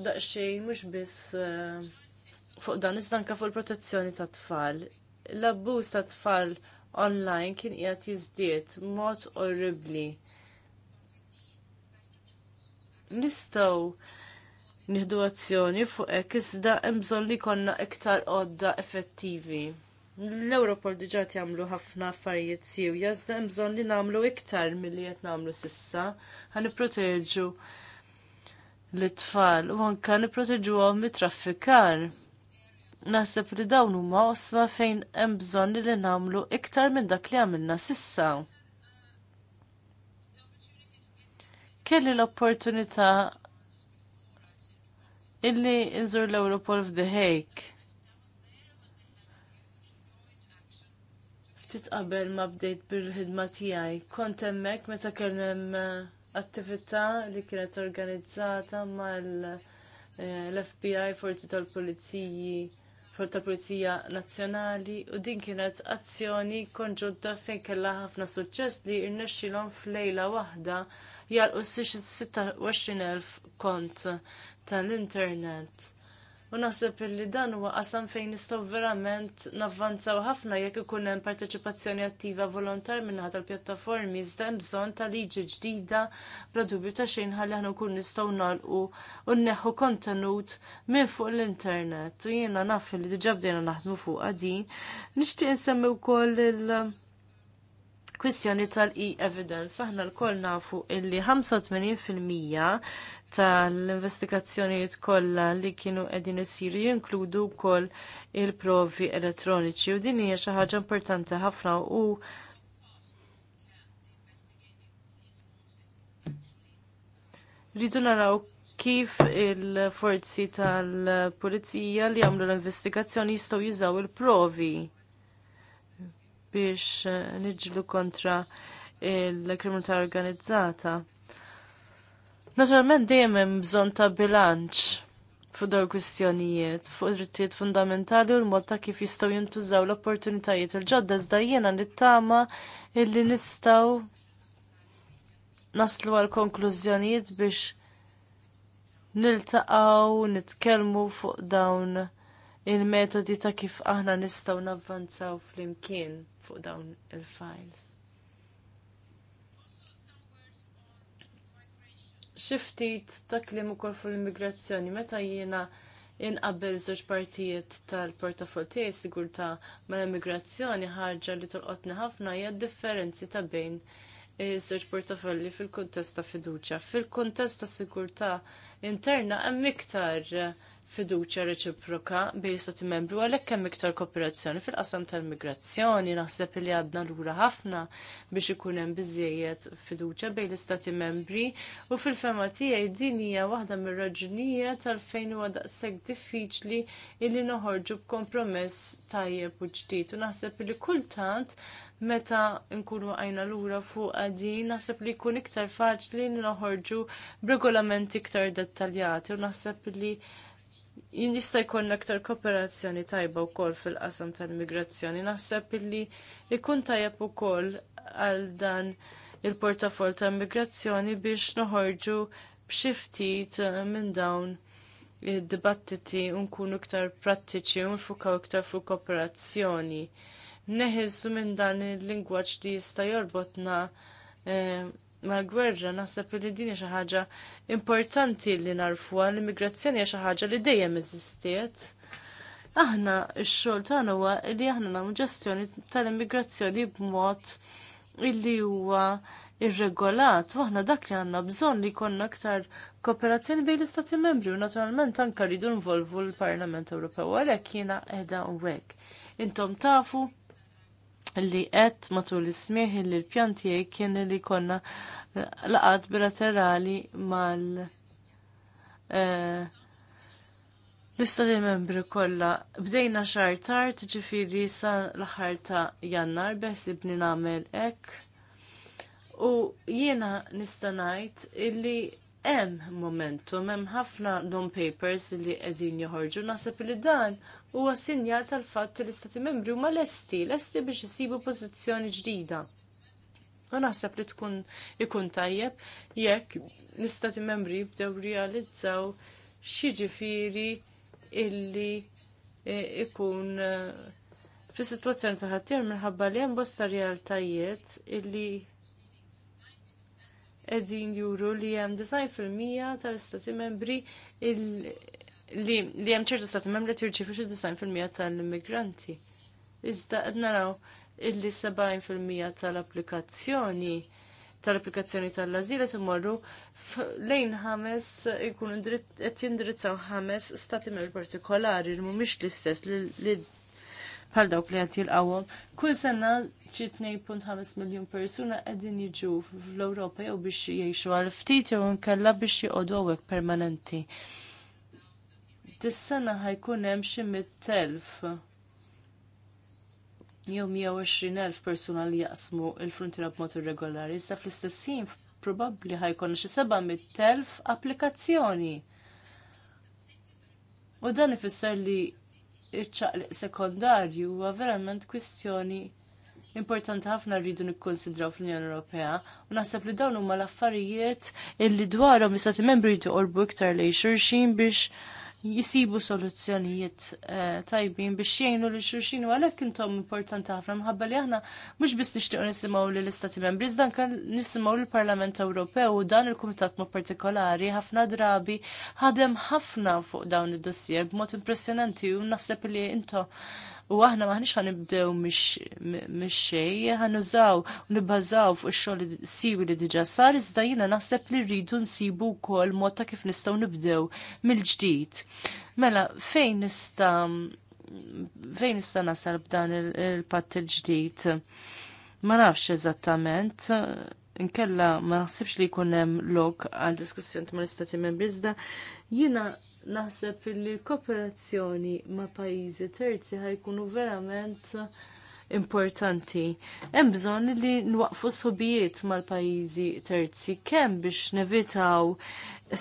daqsxejn mhux biss eh, fuq dan iżda anke fuq il-protezzjoni tat-tfal. L-abbuż tat-tfal online kien qiegħed jiżdied mod orribli. Nistgħu nieħdu azzjoni fuq hekk iżda hemm bżonn li jkollna iktar għodda effettivi. L-Europol diġà jagħmlu ħafna affarijiet sewja iżda hemm bżonn li nagħmlu iktar milli qed nagħmlu sissa Ħa nipproteġu l-tfal u anke nipproteġuhom mit-traffikar naħseb li dawn huma osma fejn hemm bżonn li nagħmlu iktar minn dak li għamilna sissa. Kelli l-opportunità illi nżur l-Europol Hague. Ftit qabel ma bdejt bil-ħidma tiegħi, kont hemmhekk meta kien hemm eh, attività li kienet organizzata mal-FBI forzi tal-Pulizija tal Pulizija Nazzjonali u din kienet azzjoni konġunta fejn kellha ħafna suċċess li rnexxilhom f'lejla waħda jalqu 26,000 kont tal-internet. U naħseb li dan huwa qasam fejn nistgħu verament navvanzaw ħafna jekk ikun hemm parteċipazzjoni attiva volontar minnaħa tal-pjattaformi iżda hemm bżonn ta' liġi ġdida bla dubju ta' xejn ħalli aħna nkun nistgħu nagħlqu u nneħħu kontenut minn fuq l-internet. U jiena naf li diġà bdejna naħdmu fuq din. Nixtieq insemmi wkoll il- kwistjoni tal-e-evidence. Aħna lkoll nafu illi 85% tal-investigazzjonijiet kollha li kienu qegħdin isiru jinkludu wkoll il-provi elettroniċi u din hija xi ħaġa importanti ħafna u rridu naraw kif il-forzi tal-pulizija li għamlu l-investigazzjoni jistgħu jużaw il-provi biex niġlu kontra il-kriminalità organizzata. Naturalment dejjem hemm bżonn ta' bilanċ fuq dawn kwistjonijiet, fuq drittijiet fundamentali u l-mod ta' kif jistgħu jintużaw l-opportunitajiet il-ġodda iżda jiena nittama illi nistgħu naslu għal konklużjonijiet biex niltaqgħu nitkellmu fuq dawn il-metodi ta' kif aħna nistgħu navvanzaw flimkien fuq dawn il-files. xiftit ta' klim ukoll fuq l-immigrazzjoni meta jiena inqabbel żewġ partijiet tal-portafol tiegħi sigurtà mal-immigrazzjoni ħaġa li tolqotni ħafna hija differenzi ta' bejn iż-żewġ portafolli fil-kuntest ta' fiduċja. Fil-kuntest ta' sigurtà interna hemm iktar fiduċja reċiproka bejn stati membru għalhekk hemm iktar kooperazzjoni fil-qasam tal-migrazzjoni naħseb li għadna lura ħafna biex ikun hemm biżejjed fiduċja bejn l-istati membri u fil-fema tiegħi din hija waħda mir-raġunijiet għalfejn huwa daqshekk diffiċli illi noħorġu b'kompromess tajjeb u ġdid u naħseb li kultant meta nkunu għajna lura fuq għadin, naħseb li jkun iktar faċli li noħorġu b'regolamenti iktar dettaljati u naħseb li jista' jkollna aktar kooperazzjoni tajba wkoll fil-qasam tal-migrazzjoni. Naħseb illi ikun tajjeb ukoll għal dan il-portafol tal-migrazzjoni biex noħorġu b'xi ftit minn dawn id-dibattiti u nkunu iktar prattiċi u nfukaw iktar fuq kooperazzjoni. Neħilsu minn dan il-lingwaġġ li jista' jorbotna eh, mal-gwerra naħseb li din xi ħaġa importanti li narfuha l-immigrazzjoni hija xi ħaġa li dejjem eżistiet. Aħna x-xogħol tagħna huwa li aħna nagħmlu ġestjoni tal-immigrazzjoni b'mod illi huwa irregolat, waħna dak li għanna bżonn li konna aktar kooperazzjoni bejn l-Istati membri u naturalment anka rridu nvolvu l-Parlament Ewropew għalhekk jiena qiegħda hawnhekk. Intom tafu li għed matul is-smieħ li l-pjan tiegħi kien li konna eh, laqat bilaterali mal eh, l-istati membri kollha bdejna xar tard, ġifiri sa l-aħħar ta' Jannar beħsibni nagħmel hekk. U jiena nista' ngħid illi hemm momentum, hemm ħafna non papers li qegħdin joħorġu naħseb li dan huwa sinjal tal-fatt li l-istati membri huma lesti, lesti biex isibu pożizzjoni ġdida. U naħseb li tkun ikun tajjeb jekk l-istati membri jibdew realizzaw x'jiġifieri illi e, ikun e, fi situazzjoni ta' ħaddieħ minħabba li hemm bosta realtajiet illi qegħdin juru li hemm fil-mija tal-istati membri illi li hemm ċertu stati membri li tirċifu xi design fil-mija tal-immigranti. Iżda qed naraw illi 70% tal-applikazzjoni tal-applikazzjoni tal-azil qed imorru lejn ħames jkunu qed jindirizzaw ħames stati membri partikolari li mhumiex l-istess li bħal dawk li qed jilqawhom. Kull sena ġi 2.5 miljun persuna qegħdin jiġu fl-Ewropa jew biex jgħixu għal ftit jew inkella biex joqogħdu hawnhekk permanenti tis sena ħajkun hemm xi mit-telf jew elf persuna li jaqsmu il-frontiera b'mod irregolari, iżda fl-istess ħin probabbli ħajkun xi seba' mit-telf applikazzjoni. U dan ifisser li iċ-ċaqliq sekondarju huwa verament kwistjoni importanti ħafna rridu nikkonsidraw fl-Unjoni Ewropea u naħseb li dawn huma l-affarijiet illi dwarhom l-istati membri jridu iktar lejn xulxin biex jisibu soluzzjonijiet eh, tajbin biex jgħinu li xurxin u għalek intom importanti ħafna mħabba li aħna mux biss nishtiq nisimaw li l-Istati Membri, zdan kan nisimaw l-Parlament Ewropew u dan il-Komitat ma partikolari ħafna drabi ħadem ħafna fuq dawn id-dossier b'mod impressjonanti u naħseb li intom u aħna maħniex nibdew mix xej, għan u nibbażaw fuq ix-xogħol siwi li diġà sar, iżda jiena naħseb li rridu nsibu wkoll mod ta' kif nistgħu nibdew mill-ġdid. Mela, fejn nista' fejn nista' nasal b'dan il pat il-ġdid? Ma nafx eżattament, nkella ma naħsibx li jkun hemm lok għal diskussjoni mal istati membri iżda jiena naħseb li l-kooperazzjoni ma' pajjiżi terzi ħajkunu verament importanti. Hemm bżonn li nwaqfu sobijiet mal-pajjiżi terzi kemm biex nevitaw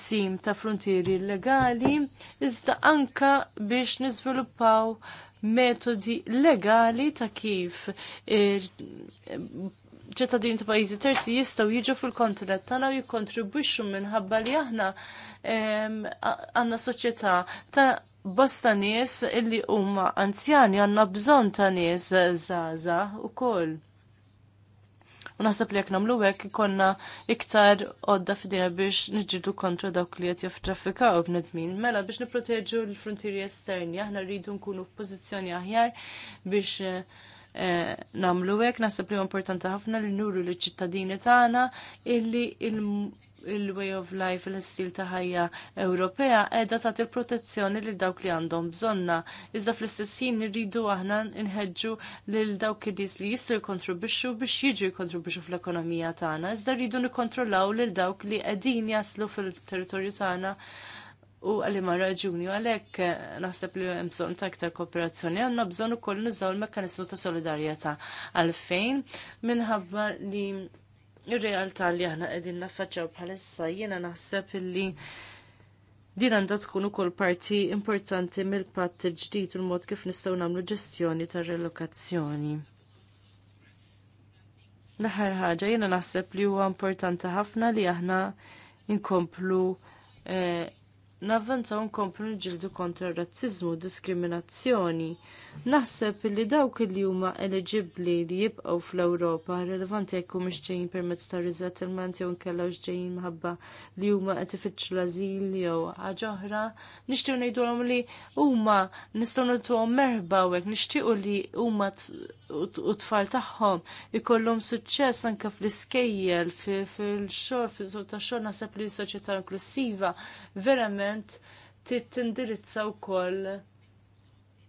sim ta' frontieri legali, iżda anka biex niżviluppaw metodi legali ta' kif ċittadini ta' pajjiżi terzi jistgħu jiġu fil-kontinent tagħna u jikkontribwixxu minħabba li aħna għandna soċjetà ta' bosta nies illi huma anzjani għandna bżonn ta' nies żgħażagħ ukoll. U naħseb li jekk nagħmlu hekk ikonna iktar għodda f'dinja biex niġġieldu kontra dawk li qed jiftraffikaw b'nedmin. Mela biex nipproteġu l-frontieri esterni aħna rridu nkunu f'pożizzjoni aħjar biex Eh, namlu hekk naħseb li importanti ħafna li nuru li ċittadini tagħna illi il-way of life, l-istil ta' ħajja Ewropea qiegħda tagħti protezzjoni lil dawk li għandhom bżonna. Iżda fl-istess ħin irridu aħna nħeġġu lil dawk nies li jistgħu jkontribwixxu biex jiġu jkontribwixxu fl-ekonomija tagħna. Iżda rridu nikkontrollaw lil dawk li qegħdin jaslu fil-territorju tagħna u għalima raġuni għalek eh, naħseb li hemm ta' iktar kooperazzjoni għandna bżonn ukoll nużaw il-mekkanizmu ta' solidarjetà għalfejn minħabba li il realtà li aħna qegħdin naffaċċaw bħalissa jiena naħseb li din għandha tkun koll parti importanti mill-patt il-ġdid u l-mod kif nistgħu nagħmlu ġestjoni tar-relokazzjoni. L-aħħar ħaġa jiena naħseb li huwa importanti ħafna li aħna inkomplu eh, navvanzaw nkomplu nġildu kontra r razzizmu, diskriminazzjoni Naħseb li dawk li huma eligibbli li jibqgħu fl-Ewropa relevanti jekk mhux ġejjin permezz ta' riżettilment jew nkella ġejjin mħabba li huma qed ifittxu l-ażil jew ħaġa oħra, nixtiequ ngħidulhom li huma nistgħu nagħtuhom merħba hekk nixtiequ li huma u tfal tagħhom ikollhom suċċess anke fl-iskejjel fil-xogħol fiż-żol tax-xogħol naħseb li s-soċjetà inklusiva verament tindirizza wkoll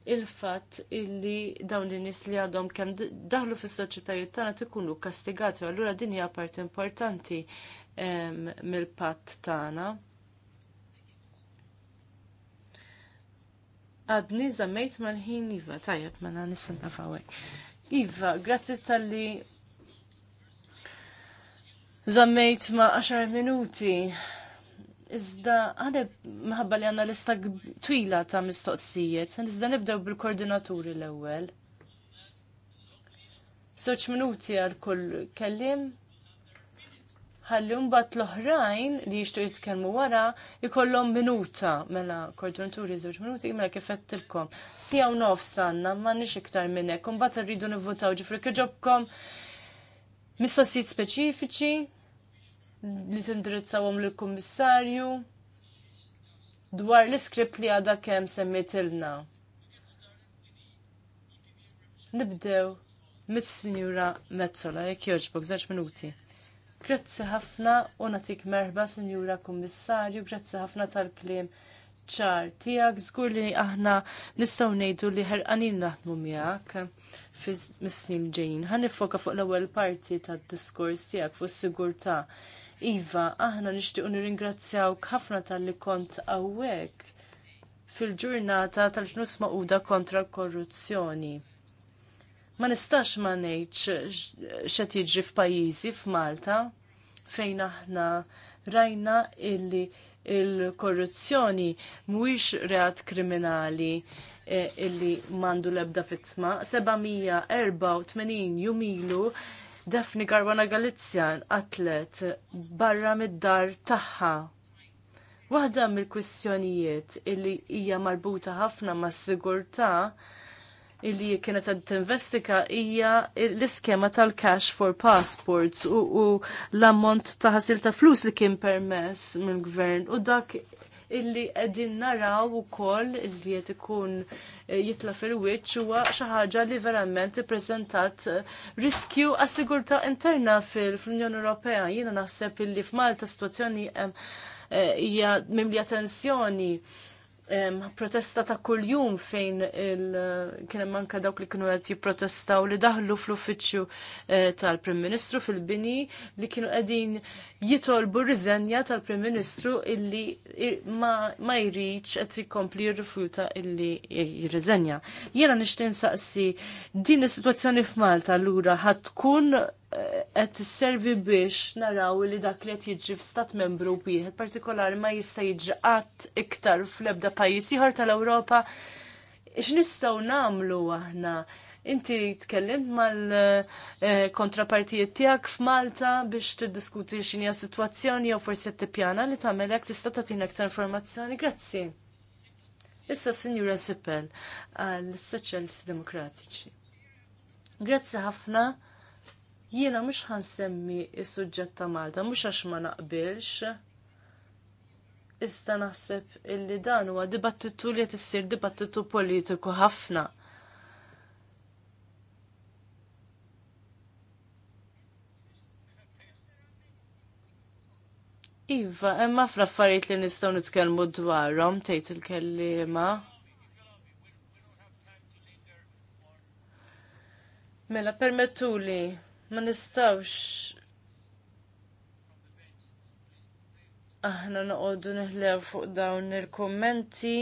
il-fatt illi dawn li nis li għadhom kemm daħlu fis-soċjetajiet tagħna tikunu kastigati, allura din hija part importanti mill-patt tagħna. Għadni żammejt mal-ħin Iva, tajjeb, mela nisimqa' fawek. Iva, grazzi tal-li Zammejt ma' 10 minuti. Iżda għadeb maħabba li għanna lista twila ta' mistoqsijiet, iżda nibdew bil-koordinaturi l-ewel. Soċ minuti għal kull kellim, ħalli mbagħad l-oħrajn li jishtu jitkellmu wara jikollom minuta mela koordinaturi żewġ minuti mela kif qedtilkom. Sija u nofs għandna m'għandniex iktar minnek, hekk, rridu nivvotaw nivvutaw ġifri kħġobkom mistoqsijiet speċifiċi li tindirizzawhom lill-Kummissarju dwar l-iskript li għadha kemm ilna. Nibdew mit-Sinjura Mezzola, jekk jogħġbok żewġ minuti. Grazzi ħafna u nagħtik merħba Sinjura Kummissarju, grazzi ħafna tal-kliem ċar tiegħek żgur li aħna nistgħu ngħidu li ħerqanin naħdmu miegħek fis-snin ġejjin. Ħanifoka fuq l-ewwel parti tad-diskors tiegħek fuq is-sigurtà. Iva, aħna nixtiequ nirringrazzjawk ħafna tal-li kont hawnhekk fil-ġurnata tal-ġnus maquda kontra korruzzjoni. Ma nistax ma ngħidx xed tiġi f'pajjiżi f'Malta fejn aħna rajna illi il-korruzzjoni mhuwiex reat kriminali eh, illi mandu lebda fitma. 784 jumilu Daphne Garbana Galizjan atlet barra mid-dar tagħha. Waħda mill-kwistjonijiet illi hija marbuta ħafna mas-sigurtà illi kienet għad t-investika ija l-iskema tal-cash for passports u, u l-ammont ta' ħasil ta' flus li kien permess mill gvern u dak illi qegħdin naraw ukoll illi qed ikun eh, jitla fil-wiċċ huwa xi ħaġa li verament ippreżentat eh, riskju għas-sigurtà interna fil-Unjoni Ewropea. Jiena naħseb illi f'Malta situazzjoni eh, hija mimlija tensjoni protesta ta' kuljum fejn kien hemm anke dawk li kienu qed jipprotestaw li daħlu fl-uffiċċju eh, tal-Prim Ministru fil-bini li kienu qegħdin jitolbu riżenja tal-Prim Ministru illi ma jridx qed jikompli jirrifuta illi jirriżenja. Jiena nishtin saqsi din is-sitwazzjoni f'Malta allura ħadd tkun qed tisservi biex naraw li dak li qed jiġi f'stat membru wieħed partikolari ma jista' jiġi qatt iktar fl-ebda pajjiż ieħor tal-Ewropa x'nistgħu nagħmlu aħna. Inti tkellimt mal-kontrapartijiet tiegħek f'Malta biex tiddiskuti x'inhi sitwazzjoni jew forsi qed tippjana li tagħmel hekk tista' tagħtina aktar informazzjoni. Grazzi. Issa Sinjura Sippel għal Soċjalisti Demokratiċi. Grazzi ħafna. Jiena mhux ħansemmi s suġġett ta' Malta, mhux għax ma naqbilx. Ista naħseb illi dan huwa dibattitu li qed issir dibattitu politiku ħafna. Iva, emma fl-affarijiet li nistgħu nitkellmu dwarhom tgħid il kelliema Mela permettuli ma nistawx aħna noqogħdu neħlew fuq dawn il-kummenti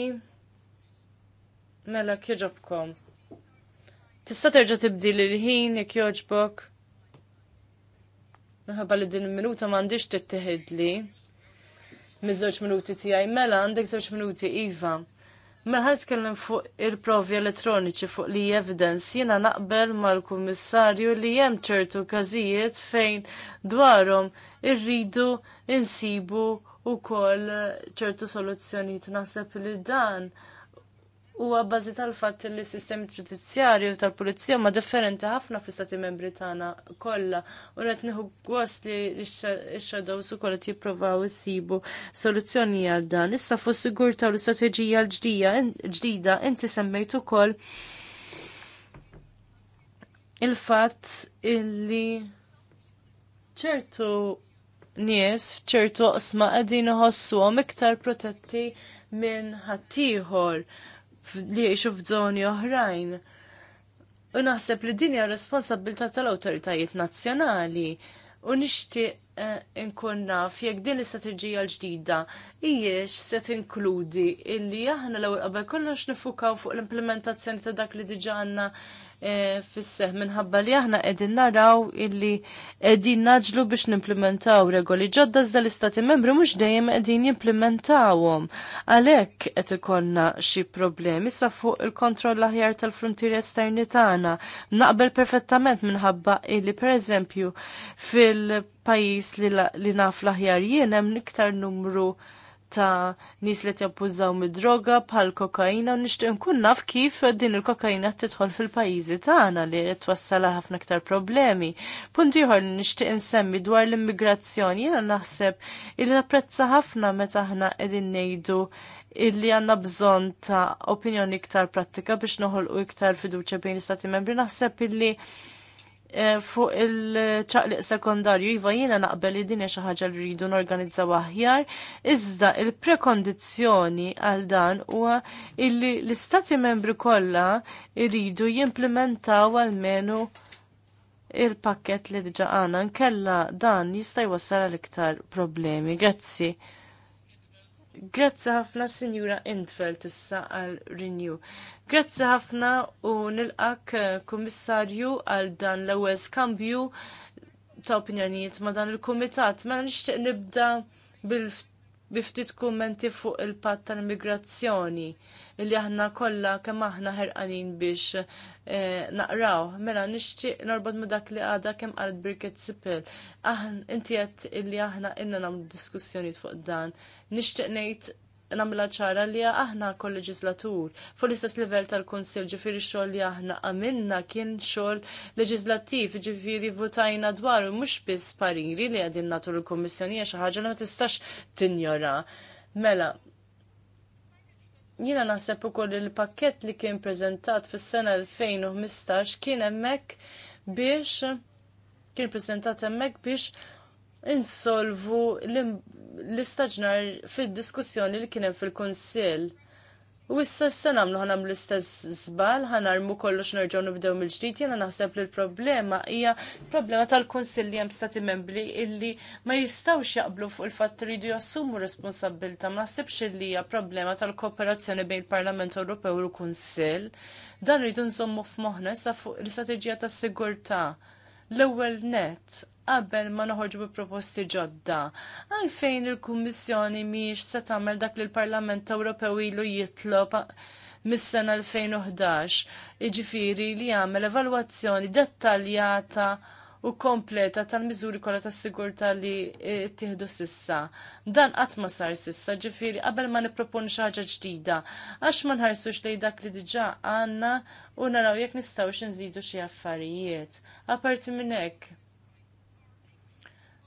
mela kieġobkom. Tista' terġa' tibdi l ħin jekk jogħġbok. Minħabba li din il-minuta m'għandix tittieħidli. Miż-żewġ minuti tiegħi mela għandek żewġ minuti iva. Mela tkellem fuq il-provi elettroniċi fuq li evidence jiena naqbel mal-kummissarju li hemm ċertu każijiet fejn dwarhom irridu insibu ukoll ċertu soluzzjonijiet naħseb li dan u għabbażi tal-fatt li s-sistemi ġudizzjarju tal-pulizija ma differenti ħafna fl stati membri tagħna kollha u qed nieħu gost li x-shadows ukoll qed jippruvaw isibu soluzzjoni għal dan. Issa fuq sigurta u l-istrateġija l-ġdida inti semmejt ukoll il-fatt illi ċertu nies f'ċertu qsma qegħdin iħossuhom iktar protetti minn ħaddieħor li jiexu f'żoni oħrajn. U naħseb li din hija responsabilità tal-awtoritajiet nazzjonali u nixtieq eh, inkun naf jekk din l-istrateġija l-ġdida hijiex se tinkludi illi aħna l-ewwel qabel kollox nifukaw fuq l-implementazzjoni ta' dak li diġà għandna E, fisseħ minħabba li aħna qegħdin naraw illi qegħdin naġlu biex nimplementaw regoli ġodda iżda l-istati membri mhux dejjem qegħdin jimplementawhom. Għalhekk qed ikollna xi problemi sa fuq il-kontroll aħjar tal-frontieri esterni tagħna. Naqbel perfettament minħabba illi pereżempju fil-pajjiż li naf l-aħjar jien hemm iktar numru ta' nis li jabbużaw mid-droga bħal kokaina u nixtieq nkun naf kif din il-kokaina tidħol fil-pajjiżi tagħna li t-wassala ħafna iktar problemi. Punt ieħor li nixtieq insemmi dwar l-immigrazzjoni jiena naħseb li napprezza ħafna meta aħna qegħdin ngħidu illi għanna bżon ta' opinjoni iktar pratika biex noħolqu iktar fiduċa bejn l-istati membri, naħseb illi Eh, fuq il-ċaqliq sekondarju jiva jiena naqbel li dinja xaħġa xi ħaġa li rridu norganizzaw aħjar, iżda il-prekondizzjoni għal dan huwa illi l-istati membri kollha jridu jimplementaw għalmenu il-pakket li diġa għana nkella dan jista' wassal l-iktar problemi. Grazzi. Grazzi ħafna Sinjura Entfeld issa għal Renew. Grazzi ħafna u nilqak eh, kummissarju għal dan l-ewwel skambju ta' opinjonijiet ma' dan il-kumitat. Mela nixtieq nibda bil-ftit biftit kummenti fuq il-patt tal-immigrazzjoni illi aħna kollha kemm aħna ħerqanin biex eh, naqraw. Mela nixtieq norbod ma' dak li għadha kemm qalet Birgit Sipil. Inti qed illi aħna inna nagħmlu diskussjoni fuq dan. Nixtieq ngħid namla ċara li aħna kol-leġislatur fuq l-istess livell tal-Kunsill ġifiri xogħol li aħna għamilna kien xogħol leġislattiv ġifiri votajna dwaru mhux biss pariri li għadin natu l komissjoni xi ħaġa li ma tistax tinjora. Mela, jiena naħseb ukoll il-pakkett li kien preżentat fis-sena 2015 kien hemmhekk biex kien preżentat emmek biex insolvu l-istaġnar fil-diskussjoni li kienem fil-konsil. U issa s-sena għamlu għan l-istess zbal, ħanarmu kollox nerġonu bdew mill-ġdid, jena naħseb li l-problema hija problema tal-Kunsill li hemm stati membri illi ma jistgħux jaqblu fuq il-fatt li jassumu responsabilta, ma naħsebx illi hija problema tal-kooperazzjoni bejn il-Parlament Ewropew u l-Kunsill. Dan rridu nżommu f'moħna sa fuq l-istrateġija tas-sigurtà. L-ewwel net qabel ma noħorġu bi proposti ġodda. Għalfejn il-Kummissjoni miex se tagħmel dak li l-Parlament Ewropew ilu jitlob mis-sena 2011, iġifiri li jagħmel evalwazzjoni dettaljata u kompleta tal-miżuri kollha tas-sigurtà li e, ttieħdu sissa. Dan qatt ma sar sissa, ġifieri qabel ma nipproponi xi ħaġa ġdida għax ma nħarsux lejn dak li diġà għandna u naraw jekk nistgħux nżidu xi affarijiet. Aparti minn hekk,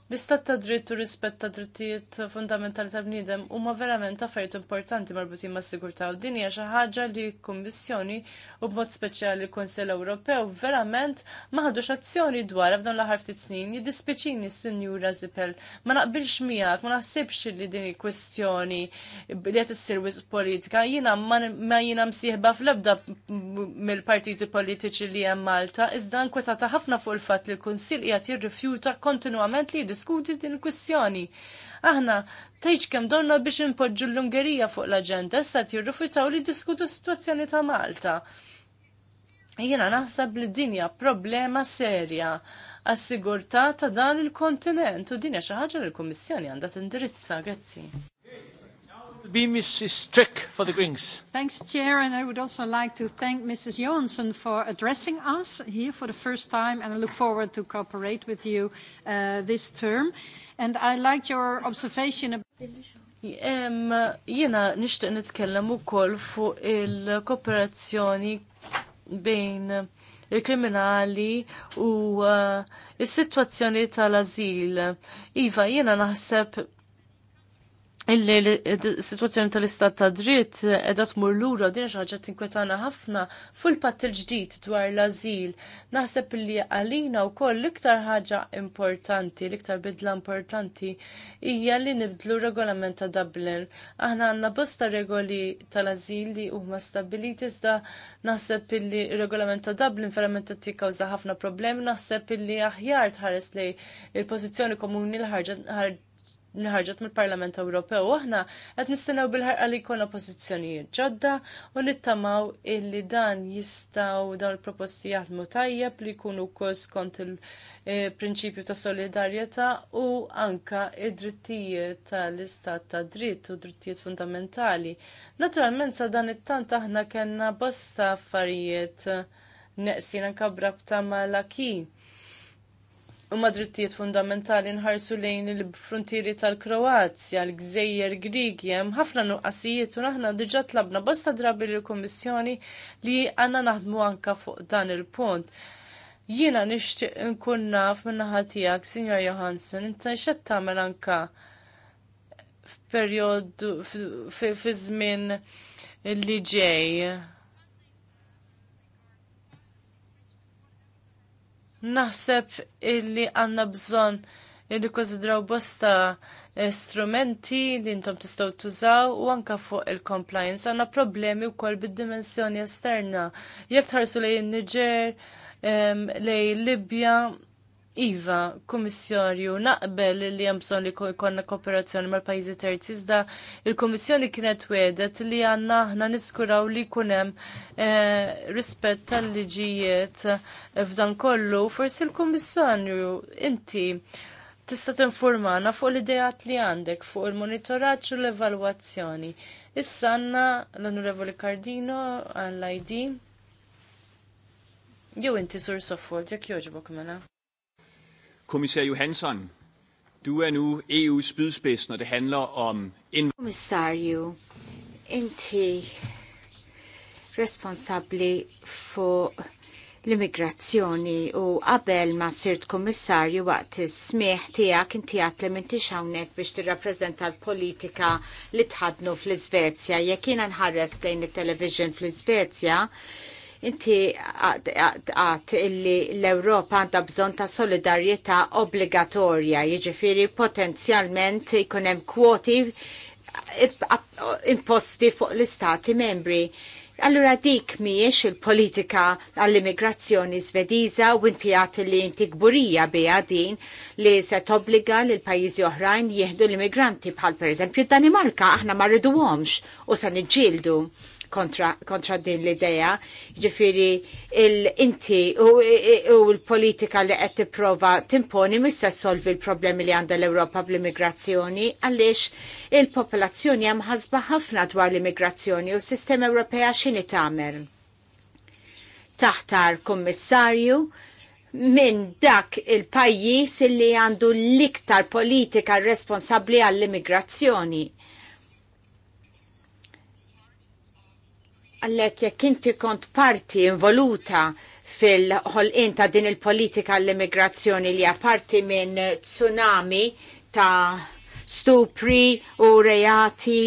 L-istat ta' dritt u rispett ta' drittijiet fundamentali ta' bniedem huma verament affarijiet importanti marbutin ma' sigurtà u din hija xi ħaġa li l-Kummissjoni u b'mod speċjali l-Kunsell Ewropew verament ma ħadux azzjoni dwar f'dawn l-aħħar ftit snin jiddispiċini Sinjura Zipel. Ma naqbilx miegħek, ma naħsibx li din kwestjoni li qed issir politika. Jiena ma jiena msieħba fl-ebda mill-partiti politiċi li hemm Malta, iżda nkwetata ħafna fuq il-fatt li l-Kunsill qiegħed jirrifjuta kontinwament li niddiskuti din il-kwistjoni. Aħna tgħidx kemm donna biex impoġġu l-Ungerija fuq l-aġenda issa jirrifjutaw li diskutu situazzjoni ta' Malta. Jiena naħseb li dinja problema serja għas-sigurtà ta' dan il-kontinent u dinja xi ħaġa li l-Kummissjoni għandha tindirizza. Grazzi be Mrs. Strick for the Greens. Thanks, Chair, and I would also like to thank Mrs. Johansson for addressing us here for the first time, and I look forward to cooperate with you uh, this term. And I liked your observation about... Jena nishtiq nitkellem ukoll fuq il-kooperazzjoni bejn il-kriminali u uh, il-situazzjoni tal-azil. Iva, jena naħseb il-situazzjoni tal-istat ta' dritt edha tmur lura din xaġa tinkwetana ħafna fil pat patt il-ġdid dwar l-azil. Naħseb li għalina u koll l-iktar ħaġa importanti, l-iktar bidla importanti hija li nibdlu regolament ta' Dublin. Aħna għandna bosta regoli tal-azil li huma stabiliti iżda naħseb li regolament ta' Dublin ferament qed tikkawża ħafna problemi, naħseb li aħjar tħares li il-pożizzjoni komuni l ħarġa li mill-Parlament Ewropew aħna qed nistennew bil-ħarqa li jkollna pożizzjonijiet ġodda u nittamaw illi dan jistgħu dawn il-proposti jaħdmu tajjeb li jkunu wkoll skont il-prinċipju ta' solidarjetà u anka id-drittijiet tal-istat ta' dritt u drittijiet fundamentali. Naturalment sa dan it-tant aħna kellna bosta affarijiet neqsin anka brabta malakin. akin huma drittijiet fundamentali nħarsu lejn il-frontieri tal-Kroazja, l-Gżejjer Grigi, hemm ħafna nuqqasijiet u aħna diġà tlabna bosta drabi lill kummissjoni li għandna naħdmu anke fuq dan il-punt. Jiena nixtieq nkun naf min-naħa tiegħek, Sinjor Johansen, inta x'qed tagħmel anka f'perjodu fi żmien li ġej Naħseb illi għanna bżon illi kuzidraw bosta eh, strumenti li intom tistaw tużaw u anka fuq il-compliance għanna problemi u koll bid-dimensjoni esterna. Jek tħarsu lej niġer lej Libja, Iva, komissjonju, naqbel li hemm bżonn li jkollna kooperazzjoni mal pajizi terzi iżda il-Kummissjoni kienet wedet li għandna aħna niskuraw li jkun hemm eh, rispett tal-liġijiet eh, f'dan kollu. Forsi il komissjonju inti tista' tinformana fuq l-idejat li għandek fuq il-monitoraġġ u l-evalwazzjoni. Issa għandna l-Onorevoli Cardino għall-ID. Jew inti sur soffort, jekk joġbok mela. Kommissær Johansson, du er nu EU's spydspids, når det handler om... Kommissarju, inti responsabli for l-immigrazzjoni u qabel ma sirt kommissarju waqt is-smieħ tiegħek inti għat li m'intix hawnhekk biex tirrappreżenta l-politika li tħadnu fl-Iżvezja. Jekk jiena nħares lejn it-television fl-Iżvezja, Inti għat illi l-Europa għandha bżon ta' solidarjetà obbligatorja, jiġifieri potenzjalment jkunem hemm kwoti imposti fuq l-istati membri. Allura dik miex il-politika għall-immigrazzjoni svediża u inti għat li inti gburija bija din li se tobbliga l pajjiżi oħrajn jieħdu l-immigranti bħal per eżempju Danimarka aħna ma rriduhomx u se niġġieldu kontra, kontra din l-ideja, ġifiri l inti u, l-politika li qed tipprova timponi missa solvi l-problemi li għandha l-Ewropa bl-immigrazzjoni għaliex il-popolazzjoni hemm ħasba ħafna dwar l-immigrazzjoni u s-sistema Ewropea x'inhi tagħmel. Taħtar kummissarju minn dak il-pajjiż li għandu l-iktar politika responsabbli għall-immigrazzjoni Għallek jekk inti kont parti involuta fil-ħolqin ta' din il-politika l-immigrazzjoni li għaparti minn tsunami ta' stupri u reati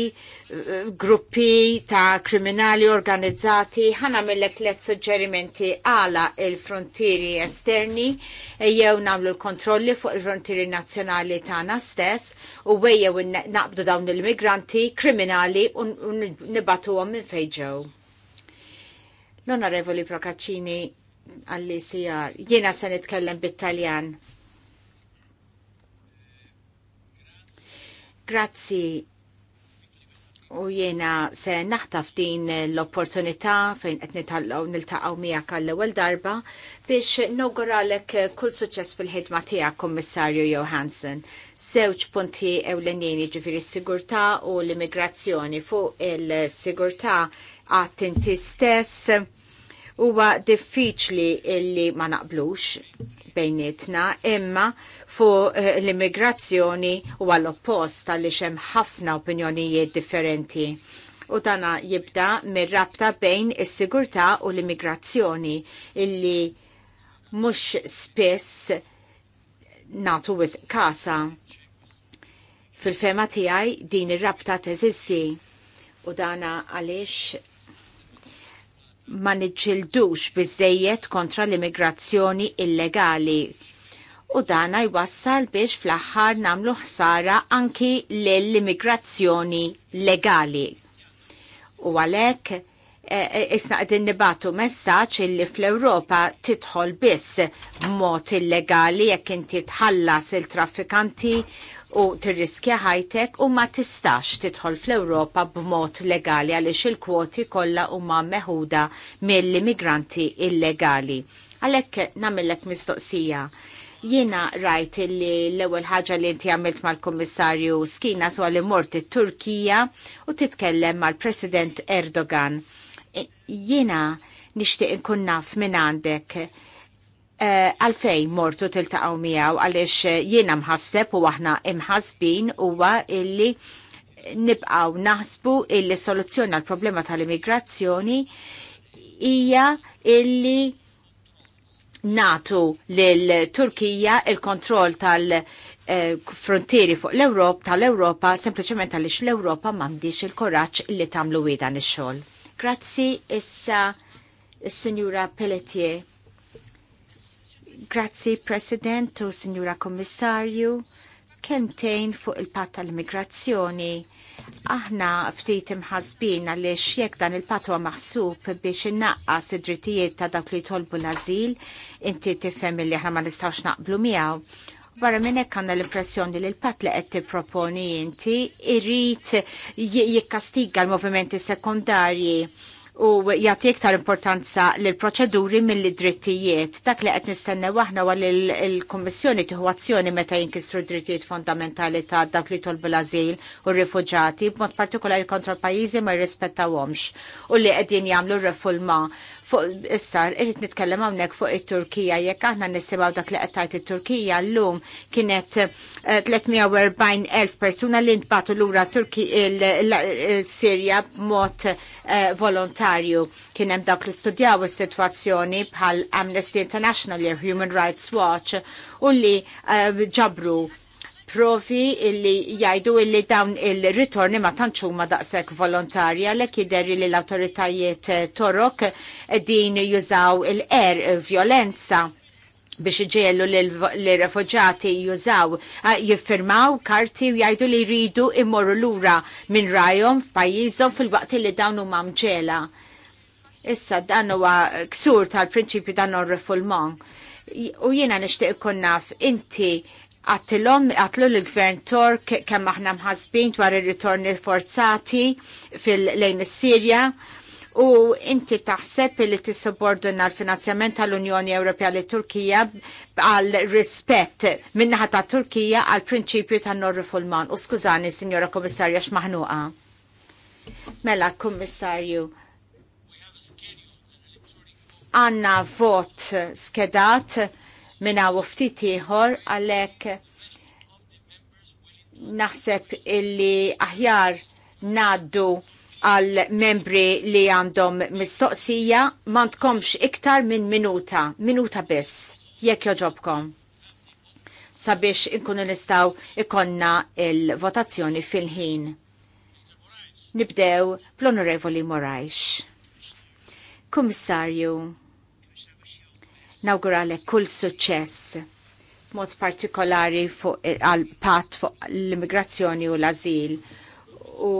gruppi ta' kriminali organizzati ħana millek let suġġerimenti għala il-frontieri esterni jew namlu l-kontrolli fuq il-frontieri nazzjonali tagħna stess u wejjew naqbdu dawn il-migranti kriminali u nibatuhom minn fejn ġew. L-Onorevoli Procaccini għalli sijar. Jiena se nitkellem bit-Taljan. Grazzi u jiena se naħtaf din l-opportunità fejn qed nitallgħu niltaqgħu miegħek għall-ewwel darba biex noguralek kull suċċess fil-ħidma tiegħek Kummissarju Johansen. Sewċ punti ewlenin jiġifieri s-sigurtà u l-immigrazzjoni fuq il-sigurtà għad inti stess huwa diffiċli illi ma naqblux bejnietna, imma fuq eh, l-immigrazzjoni huwa l-oppost għaliex hemm ħafna opinjonijiet differenti. U dana jibda mir-rabta bejn is-sigurtà u l-immigrazzjoni illi mhux spiss natu wis kasa. Fil-fema tiegħi din ir-rabta teżisti u dana għaliex ma niġildux bizzejiet kontra l-immigrazzjoni illegali u dana jwassal biex fl-axħar namlu ħsara anki l-immigrazzjoni legali. U għalek, e, e, isna għedin nibatu messaċ illi fl-Europa titħol biss mot illegali jekk inti tħallas il-traffikanti u tirriskja ħajtek u ma tistax tidħol fl-Ewropa b'mod legali għaliex il-kwoti kollha huma meħuda mill-immigranti illegali. Għalhekk nagħmilek mistoqsija. Jiena rajt li l-ewwel ħaġa li inti għamilt mal-Kummissarju Skina su li mort it-Turkija u titkellem mal-President Erdogan. Jiena nixtieq inkun naf minn għandek Eh, għalfej mortu tiltaqaw miegħu għaliex eh, jiena mħasseb u aħna imħasbin huwa illi nibqaw naħsbu illi soluzzjoni għal problema tal-immigrazzjoni hija illi natu lil Turkija il-kontroll tal-frontieri eh, fuq l europa tal-Ewropa sempliċement għaliex l-Ewropa m'għandix il-koraġġ li tagħmlu wi dan ix-xogħol. Grazzi issa is-Sinjura Pelletier. Grazzi President u Signora Kommissarju, kemtejn fuq il-pat tal-immigrazzjoni. Aħna ftit imħasbin għaliex jekk dan il-pat huwa maħsub biex innaqqas id-drittijiet ta' dawk li jtolbu l-azil, inti tifhem li aħna ma nistgħux naqblu miegħu. Barra minn hekk għandna l-impressjoni li l-pat li qed tipproponi inti irrid jikkastiga l-movimenti sekondarji u jagħti iktar importanza l proċeduri mill drittijiet Dak li qed nistennew aħna għal il-Kummissjoni tieħu azzjoni meta jinkisru drittijiet fondamentali ta' dak li tolbu l-ażil u r-rifuġati b'mod partikolari kontra pajjiżi ma jirrispettawhomx u li qegħdin jagħmlu refulma fuq issa irrid nitkellem hawnhekk fuq it-Turkija jekk aħna nisimgħu dak li qed tajt it-Turkija llum kienet 340,000 eh, persuna li ntbatu lura Turki il-Sirja b'mod eh, volontarju umanitarju. Kien hemm dawk li studjaw is-sitwazzjoni bħal Amnesty International jew Human Rights Watch u li eh, ġabru provi illi jajdu illi dawn il-ritorni ma ma daqsek volontarja li kideri li l-autoritajiet eh, torok din jużaw il-er violenza biex iġiellu l-refugġati jużaw, jiffirmaw karti u jgħidu li jridu immorru lura minn rajom f'pajjiżhom fil-waqt li dawn huma mġela. Issa dan huwa ksur tal-prinċipju dan non U jiena nixtieq ikun naf inti għattilom, għattlu l-gvern Tork kemm aħna mħasbin dwar ir-ritorni forzati fil-lejn is-Sirja u inti taħseb li tissubordina l-finanzjament tal-Unjoni Ewropea li Turkija għal rispett minnaħa ta' Turkija għal prinċipju ta' non Fulman. U skużani, Signora komissarja, x'maħnuqa. Mela, Komissarju, għanna vot skedat minna uftitiħor ftit ieħor għalhekk naħseb illi aħjar naddu għal membri li għandhom mistoqsija tkomx iktar minn minuta, minuta biss, jekk joġobkom sabiex inkunu nistaw ikonna il-votazzjoni fil-ħin. Nibdew bl-Onorevoli Morajx. Kummissarju, nawguralek kull suċċess mod partikolari għal pat fuq l-immigrazzjoni u l-azil u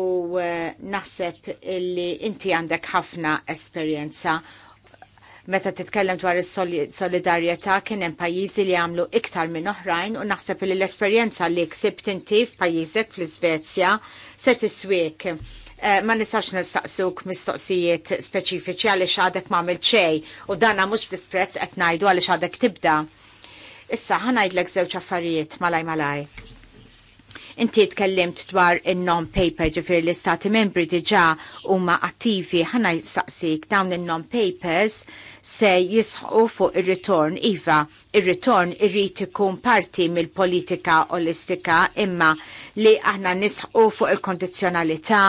eh, naħseb illi inti għandek ħafna esperjenza meta titkellem dwar is-solidarjetà kien hemm pajjiżi li għamlu iktar minn oħrajn u naħseb li l-esperjenza li ksibt inti f'pajjiżek fl-Iżvezja se tiswiek. Eh, ma nistax nistaqsuk mistoqsijiet speċifiċi għaliex għadek m'għamil xejn u danna mhux fl-isprezz qed ngħidu għaliex għadek tibda. Issa ngħidlek żewġ affarijiet malaj malaj. Inti tkellimt dwar il-non-paper ġifiri l-istati membri diġa huma attivi ħana jisaqsik dawn il-non-papers se jisħu fuq il-return. Iva, il-return irrit ikun parti mill-politika olistika imma li aħna nisħu fuq il-kondizjonalità.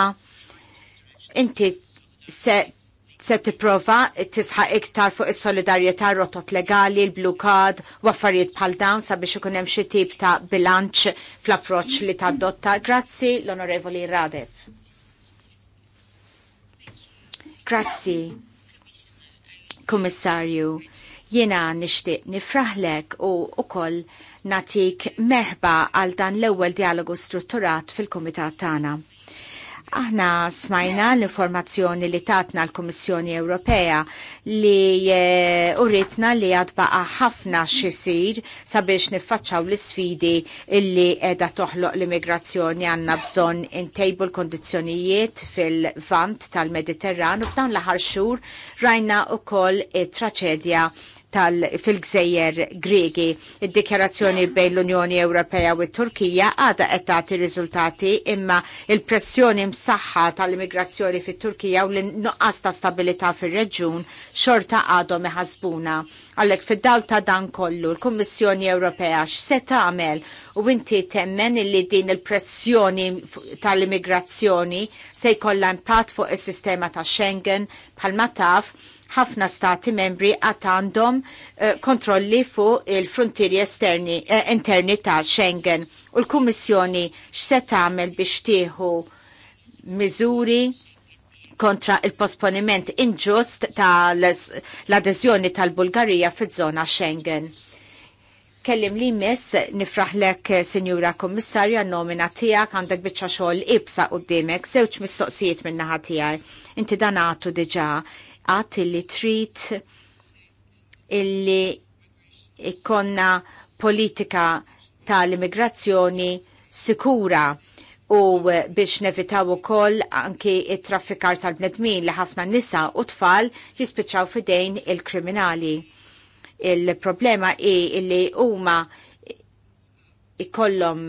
Inti se se tipprova tisħaq iktar fuq is-solidarjetà rotot legali, l-blue card, u affarijiet bħal dawn sabiex ikun hemm xi tip ta' bilanċ fl-approċċ li tadotta. Grazzi l-Onorevoli Radev. Grazzi, Kummissarju. Jiena nixtieq nifraħlek u ukoll natik merħba għal dan l-ewwel dialogu strutturat fil-kumitat tagħna Aħna smajna l-informazzjoni li tatna l-Komissjoni Ewropea li eh, urritna li għadbaqa ħafna xisir sabiex niffaċċaw l-sfidi illi edha toħloq l-immigrazzjoni għanna bżon intejbu l-kondizjonijiet fil-vant tal-Mediterran u f'dan l-ħar rajna u koll traċedja tal fil-gżejjer Gregi. Id-dikjarazzjoni bejn l-Unjoni Ewropea u t-Turkija għada qed tagħti riżultati imma il-pressjoni msaħħa tal-immigrazzjoni fit-Turkija u l-nuqqas ta' stabilità fir-reġjun xorta għadhom iħasbuna. Għalhekk fid-dawl ta' dan kollu l-Kummissjoni Ewropea x'se tagħmel u inti temmen li din il-pressjoni tal-immigrazzjoni se jkollha impatt fuq is-sistema ta' Schengen bħalma taf ħafna stati membri għat għandhom eh, kontrolli fuq il-frontieri esterni eh, interni ta' Schengen u l-Kummissjoni x'se tagħmel biex tieħu miżuri kontra il-posponiment inġust tal-adeżjoni tal-Bulgarija fiż-żona Schengen. Kellim li miss nifraħlek, eh, Sinjura n nomina tijak għandek bieċa xogħol ibsa qudiemek, sewċ mistoqsijiet minna ħatijaj. Inti dan għatu diġa għat illi trit illi ikkonna politika tal-immigrazzjoni sikura u biex nevitaw ukoll anki it-traffikar tal-bnedmin li ħafna nisa u tfal jispiċċaw fidejn il-kriminali. Il-problema hi illi huma ikollom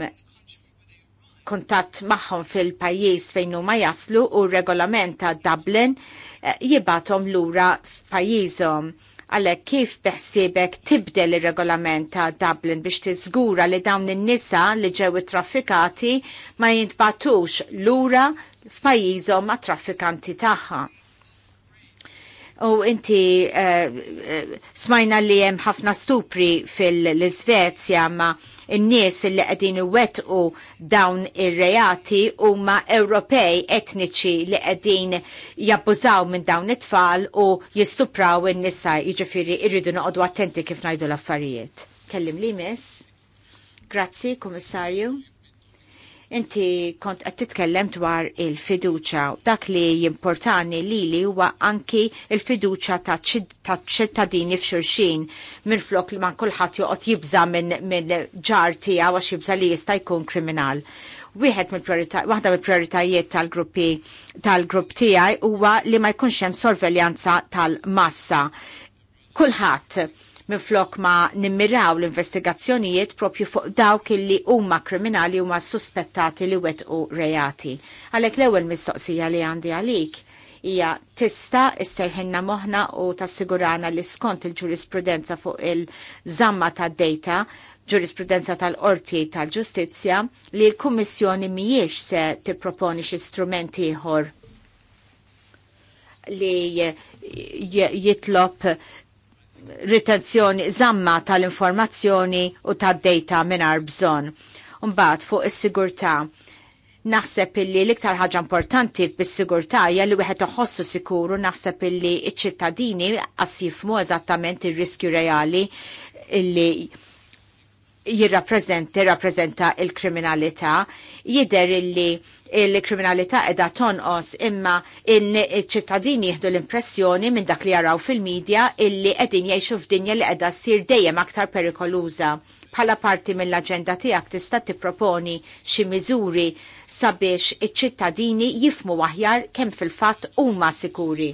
kontatt magħhom fil-pajjiż fejn huma jaslu u regolament ta' Dublin Eh, jibatom lura f'pajjiżhom għalek kif beħsibek tibdel il-regolament ta' Dublin biex tiżgura li dawn in-nisa li ġew traffikati ma jintbatux lura f'pajjiżhom ma' traffikanti tagħha. U inti uh, uh, smajna li hemm ħafna stupri fil iżvezja ma' n-nies li qegħdin iwettqu dawn ir-reati huma Ewropej etniċi li qegħdin jabbużaw minn dawn it-tfal u jistupraw in-nisa jiġifieri irridu noqogħdu attenti kif ngħidu l-affarijiet. Kellim li miss. Grazzi, Kummissarju. Inti kont qed titkellem dwar il-fiduċa. Dak li importani li li huwa anki il-fiduċa ta' ċittadini f'xulxin minn flok li ma' kulħadd joqgħod jibża minn min ġar tiegħu għax jibża li jista' jkun kriminal. Wieħed waħda mill-prioritajiet tal-gruppi tal-grupp tiegħi huwa li ma jkunx hemm sorveljanza tal-massa. Kulħadd minflok ma nimmiraw l-investigazzjonijiet propju fuq dawk illi huma kriminali huma suspettati li u reati. Għalhekk l-ewwel mistoqsija li għandi għalik hija tista' isserħinna moħna u tassigurana li skont il-ġurisprudenza fuq il-żamma ta' data ġurisprudenza tal-qorti tal-ġustizzja li l-Kummissjoni mhijiex se tipproponi xi strumenti ieħor li jitlob ritenzjoni, zamma tal-informazzjoni u tad-data minar bżon. Umbat fuq is-sigurtà naħseb illi l-iktar ħaġa importanti bis-sigurtà hija li wieħed iħossu sikuru naħseb illi iċ ċittadini qas jifmu eżattament ir-riskju reali illi jirrappreżenta jirrappreżenta l-kriminalità jidher illi il-kriminalità edha tonqos imma il-ċittadini jihdu l-impressjoni minn dak li jaraw fil-medja illi edin jiexu f'dinja li edha sir dejjem aktar perikoluża bħala parti mill-agenda tiegħek tista' tipproponi xi miżuri sabiex iċ-ċittadini jifmu aħjar kemm fil-fatt huma sikuri.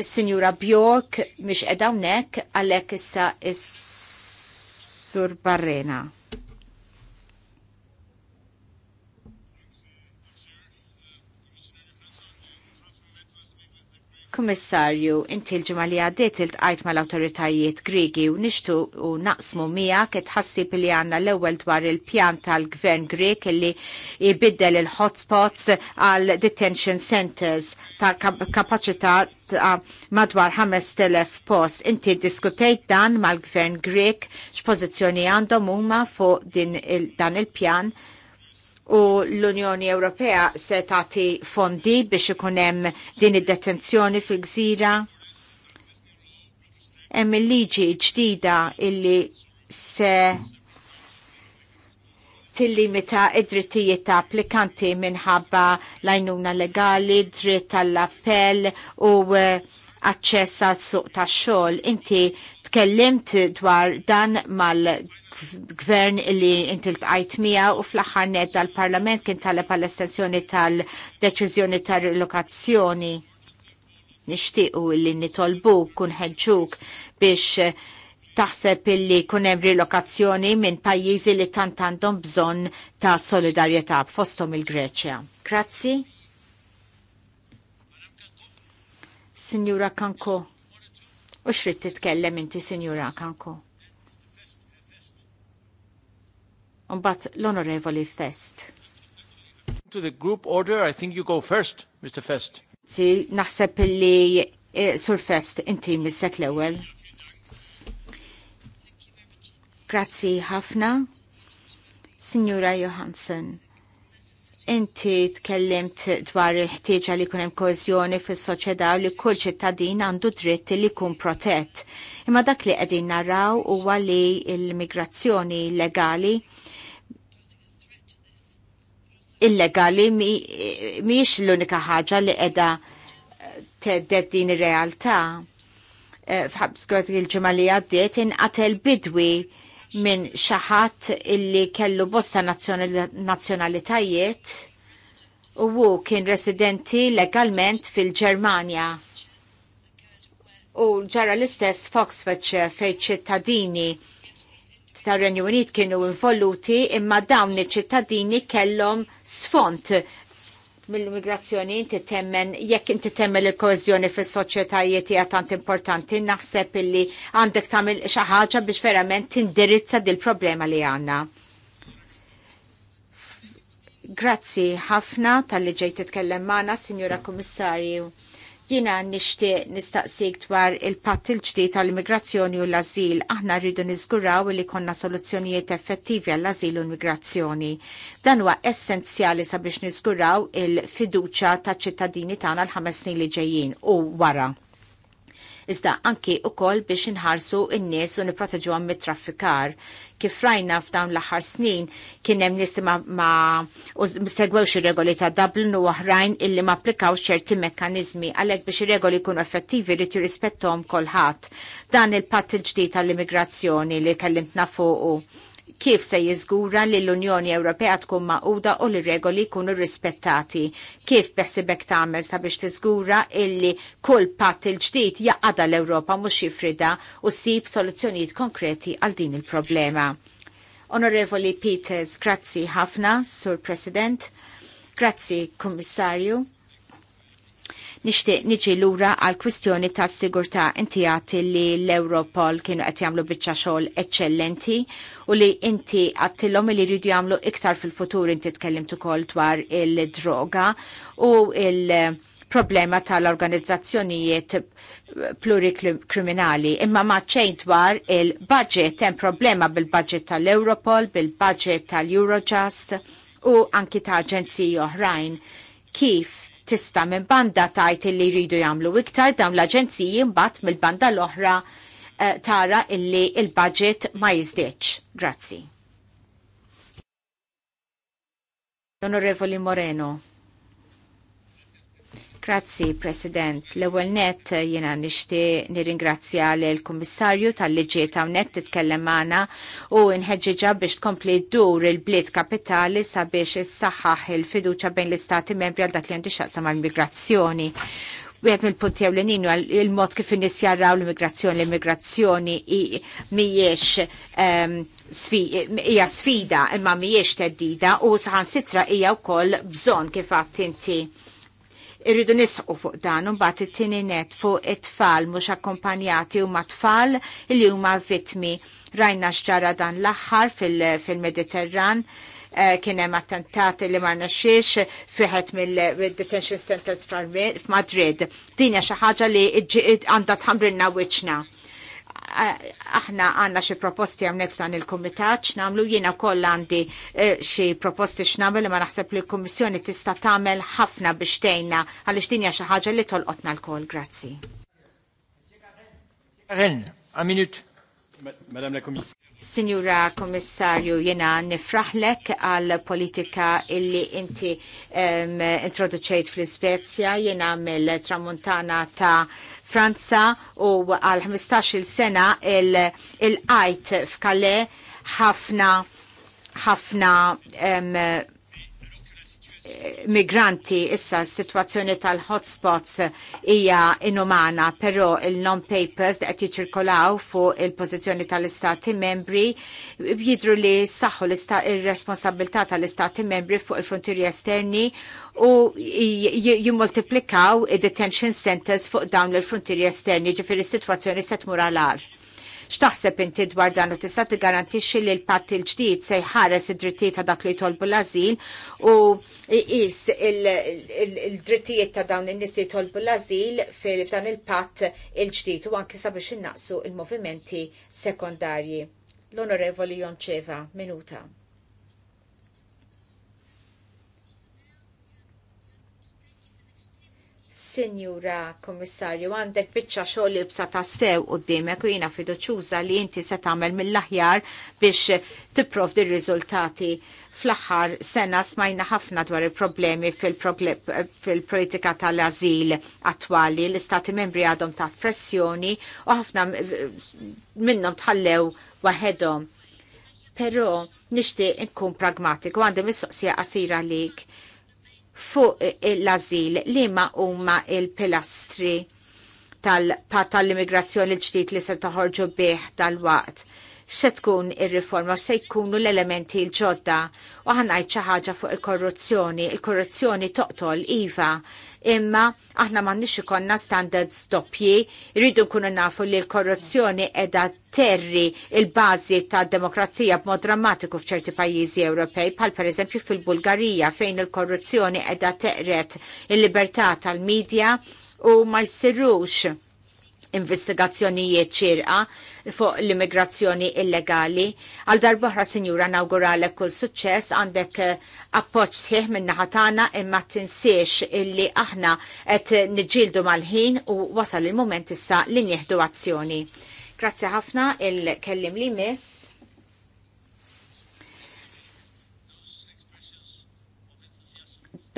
Is-Sinjura Bjork mhix qed hawnhekk għalhekk issa is-Sur Barrena. Kummissarju, inti l-ġimgħa li għaddiet iltqajt mal-awtoritajiet Grigi u nishtu u naqsmu mija kiet ħassib li għandna l-ewwel dwar il-pjan tal-Gvern Grek li jbiddel il-hotspots għal detention centers ta' kapaċità madwar 5000 post. Inti diskutejt dan mal-Gvern Grek x'pożizzjoni għandhom huma fuq dan il-pjan il pjan u l-Unjoni Ewropea se tagħti fondi biex ikun hemm din id-detenzjoni fil-gżira. Hemm il-liġi ġdida illi se tillimita id-drittijiet ta' applikanti minħabba l l-għajnuna legali, dritt tal-appell u eh, aċċess għal suq ta' xogħol. Inti tkellimt dwar dan mal gvern li inti l mija u fl-axar net dal-parlament kien talab pal estensjoni tal-deċizjoni tal-relokazzjoni. Nishtiqu li nitolbu kun ħedġuk biex taħseb illi kun hemm rilokazzjoni minn pajjiżi li tant għandhom bżonn ta' solidarjetà fosthom il-Greċja. Grazzi. Signora Kanko. U xrid titkellem inti, Signora Kanko? Mbatt l-Onorevoli Fest. To the group order, I think you go first, Mr. Fest. Si, naħseb li eh, Sur Fest inti missek l-ewwel. Grazzi ħafna. Signora Johansen, inti tkellimt dwar il-ħtieġa li kunem kozjoni fis soċjedà u li kull ċittadin għandu dritt li jkun protett. Imma dak li qegħdin naraw huwa li l-migrazzjoni legali illegali miex l-unika ħaġa li edha tedded din ir-realtà. Eh, Fħabskot il-ġimgħa li għaddiet inqatel bidwi minn xaħat illi kellu bosta nazzjonalitajiet u wu kien residenti legalment fil-Ġermanja. U ġara l-istess Foxfetch fej ċittadini ta' renju Unit kienu involuti imma dawn iċ-ċittadini kellhom sfond mill-immigrazzjoni inti temmen, jekk inti temmen il-kohezjoni fis soċjetajiet hija tant importanti, naħseb illi għandek tagħmel xi ħaġa biex verament tindirizza dil problema li għandna. Grazzi ħafna tal-li ġejt titkellem magħna, Sinjura Kummissarju. Jina nishtiq nistaqsik dwar il-patt il-ġdid tal-immigrazzjoni u l-azil. Aħna rridu niżguraw li konna soluzzjonijiet effettivi għall-azil u l-immigrazzjoni. Dan huwa essenzjali sabiex niżguraw il-fiduċa ta' ċittadini tagħna l-ħames snin li ġejjin u wara iżda anki ukoll biex inħarsu n-nies u niproteġu għam mit-traffikar. Kif rajna f'dawn l-aħħar snin kien hemm nies ma, ma segwewx ir-regoli ta' Dublin u oħrajn illi ma applikaw ċerti mekkaniżmi għalhekk biex ir-regoli jkunu effettivi li jirrispettom kulħadd. Dan il-patt il-ġdid tal-immigrazzjoni li kellimtna fuqu kif se jiżgura li l-Unjoni Ewropea tkun maquda u li regoli jkunu rispettati. Kif beħsibek tagħmel sabiex tiżgura illi kull patt il-ġdid jaqada l-Ewropa mhux jifrida u ssib soluzzjonijiet konkreti għal din il-problema. Onorevoli Peters, grazzi ħafna, Sur President. Grazzi, Kommissarju Nixtieq niġi lura għal kwistjoni tas sigurtà inti għati li l-Europol kienu qed jagħmlu biċċa xogħol eċċellenti u li inti għattilhom li jridu jagħmlu iktar fil-futur inti tkellimt ukoll dwar il-droga u il-problema tal-organizzazzjonijiet plurikriminali imma ma ċejn dwar il-budget hemm problema bil-budget tal-Europol, bil-budget tal-Eurojust u anki ta' aġenziji oħrajn kif tista' minn banda tajt illi jridu jagħmlu iktar dawn l-aġenziji mbagħad mill-banda l-oħra eh, tara illi il-budget ma jiżdiedx. Grazzi. Onorevoli Moreno. Grazzi, President. L-ewwel net eh, jiena nixti nirringrazzja l kummissarju tal-liġi ta' net titkellem għana u nħedġiġa biex tkompli dur il blit kapitali sabiex issaħħaħ il-fiduċja bejn l-istati membri għal dak li għandi xaqsam mal-migrazzjoni. Wieħed mill-punti l-ninu għal mod kif nisjarraw l-immigrazzjoni, l-immigrazzjoni mhijiex ehm, hija sfida imma mhijiex teddida u saħansitra hija wkoll bżonn kif għad inti irridu nisqu fuq dan u mbagħad it-tieni net fuq it-tfal mhux akkompanjati huma tfal li huma vittmi rajna xġara dan l-aħħar fil-Mediterran eh, kien hemm attentati li ma xiex fiħet mill-detention centers f'Madrid. Din hija xi ħaġa li għandha tħambrilna wiċċna aħna għanna xie proposti għamnek f'dan il-komitat, x'namlu jiena koll għandi eh, xie proposti x'namlu li ma naħseb li l komissjoni tista' tagħmel ħafna biex tejna għaliex dinja xi ħaġa li tolqotna l-koll. Grazzi. Ren, a minut. Madame la Commissaire. Signora Kommissarju, jena nifraħlek għal politika illi inti introduċejt fl-Svezja, jena mill-tramuntana ta' Franza u għal 15 sena il-qajt il f'Kalle ħafna ħafna migranti issa s-situazzjoni tal-hotspots hija inumana, però il-non-papers li qed jiċirkolaw fuq il-pożizzjoni tal-istati membri jidru li saħħu l-responsabilità tal-istati membri fuq il-frontieri esterni u jimmultiplikaw id-detention centers fuq dawn l-frontieri esterni ġifiri s sitwazzjoni se tmur għal X'taħseb inti dwar dan u tista' tigarantixxi li l-patt il-ġdid se jħares id-drittijiet ta' dak li jtolbu l-ażil u jqis il-drittijiet ta' dawn in-nies li jtolbu l-ażil f'dan il-patt il-ġdid u anki sabiex innaqsu il-movimenti sekondarji. L-Onorevoli Jonċeva, minuta. Sinjura Kommissarju, għandek bicċa xogħol bsa ta' sew qudiemek u jina fiduċjuża li inti se tagħmel mill-aħjar biex tipprovdi r-riżultati. Fl-aħħar sena smajna ħafna dwar il-problemi fil-politika tal-azil attwali, l-istati membri għadhom ta' pressjoni u ħafna minnhom tħallew waħedhom. Però nixtieq inkun pragmatiku għandi mistoqsija qasira lik fuq l-azil li ma huma il-pilastri tal-pat immigrazzjoni l-ġdid li se taħorġu bih tal-waqt. Se tkun ir-riforma se jkunu l-elementi l-ġodda u ħanajt xi ħaġa fuq il-korruzzjoni. Il-korruzzjoni toqtol iva imma aħna m'għandniex ikonna standards doppji, rridu nkunu nafu li l-korruzzjoni edha terri il-bażi ta' demokrazija b'mod drammatiku f'ċerti pajjiżi Ewropej, bħal pereżempju fil-Bulgarija fejn il-korruzzjoni edha teqret il-libertà tal-medja u ma jsirux investigazzjonijiet ċirqa fuq l-immigrazzjoni illegali. Għal darbohra sinjura nawguralek kull suċċess għandek eh, appoġġ sħiħ minn naħatana imma tinsiex illi aħna qed niġġieldu mal-ħin u wasal il-moment issa li nieħdu azzjoni. Grazzi ħafna il-kellim li miss.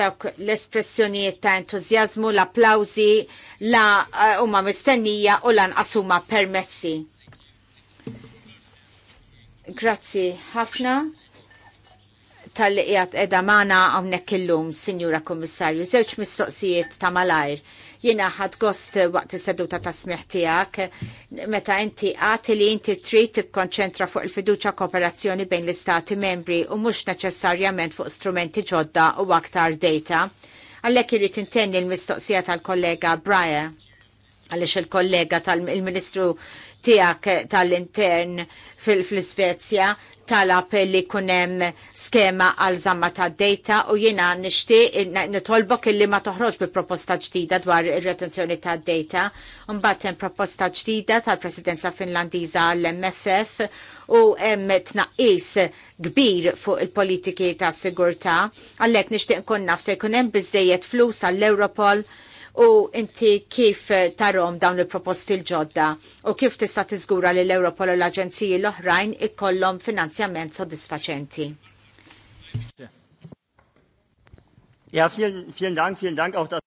dawk l-espressjonijiet ta' entużjażmu, l-applawżi, la eh, huma mistennija u lanqas huma permessi. Grazzi ħafna tal-li qiegħed qiegħda magħna hawnhekk illum, Sinjura kommissarju, Żewġ mistoqsijiet ta' malajr jina ħad gost waqt is-seduta ta' smieħ tiegħek meta inti għati li inti trid tikkonċentra fuq il-fiduċja kooperazzjoni bejn l-istati membri u mhux neċessarjament fuq strumenti ġodda u aktar data. Għallek irrid intenni l-mistoqsija tal-kollega Brian għalix il-kollega tal-ministru tijak tal-intern fil-Svezja talab li kunem skema għal zamma ta' data u jena nishti nitolbok illi ma toħroġ bi proposta ġdida dwar ir-retenzjoni ta' data. batten proposta ġdida tal-presidenza finlandiza għall-MFF u hemm tnaqqis kbir fuq il-politiki ta' sigurta. Għallek nishti nkun naf se jkun hemm flus għall-Europol u inti kif tarom dawn il-proposti l-ġodda u kif tista' tiżgura li l ewropol u l-Aġenziji l-oħrajn ikollhom finanzjament sodisfaċenti. Ja, vielen, vielen Dank, vielen Dank auch das.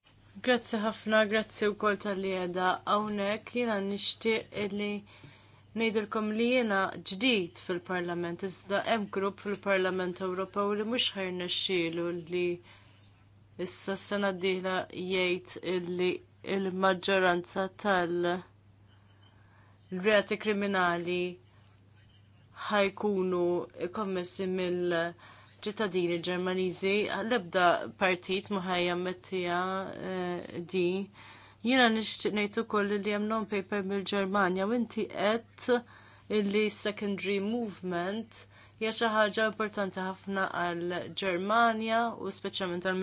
Grazzi ħafna, grazzi wkoll tal-li għeda hawnhekk jiena nixtieq illi ngħidilkom li jiena ġdid fil-Parlament iżda hemm grupp fil-Parlament Ewropew li mhux xilu li issa s-sena d-dihla jgħid illi il-maġġoranza tal-reati kriminali ħajkunu kommessi mill- ċittadini ġermaniżi l-ebda partit muħajja mettija eh, di. Jina nishtiq ngħid ukoll li hemm non paper mill-Ġermanja u inti qed illi secondary movement hija xi ħaġa importanti ħafna għal Ġermanja u speċjalment għal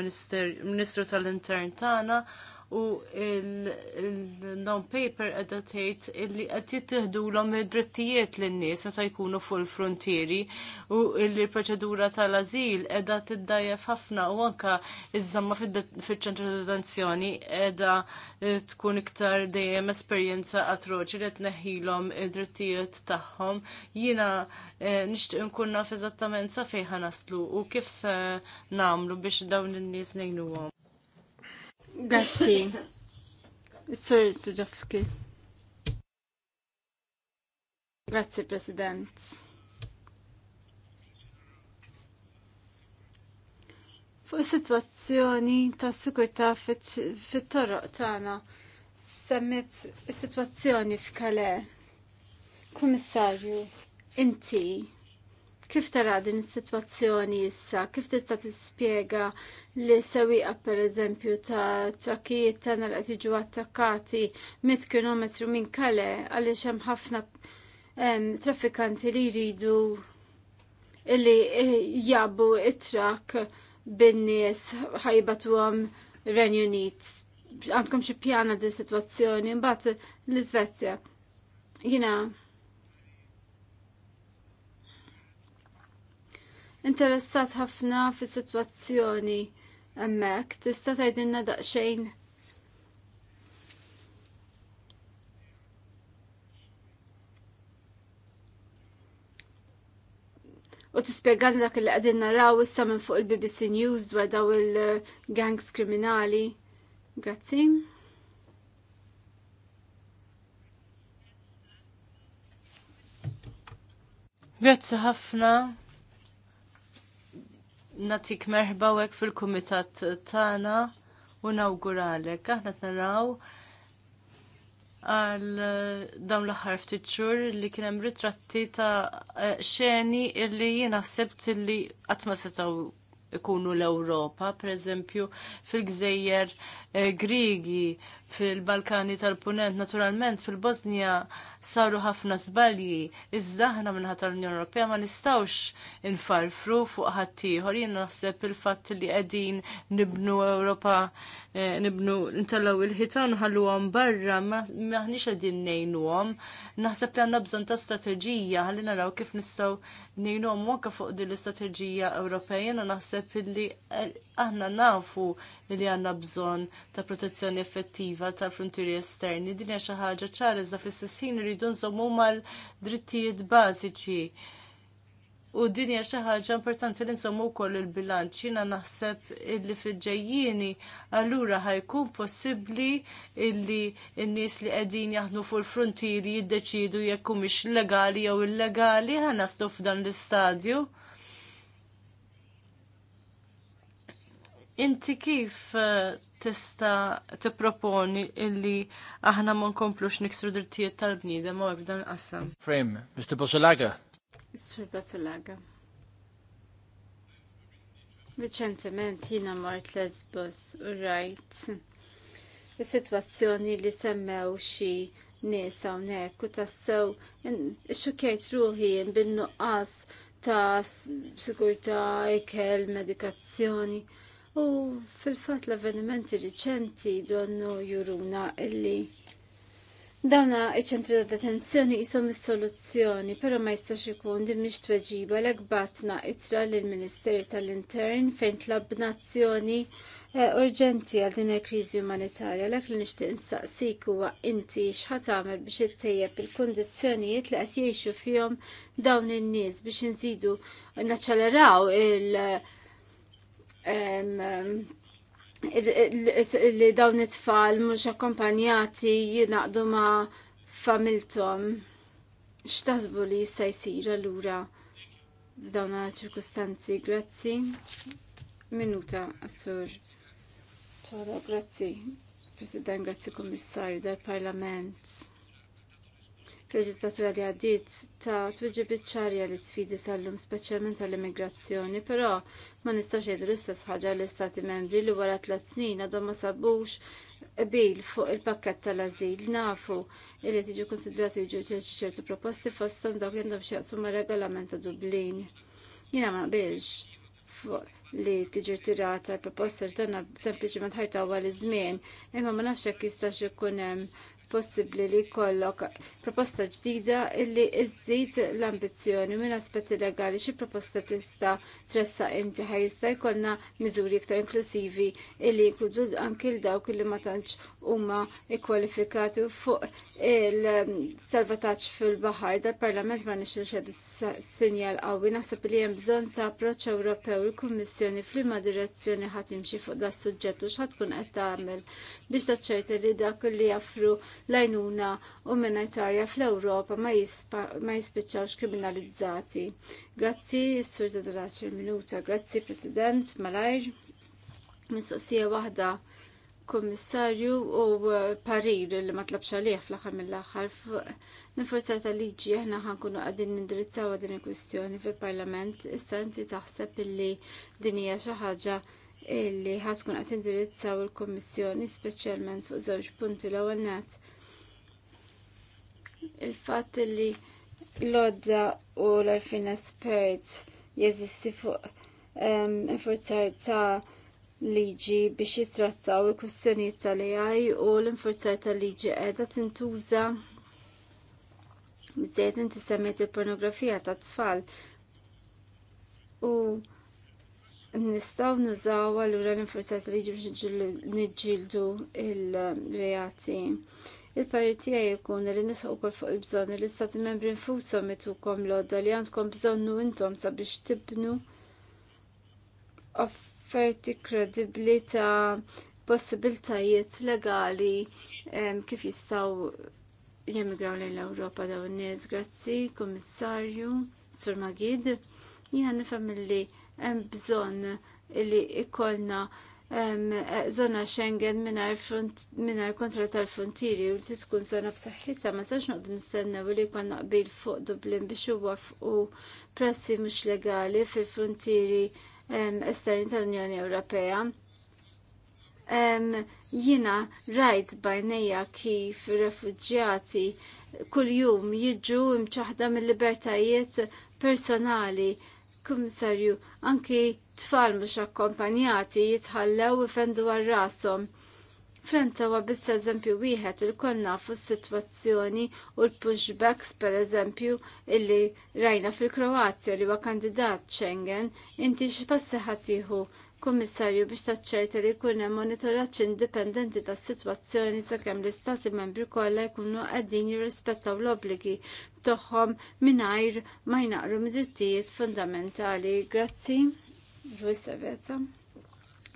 Ministru tal-Intern tagħna u il-non paper qeda tgħid illi qed jittieħdulhom id-drittijiet lin-nies meta jkunu fuq il-frontieri u l-proċedura tal-ażil qiegħda tiddajjef ħafna u anke iż-żamma fiċ-ċentru detenzjoni qiegħda eh, tkun iktar dejjem esperjenza atroċi li qed tneħħilhom id-drittijiet tagħhom. Jiena Eh, nixtieq nkun naf eżattament sa fejn naslu u kif se nagħmlu biex dawn in-nies ngħinuhom. Grazzi. Sur Suġowski. Grazzi President. Fuq situazzjoni sitwazzjoni tas-sikurtà fit-toroq tagħna semmit is-sitwazzjoni f'Kale. Kummissarju, Inti, kif tara din is-sitwazzjoni issa? Kif tista' tispjega li sewwieqa pereżempju ta' trakkijiet tagħna li qed jiġu attakkati mit kilometru minn kale għaliex hemm ħafna traffikanti li jridu illi eh, jabu it-trak bin-nies ħajbatuhom Renju Unit. Għandkom xi pjana din is sitwazzjoni mbagħad l-Iżvezja. Jina, you know, interessat ħafna fis situazzjoni hemmhekk. Tista' tgħidilna daqsxejn U tispjegalna dak li qegħdin naraw issa minn fuq il-BBC News dwar daw il-gangs kriminali. Grazzi. Grazzi ħafna natik merħba wek fil-kumitat Tana u nawguralek. Aħna naraw għal dawn l-aħħar ftit li kien hemm ritratti ta' xeni illi jien sebt illi qatt ma setgħu ikunu l-Ewropa, pereżempju fil-Gżejjer eh, Grigi fil-Balkani tal-Punent, naturalment fil bosnia saru ħafna żbalji, iżda aħna minnħat tal-Unjoni Ewropea ma nistawx infarfru fuq ħaddieħor. Jien naħseb il-fatt li qegħdin nibnu Ewropa eh, nibnu intellaw il-ħitan ħalluhom barra maħniex qegħdin ngħinuhom. Naħseb li għandna bżonn ta' strateġija ħalli naraw kif nistgħu ngħinuhom anke fuq din l-istrateġija Ewropea. Jiena naħseb li eh, aħna nafu li għandna bżonn ta' protezzjoni effettiva tal-frontieri esterni. Din hija xi ħaġa ċara fl istessin ħin iridu nżommu mal-drittijiet bażiċi. U din hija xi ħaġa importanti li nżommu wkoll il-bilanċ. Jiena naħseb illi fil-ġejjieni allura ħajkun possibbli illi n-nies li qegħdin jaħdmu fuq il-frontieri jiddeċidu jekk mhix legali jew illegali ħanaslu f'dan l-istadju. Inti kif eh, tista tipproponi illi aħna ma nkomplux niksru drittijiet tal-bniedem u għabdan qasam? Frame, Mr. Bosilaga. Mr. Bosilaga. Reċentement jina mort Lesbos u rajt is-sitwazzjoni li semmew xi nies hawnhekk u tassew xukejt ruħi bin-nuqqas ta' sigurta' ikel, medikazzjoni. U fil-fat l-avvenimenti riċenti donnu juruna illi Dawna iċ-ċentri ta' detenzjoni jisom is-soluzzjoni, però ma jistax ikun li mhix tweġiba l batna itra lill ministeri tal-Intern fejn tlab nazzjoni eh, urġenti għal din il-kriżi umanitarja l li nixtieq insaqsik huwa inti x'ħat tagħmel biex ittejjeb il-kundizzjonijiet li qed jgħixu fihom dawn in-nies biex inżidu naċċeleraw il- li dawn it-tfal mhux akkompanjati jinaqdu ma' familtom. X'taħsbu li jista' jsir allura f'dawn ċirkustanzi? Grazzi. Minuta assur Ċara, grazzi. President, grazzi Kummissarju dal-Parlament fil-leġislatura li għaddiet ta' tweġi biċċarja l sfidi sal lum speċjalment tal-immigrazzjoni, però ma nistax jgħidu l-istess ħaġa l-istati membri li wara tliet snin għadhom ma sabux bil fuq il-pakket tal-azil nafu li tiġu konsidrati ġu ċertu proposti fosthom dawk li għandhom xieqsu ma' regolament ta' Dublin. Jiena ma fuq li tiġi tirata l-proposta ġdanna sempliċiment ħajtawa għal żmien imma ma nafx jistax ikun hemm possibbli li jkollok proposta ġdida illi iżid l-ambizzjoni minn aspetti legali xi proposta tista' tressa inti ħajjista' jkollna miżuri iktar inklusivi illi jinkludu anki l dawk li ma tantx huma ikkwalifikati fuq il-salvataġġ fil-baħar dal-Parlament ma nixilx qed sinjal qawwi naħseb li hemm bżonn ta' approċċ Ewropew il-Kummissjoni fl direzzjoni ħadd jimxi fuq da' suġġett u x'ħadd tkun qed tagħmel biex taċċerti li dak li jaffru lajnuna u umanitarja fl-Ewropa ma jispiċċawx kriminalizzati. Grazzi, s Sur Zadalaċi Minuta, grazzi President Malajr, mistoqsija waħda Kommissarju u uh, parir li ma tlabx għalih fl-aħħar mill-aħħar. Nifurza tal-liġi aħna ħankunu għadin nindrizzaw din il-kwistjoni fil-Parlament, issa inti taħseb li din hija xi ħaġa illi ħatkun qed indirizzaw il-Kummissjoni speċjalment fuq żewġ punti l-ewwel nett il-fatt li l-odda u l-arfin espert jeżisti fuq ehm, ta' liġi biex jitrattaw il-kustjonijiet tal-AI u l-infurzar ta' liġi qiegħda tintuża Bizzejt inti semmet il-pornografija ta' tfal u nistaw nużaw għallura l-infurzat liġi biex nġildu il-reati. Il-parir tiegħi li nisħu kol fuq il bżon li stati membri nfushom itukom l-odda li għandkom bżonnu intom sabiex tibnu offerti kredibbli ta' possibiltajiet legali kif jistaw jemigraw lejn l-Ewropa daw n-nies. Grazzi, Kummissarju, Sur Magid. Jiena nifhem li hemm bżonn li ikollna zona Schengen minar kontra tal-frontieri u t tkun zona f-saxħita ma tax noqdu nistennew li kwan naqbil fuq Dublin biex huwa u prassi mhux legali fil-frontieri esterni tal-Unjoni Ewropea. jina rajt bajnija kif refugġjati kull-jum jiġu imċaħda mill-libertajiet personali. Kummissarju, anki tfal mhux akkompanjati jitħallew ifendu għal rashom. Frenta huwa biss eżempju wieħed il nafu s-sitwazzjoni u l-pushbacks per eżempju illi rajna fil-Kroazja li huwa kandidat Schengen inti x'passi ħatiħu Kummissarju biex taċċerta li jkun hemm monitoraġġ indipendenti tas-sitwazzjoni sakemm l-Istati membri kollha jkunu qegħdin jirrispettaw l-obbligi tagħhom mingħajr ma jnaqru mid-drittijiet fundamentali. Grazzi.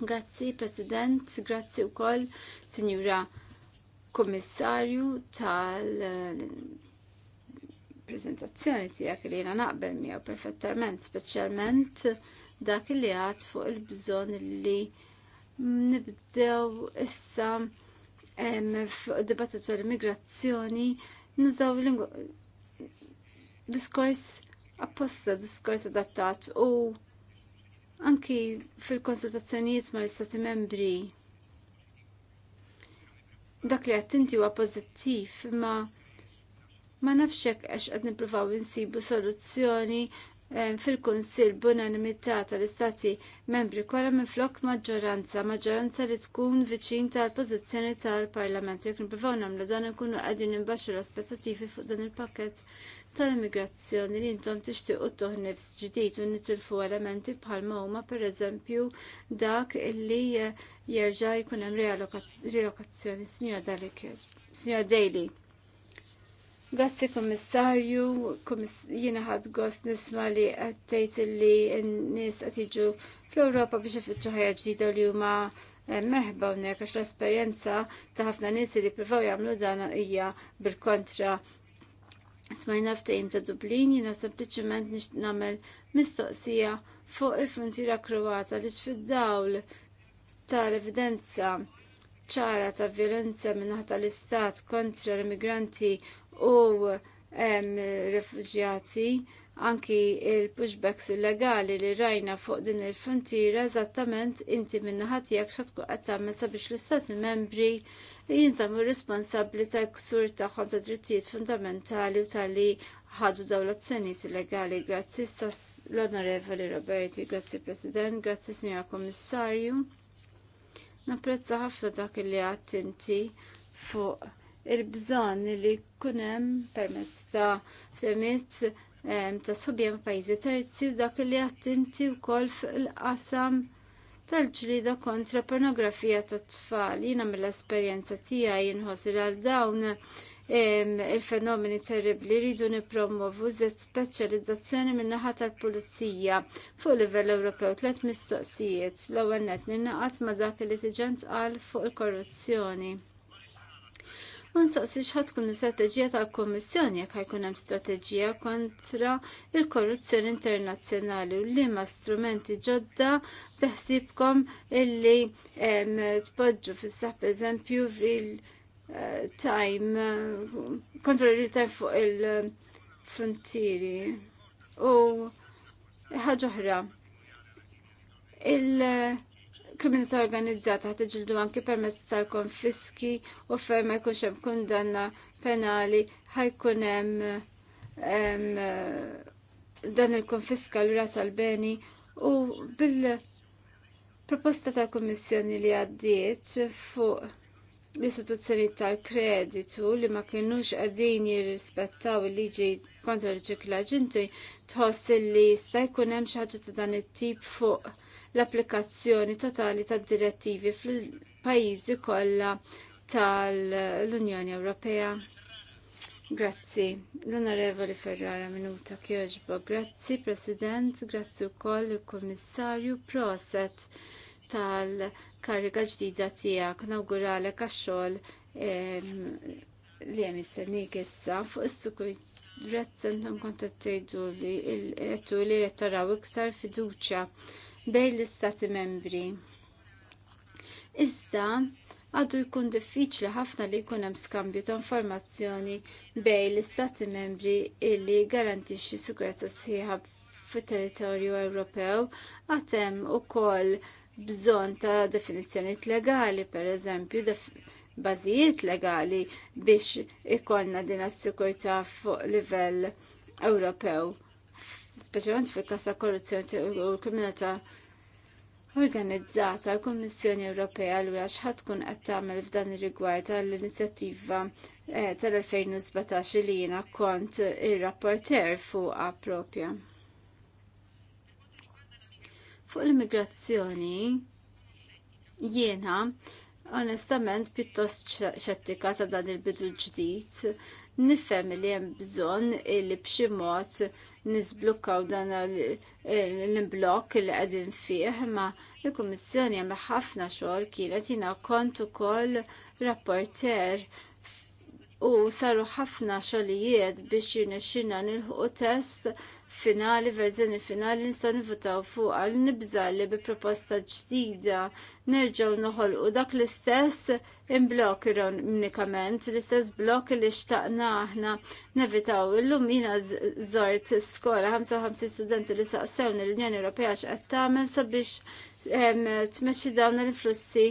Grazzi, President, grazzi u koll, Signora Kommissarju, tal eh, prezentazzjoni tijak li jena naqbel miegħu perfettament, specialment dak li għad fuq il-bżon li nibdew issa fuq dibattitu l-immigrazzjoni nużaw diskors apposta, diskors adattat u Anki fil-konsultazzjonijiet ma l-Istati membri dak li għattinti huwa pożittiv, ma ma nafxek għax għad nipruvaw insibu soluzzjoni fil-Kunsil b'unanimità tal-Istati membri kollha minflok maġġoranza, maġġoranza li tkun viċin tal-pożizzjoni tal-Parlament. Jekk nipprovaw nagħmlu dan nkunu qegħdin inbaxxu l-aspettattivi fuq dan il-pakkett tal-immigrazzjoni li intom tixtiequ nifs ġdid u nitilfu elementi bħalma huma pereżempju dak illi eh, jerġa' jkun hemm rilokazzjoni. Signora Daly. Grazzi kommissarju, jiena ħadd gost nisma li għattejt li n-nies qed jiġu fl-Ewropa biex ifittxu ħajja ġdida li huma eh, merħba hawnhekk għax l-esperjenza ta' ħafna nies li ppruvaw jagħmlu dan hija bil-kontra. Smajna ftehim ta' Dublin jiena sempliċement nix nagħmel mistoqsija fuq il-frontiera Kroata li fid-dawl tal-evidenza ċara ta' violenza minnaħta l-istat kontra l-immigranti u refugjati anki il-pushbacks illegali li rajna fuq din il-frontiera eżattament inti minnaħat jek xatku għattamme sabiex l-istati membri jinżamu responsabli ta' ksur taħħom ta' drittijiet fundamentali u tal-li ħadu dawla t-senit illegali. Grazzi l-onorevoli Roberti, grazzi President, grazzi Signora Kommissarju. Napprezza ħafna dak li għat inti fuq il-bżon li kunem permezz ta' ftemiet ta' subjem pajzi terzi u dak li għat inti u kol fil-qasam tal-ġrida kontra pornografija ta' tfal. Jina mill-esperienza tijaj jinħosir għal dawn il-fenomeni terribli rridu nipromovu zed speċjalizzazzjoni min-naħa tal-Pulizija fuq livell Ewropew tliet mistoqsijiet l-ewwel nett ma' dak li tiġent qal fuq il-korruzzjoni. Ma nsaqsix ħad tkun l-istrateġija tal-Kommissjoni jekk ħajkun hemm strateġija kontra il-korruzzjoni internazzjonali u liema strumenti ġodda beħsibkom illi tpoġġu fis-saħ eżempju fil- time eh, kontrolli ta' fuq il-frontieri u ħagħuħra il-kriminalità organizzata ħtiġildu anki permezz tal-konfiski u ferma ma jkunx hemm kundanna penali ħajkun hemm eh, dan il-konfiska l ras beni u bil-proposta ta' kommissjoni li għaddiet fuq l-istituzzjoni tal-kreditu li ma kienux għadin jirrispettaw il-liġi kontra l-ċiklaġ tħossi tħoss li stajkun jkun hemm xi ħaġa ta' dan it-tip fuq l-applikazzjoni totali tad direttivi fil-pajjiżi kollha tal-Unjoni Ewropea. Grazzi, l-Onorevoli Ferrara Minuta Kjoġbo, grazzi President, grazzi u koll il komissarju Proset tal-karriga ġdida tiegħek nawguralek għax-xogħol li hemm istennik issa fuq is-sikurezza intom kont qed li qed li rettaraw iktar fiduċja bejn l-istati membri. Iżda għadu jkun diffiċli ħafna li jkun hemm skambju ta' informazzjoni bejn l-istati membri illi garantixxi sikurezza sħiħa fit-territorju Ewropew għad hemm ukoll bżon ta' definizjoniet legali, per eżempju, bażijiet legali biex ikonna din assikurta fuq livell Ewropew, speċjalment fil kasa ta' korruzzjoni u l-kriminalità organizzata l-Kummissjoni Ewropea l x'ħadd tkun qed tagħmel f'dan ir-rigward għall-inizjattiva eh, tal-2017 li jiena kont ir-rapporter fuqha propja. Fuq l-immigrazzjoni jiena onestament pittost xettika ta' dan il-bidu ġdid. Nifhem li hemm bżonn li b'xi mod nisblukkaw dan l-imblokk li qegħdin fih, ma l-Kummissjoni hemm ħafna xogħol kienet jiena kont ukoll rapporter u saru ħafna xogħlijiet biex jirnexxina nilħuq test finali, verżjoni finali nista' nivutaw fuq għal nibża li bi proposta ġdida nerġgħu noħolqu dak l-istess imblok unikament, l-istess blok li xtaqna aħna nevitaw. Illum jiena żort skola 55 studenti li saqsewni l-Unjoni Ewropea x'qed tagħmel sabiex tmexxi dawn l-influssi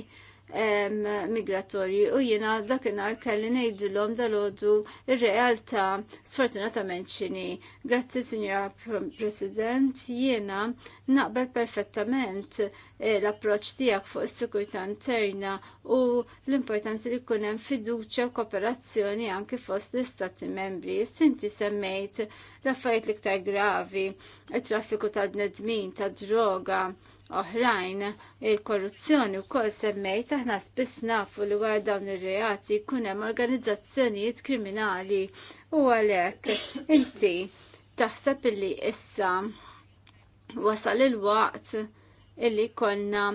migratorji u jiena dakinhar kelli dal dalodu il realtà sfortunatament x'inhi. Grazzi signora President, jiena naqbel perfettament eh, l-approċċ tiegħek fuq is-sikurtà interna u l importanti li jkun hemm fiduċja u kooperazzjoni anki fost l-Istati membri. Sinti semmejt l affajt l-iktar gravi, il traffiku tal-bnedmin, tad-droga, oħrajn il-korruzzjoni wkoll semmejt aħna spiss nafu li wara dawn ir-reati jkun hemm organizzazzjonijiet kriminali u għalhekk inti taħseb li issa wasal il-waqt illi konna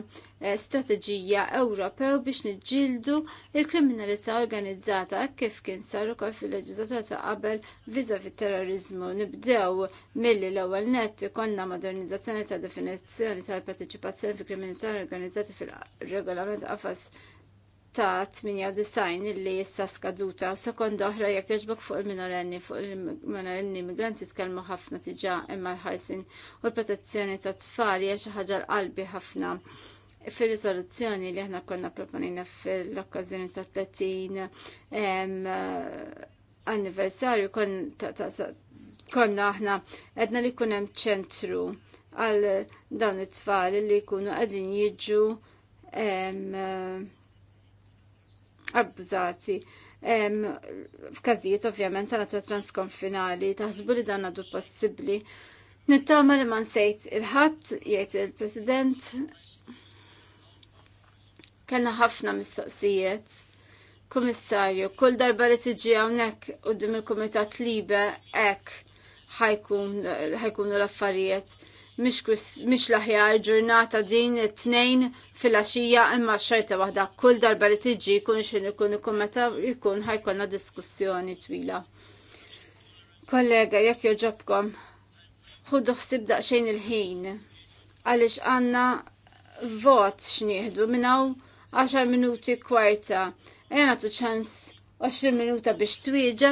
Eh, strateġija Ewropew biex niġġieldu il-kriminalità organizzata kif kien sar ukoll fil-leġiżlatura ta' qabel viża fit-terrorizmu. Nibdew milli l-ewwel nett ikollna modernizzazzjoni ta' definizzjoni tal-parteċipazzjoni fil kriminalità organizzata fil-regolament qafas ta' 98 illi issa skaduta u sekonda oħra jekk jogħġbok fuq il-minorenni fuq il-minorenni migranti tkellmu ħafna diġà imma l-ħarsin u l-protezzjoni ta' tfal hija xi ħaġa l-qalbi ħafna fil-rizoluzzjoni li aħna konna proponina fil-okkazjoni ta' 30 anniversarju konna aħna edna li kunem ċentru għal dawn it-tfal li jkunu għadin jiġu abbużati. F'każijiet ovvjament għal ta' transkonfinali taħsbu li dan għadu possibbli. Nittama li man sejt il-ħadd jgħid il-President Kellna ħafna mistoqsijiet. Kummissarju, kull darba li tiġi hawnhekk quddiem il-Kumitat Libe hekk ħajkunu l-affarijiet. Mhix l-aħjar ġurnata din it-tnejn fil-għaxija imma xorta waħda kull darba li tiġi jkun xin ikun ikkumeta jkun ħajkonna diskussjoni twila. Kollega, jekk joġobkom, xuddu ħsib daqsxejn il-ħin għaliex għandna vot x'nieħdu minnaw. 10 minuti kwarta. Ejna tu ċans 20 minuta biex twieġa.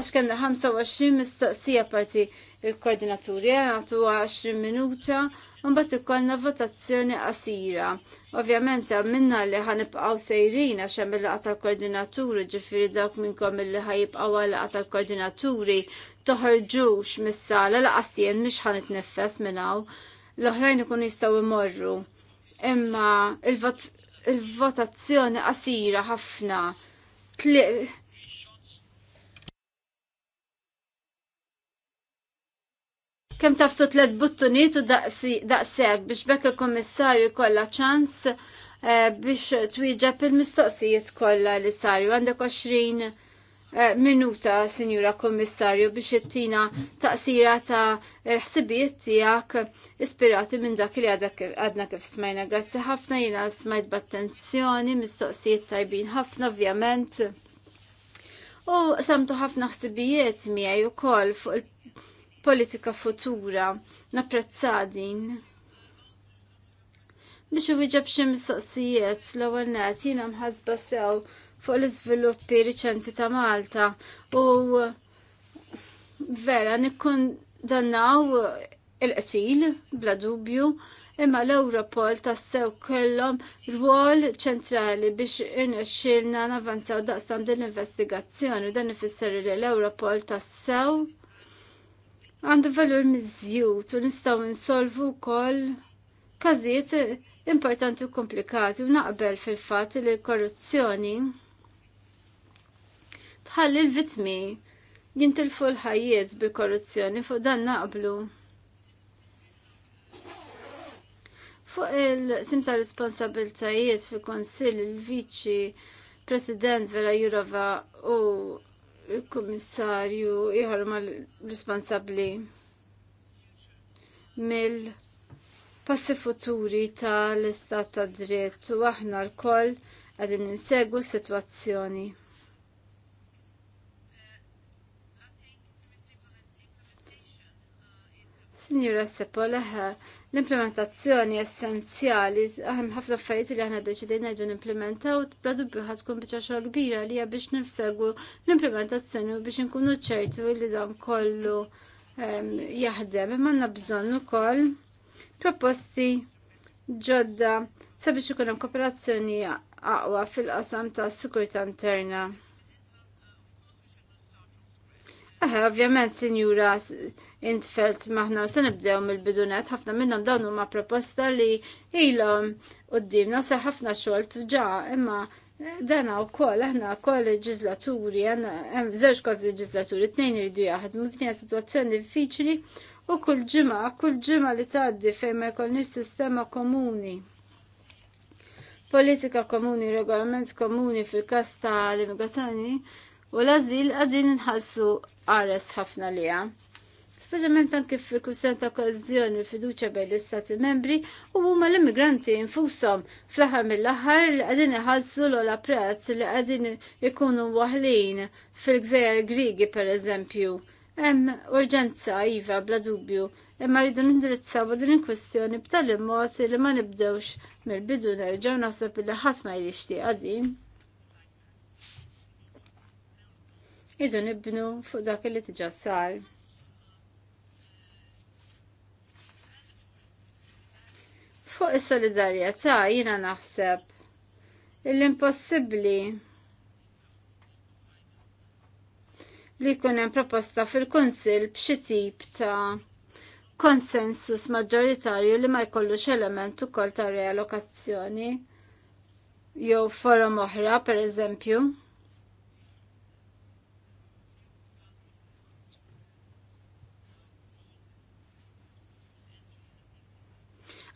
Għax kena 25 mistoqsija parti il-koordinaturi, għana tu 20 minuta, Mbagħad ikollna votazzjoni qasira. Ovvjament minna li ħanibqgħu sejrin għax hemm il-laqgħa tal-koordinaturi, ġifieri dawk minnkom li ħajibqgħu għal laqgħa tal-koordinaturi toħorġux mis-sala laqasien mhix ħanitneffes minn hawn. L-oħrajn ikunu jistgħu imorru imma il-votazzjoni qasira ħafna kem tafsu tlet buttuniet u daqseg biex bekk il komissarju kolla ċans eh, biex twieġeb il-mistoqsijiet kolla li saru għandek 20 Eh, minuta, Sinjura Kommissarju, biex ittina taqsira ta' eh, ħsibijiet tiegħek ispirati minn dak li għadna kif smajna. Grazzi ħafna jiena smajt b'attenzjoni, mistoqsijiet tajbin ħafna ovvjament. U samtu ħafna ħsibijiet miegħi wkoll fuq il-politika futura, napprezzadin biex u wieġeb xi mistoqsijiet l-ewwel net jiena mħassba sew fuq l-iżviluppi riċenti ta' Malta u vera nikun dannaw il qsil bla dubju imma l-Europol tassew kellhom rwol ċentrali biex irnexxilna navanzaw daqsam din l-investigazzjoni dan ifisser li l-Europol tassew għandu valur miżjut u nistgħu insolvu wkoll każijiet importanti u komplikati u naqbel fil-fatt li l-korruzzjoni tħalli l-vitmi jintilfu l-ħajiet bil-korruzzjoni fuq dan naqblu. Fuq il simta responsabiltajiet fil konsil il-viċi President Vera Jurova u il-Kummissarju iħor ma responsabli mill passi futuri tal-istat ta' dritt u aħna l-koll għadin ninsegu s-situazzjoni. Signora Seppo leħa l-implementazzjoni essenzjali, għahem ħafna affarijiet li aħna deċidejna ġun implementaw bla dubju ħad tkun biċċa xogħol kbira li hija biex nifsegu l-implementazzjoni u biex inkunu ċertu li dan kollu ehm, jaħdem. Imma għandna bżonn ukoll proposti ġodda sabiex ikun hemm kooperazzjoni aqwa fil-qasam tas-sikurtà interna. Aha, ovvjament, sinjura, intfelt maħna, se nibdew mill-bidunet, ħafna minnhom dawn huma proposta li ilhom qudiemna u sar ħafna xogħol ġa, imma dana u koll, aħna koll leġislaturi, hemm żewġ kważi leġislaturi, tnejn iridu jaħdmu, din hija sitwazzjoni diffiċli u kull ġimgħa, kull ġimgħa li tgħaddi fejn ma jkollniex sistema komuni. Politika komuni, regolament komuni fil-każ tal-immigrazzjoni u l-azil għadin nħassu qares ħafna liha. Speċjalment anke fil-kusen ta' okkażjoni fiduċa bejn l-Istati membri u huma l-immigranti infushom fl-aħħar mill-aħħar li qegħdin iħassu l prezz li qegħdin ikunu waħlin fil-gżejjer Grigi pereżempju. Hemm urġenza iva bla dubju, imma rridu nindirizzaw din il-kwestjoni b'tali mod li ma nibdewx mill-bidu nerġgħu naħseb li ħadd ma jrixti qadim. jidu nibnu fuq dak li tiġa sar. Fuq is-solidarjetà jiena naħseb l-impossibbli li jkun hemm proposta fil-Kunsill b'xi tip ta' konsensus maġġoritarju li ma jkollux element ukoll ta' realokazzjoni jew forum oħra pereżempju.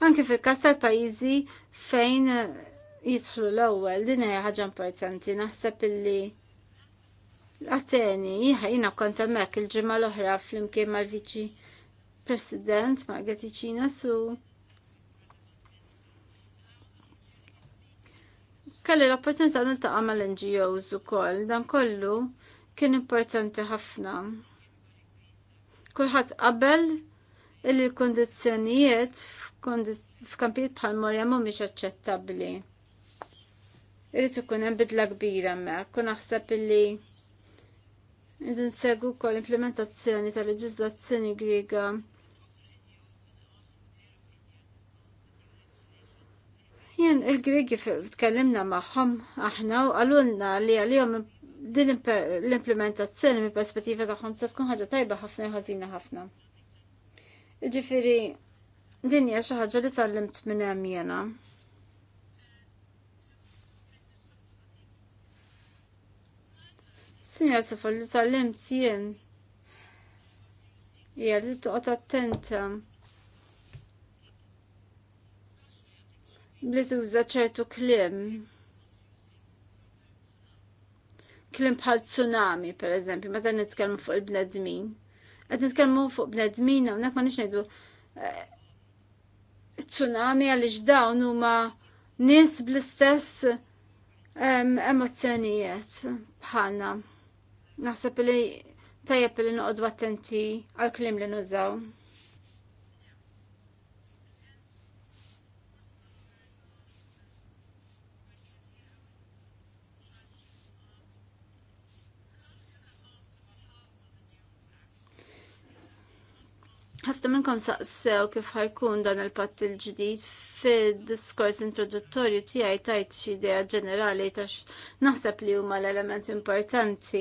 anke fil-każ tal-pajjiżi fejn eh, jidħlu l-ewwel din hija ħaġa importanti naħseb illi Ateni, jina kont hemmhekk il-ġimgħa l-oħra flimkien mal-Viċi President Margaticina su kelli l-opportunità niltaqa' mal-NGOs ukoll dan kollu kien importanti ħafna. Kulħadd qabel il-kondizjonijiet f'kampijiet bħal Morja mhumiex aċċettabbli. Irid ikun hemm bidla kbira hemmhekk, kun naħseb illi Idun segu kol implementazzjoni tal leġizlazzjoni griega Jien il-Gregi tkellimna magħhom aħna u għalunna li għalihom din l-implementazzjoni mill perspettiva tagħhom se tkun ħaġa tajba ħafna u ħażina ħafna. Ġifiri, dinja xaħġa li tal-limt minnem jena. Sinja safa li tal-limt jien. Ija li tuqot attenta. Li tuża ċertu klim. Klim bħal tsunami, per eżempju, meta nitkellmu fuq il-bnedmin. Qed nitkellmu fuq bnedmina, unnek ma nix ngħidu eh, tsunami għaliex dawn huma nies bl-istess emozjonijiet bħalna. Naħseb li tajjeb li noqogħdu attenti għal kliem li nużaw. Ħafna minnkom saqsew kif ħajkun dan il-patt il-ġdid fid-diskors introduttorju tiegħi tajt xi idea ġenerali ta' naħseb li huma l-element importanti.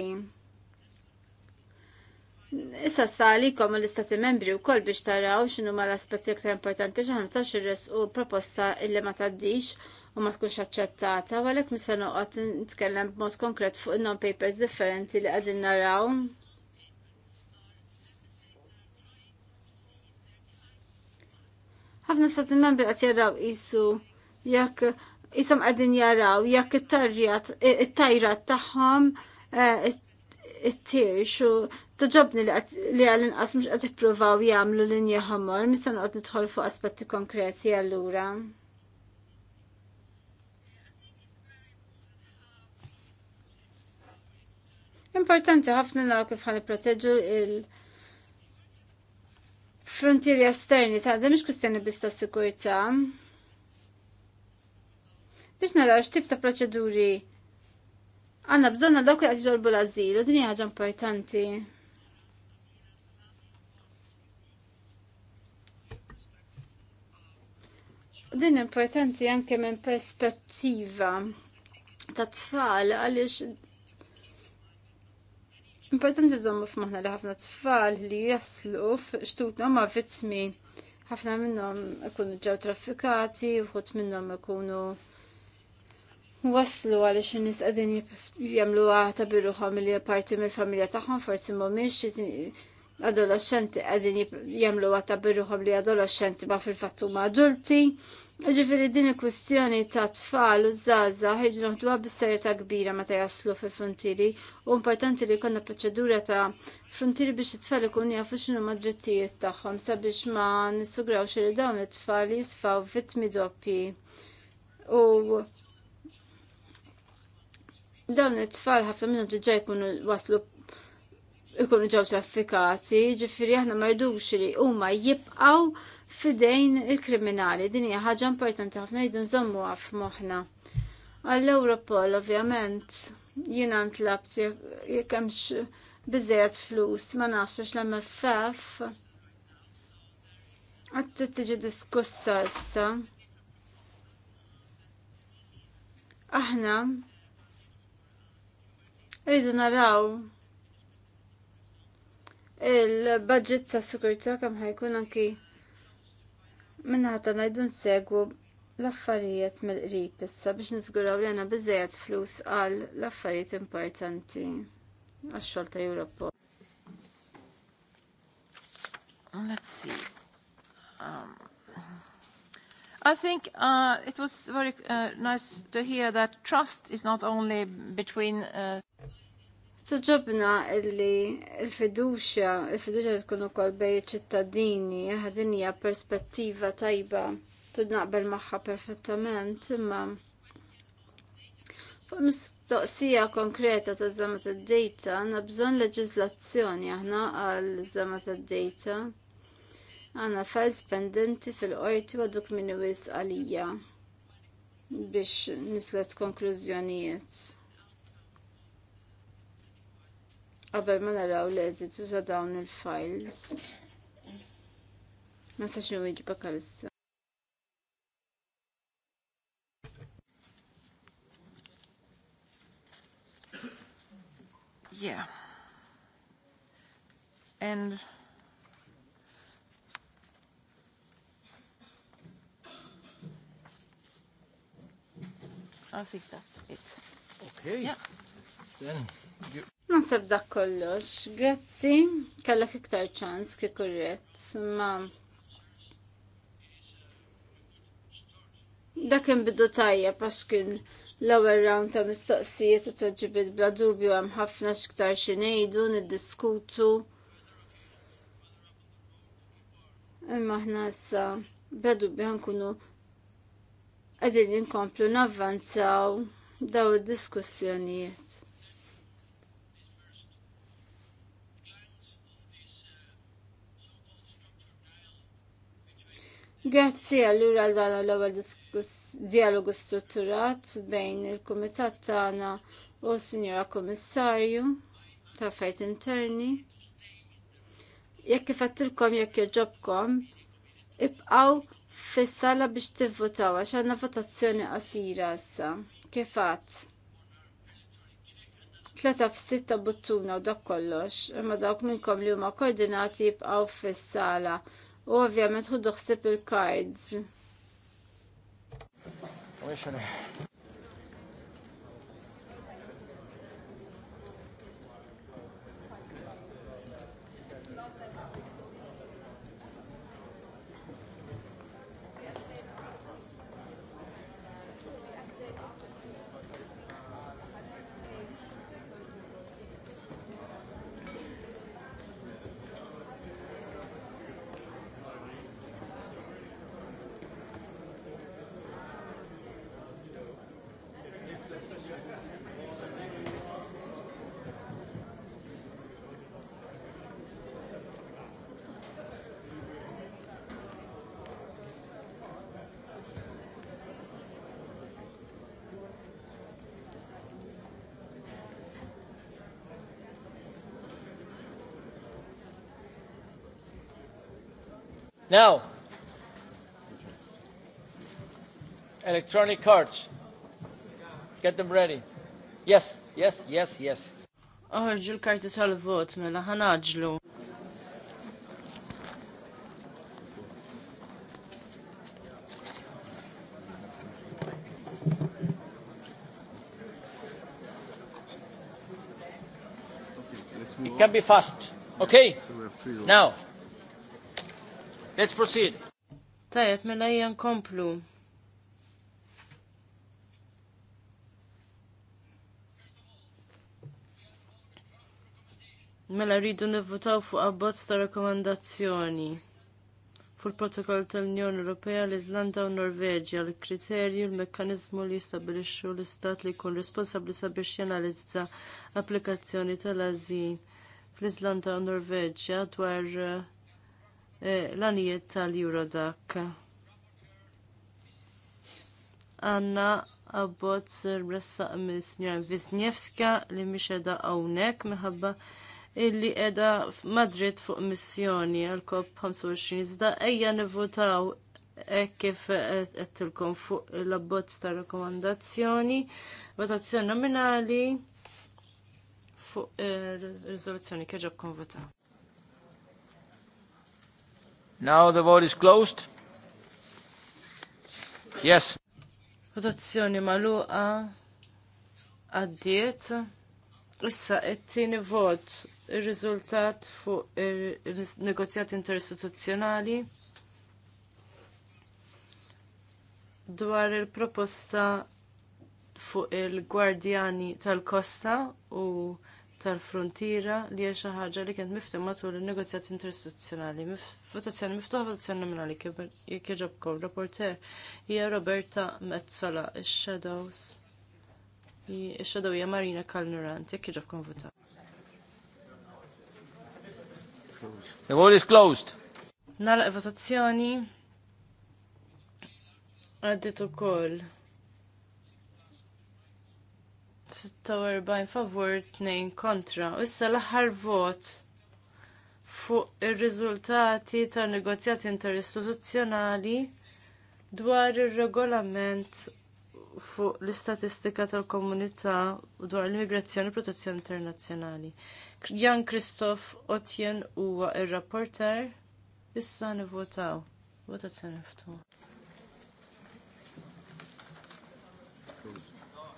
Issa salikom l-istati membri u koll biex taraw x'inhu ma l-aspetti aktar importanti xi ħanstax irresqu proposta illi ma tgħaddix u ma tkunx aċċettata, għalhekk mis se noqgħod nitkellem b'mod konkret fuq non-papers differenti li qegħdin naraw ħafna stati membri qed jaraw jissu, jekk isom qegħdin jaraw jekk it-tajrat tagħhom eh, it-tirx u ġobni li għal-inqas mux qed jgħamlu jagħmlu inja ħamor, misan noqgħod nidħol fuq aspetti konkreti allura. Importanti ħafna naraw kif ħan proteġu il- frontieri esterni ta' da mhix kwistjoni biss ta' sikurtà. Biex naraw x'tip ta' proċeduri għandna bżonna dawk li qed jġorbu l-ażil u din hija ħaġa importanti. Din importanti anke minn perspettiva ta' tfal għaliex Importanti żommu f'maħna li ħafna tfal li jaslu f'xtutna ma' vittmi ħafna minnhom ikunu ġew traffikati, uħut minnhom ikunu waslu għaliex in-nies qegħdin jagħmlu għata birruħhom li parti mill-familja tagħhom forsi mhumiex adolescenti qegħdin jagħmlu għata birruħhom li adolescenti ma fil-fattu ma adulti Ġifiri din il-kwistjoni ta' tfal u zaza ħiġu noħduha bis-serjetà kbira meta jaslu fil-frontieri u importanti li jkollna proċedura ta' frontieri biex it-tfal ikun jafu x'inhu mad-drittijiet tagħhom sabiex ma nisugraw xiri dawn it-tfal jisfaw vitmi doppi. U dawn it-tfal ħafna minnhom diġà jkunu waslu ikunu ġew traffikati, ġifiri aħna mardux li huma jibqaw fidejn il-kriminali. Din hija ħaġa importanti ħafna jdu nżommu għaf Allura Għall-Europol, ovvjament, jiena ntlabt jekk hemmx biżejjed flus, ma nafx għax l-MFF. Għad tiġi diskussa issa. Aħna rridu naraw il-budget ta' sikurta kam ħajkun anki minnaħta najdu nsegwu l-affarijiet mill-qrib issa biex nizguraw li għana bizzejet flus għal l-affarijiet importanti għax xogħol ta' Europol. Oh, let's see. Um, I think uh, it was very uh, nice to hear that trust is not only between uh, Soġobna illi il fiduċja il fiduċja tkun ukoll bej ċittadini, hija perspettiva tajba, tudnaqbel magħha perfettament, imma Fuq mistoqsija konkreta ta' zama ta' data, għanna bżon leġizlazzjoni aħna għal zama ta' data. Għanna files pendenti fil-qorti għadu minu wis għalija biex nislet konklużjonijiet. qabel ma naraw li għazit ta' dawn il-files. Ma baka l-issa. Yeah. And I think that's it. Okay. Yeah. Then you Nansab dak kollox. Grazzi, kellek iktar ċans kif kurret, ma dak bidu tajja għax kien l-ewwel round ta' mistoqsijiet u toġġibit bla dubju hemm ħafna x'iktar xi ngħidu, niddiskutu. Imma aħna issa bedu dubju nkunu qegħdin inkomplu navvanzaw daw id-diskussjonijiet. Grazzi allura għal dan l-ewwel dialogu strutturat bejn il-kumitat tagħna u s-Sinjora Kummissarju ta' fejt interni. Jekk ifattilkom jekk joġobkom, ibqaw fis-sala biex tivvotaw għax għandna votazzjoni qasira issa. Kif għadd? Tleta f'sitta buttuna u dak kollox, imma dawk minnkom li huma koordinati jibqgħu fis'sala. sala u ovvjament ħu ħsib il-cards. Now, electronic cards. Get them ready. Yes, yes, yes, yes. Oħorġu l-karti tal-vot mela ħanaġlu. It can be fast. Okay. Now. Let's proceed. Tajab, mela jgħan komplu. Mela rridu nivvotaw fuq abbozz ta' rakkomandazzjoni fuq il-protokoll tal-Unjoni Ewropea l-Iżlanda u Norveġja l kriterju l-mekkanizmu li jistabilixxu l-istat li jkun responsabbli sabiex jenalizza applikazzjoni tal azin fl-Iżlanda u Norveġja dwar l-anijiet tal-Eurodac. Anna abbozz r-ressaq minn Wisniewska li mhix edha hawnhekk minħabba illi edha Madrid fuq missjoni għal kop 25 Zda ejja nivvotaw hekk kif fuq l-abbozz ta' rakkomandazzjoni, votazzjoni nominali fuq ir-riżoluzzjoni kieġobkom votaw. Now the vote is closed. Yes. Votazzjoni maluqa għaddiet. Issa it-tieni vot ir-riżultat fuq il-negozjat interistituzzjonali dwar il-proposta fuq il-gwardjani tal-kosta u tal frontira li hija xi ħaġa li kienet miftuħ matul in-negozjat interistituzzjonali. Votazzjoni miftuħa votazzjoni nominali jekk jogħġobkom rapporter hija Roberta Mezzala ix-Shadows. Ix-Shadow hija Marina Kalnurant jekk jogħġobkom vota. The is closed. Nalaq votazzjoni. Għaddit ukoll. 46 favur 2 kontra. Issa l-aħħar vot fuq ir-riżultati tan negozjat interistituzzjonali dwar ir-regolament fuq l-istatistika tal-komunità dwar l-immigrazzjoni u protezzjoni internazzjonali. Jan Kristof Otjen huwa ir-rapporter issa nivvotaw. Votazzjoni ftuħ.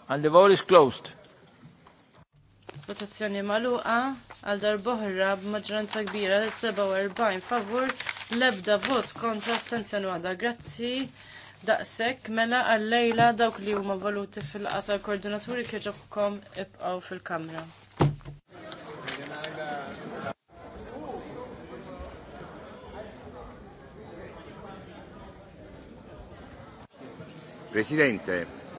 And the vote is closed. Votazzjoni maluqa għal darboħra b'maġranza kbira 47 favur l-ebda vot kontra stanzjon għada. Grazzi daqsek mela għal-lejla dawk li huma voluti fil-qata koordinaturi kieġobkom ibqaw fil-kamra. Presidente,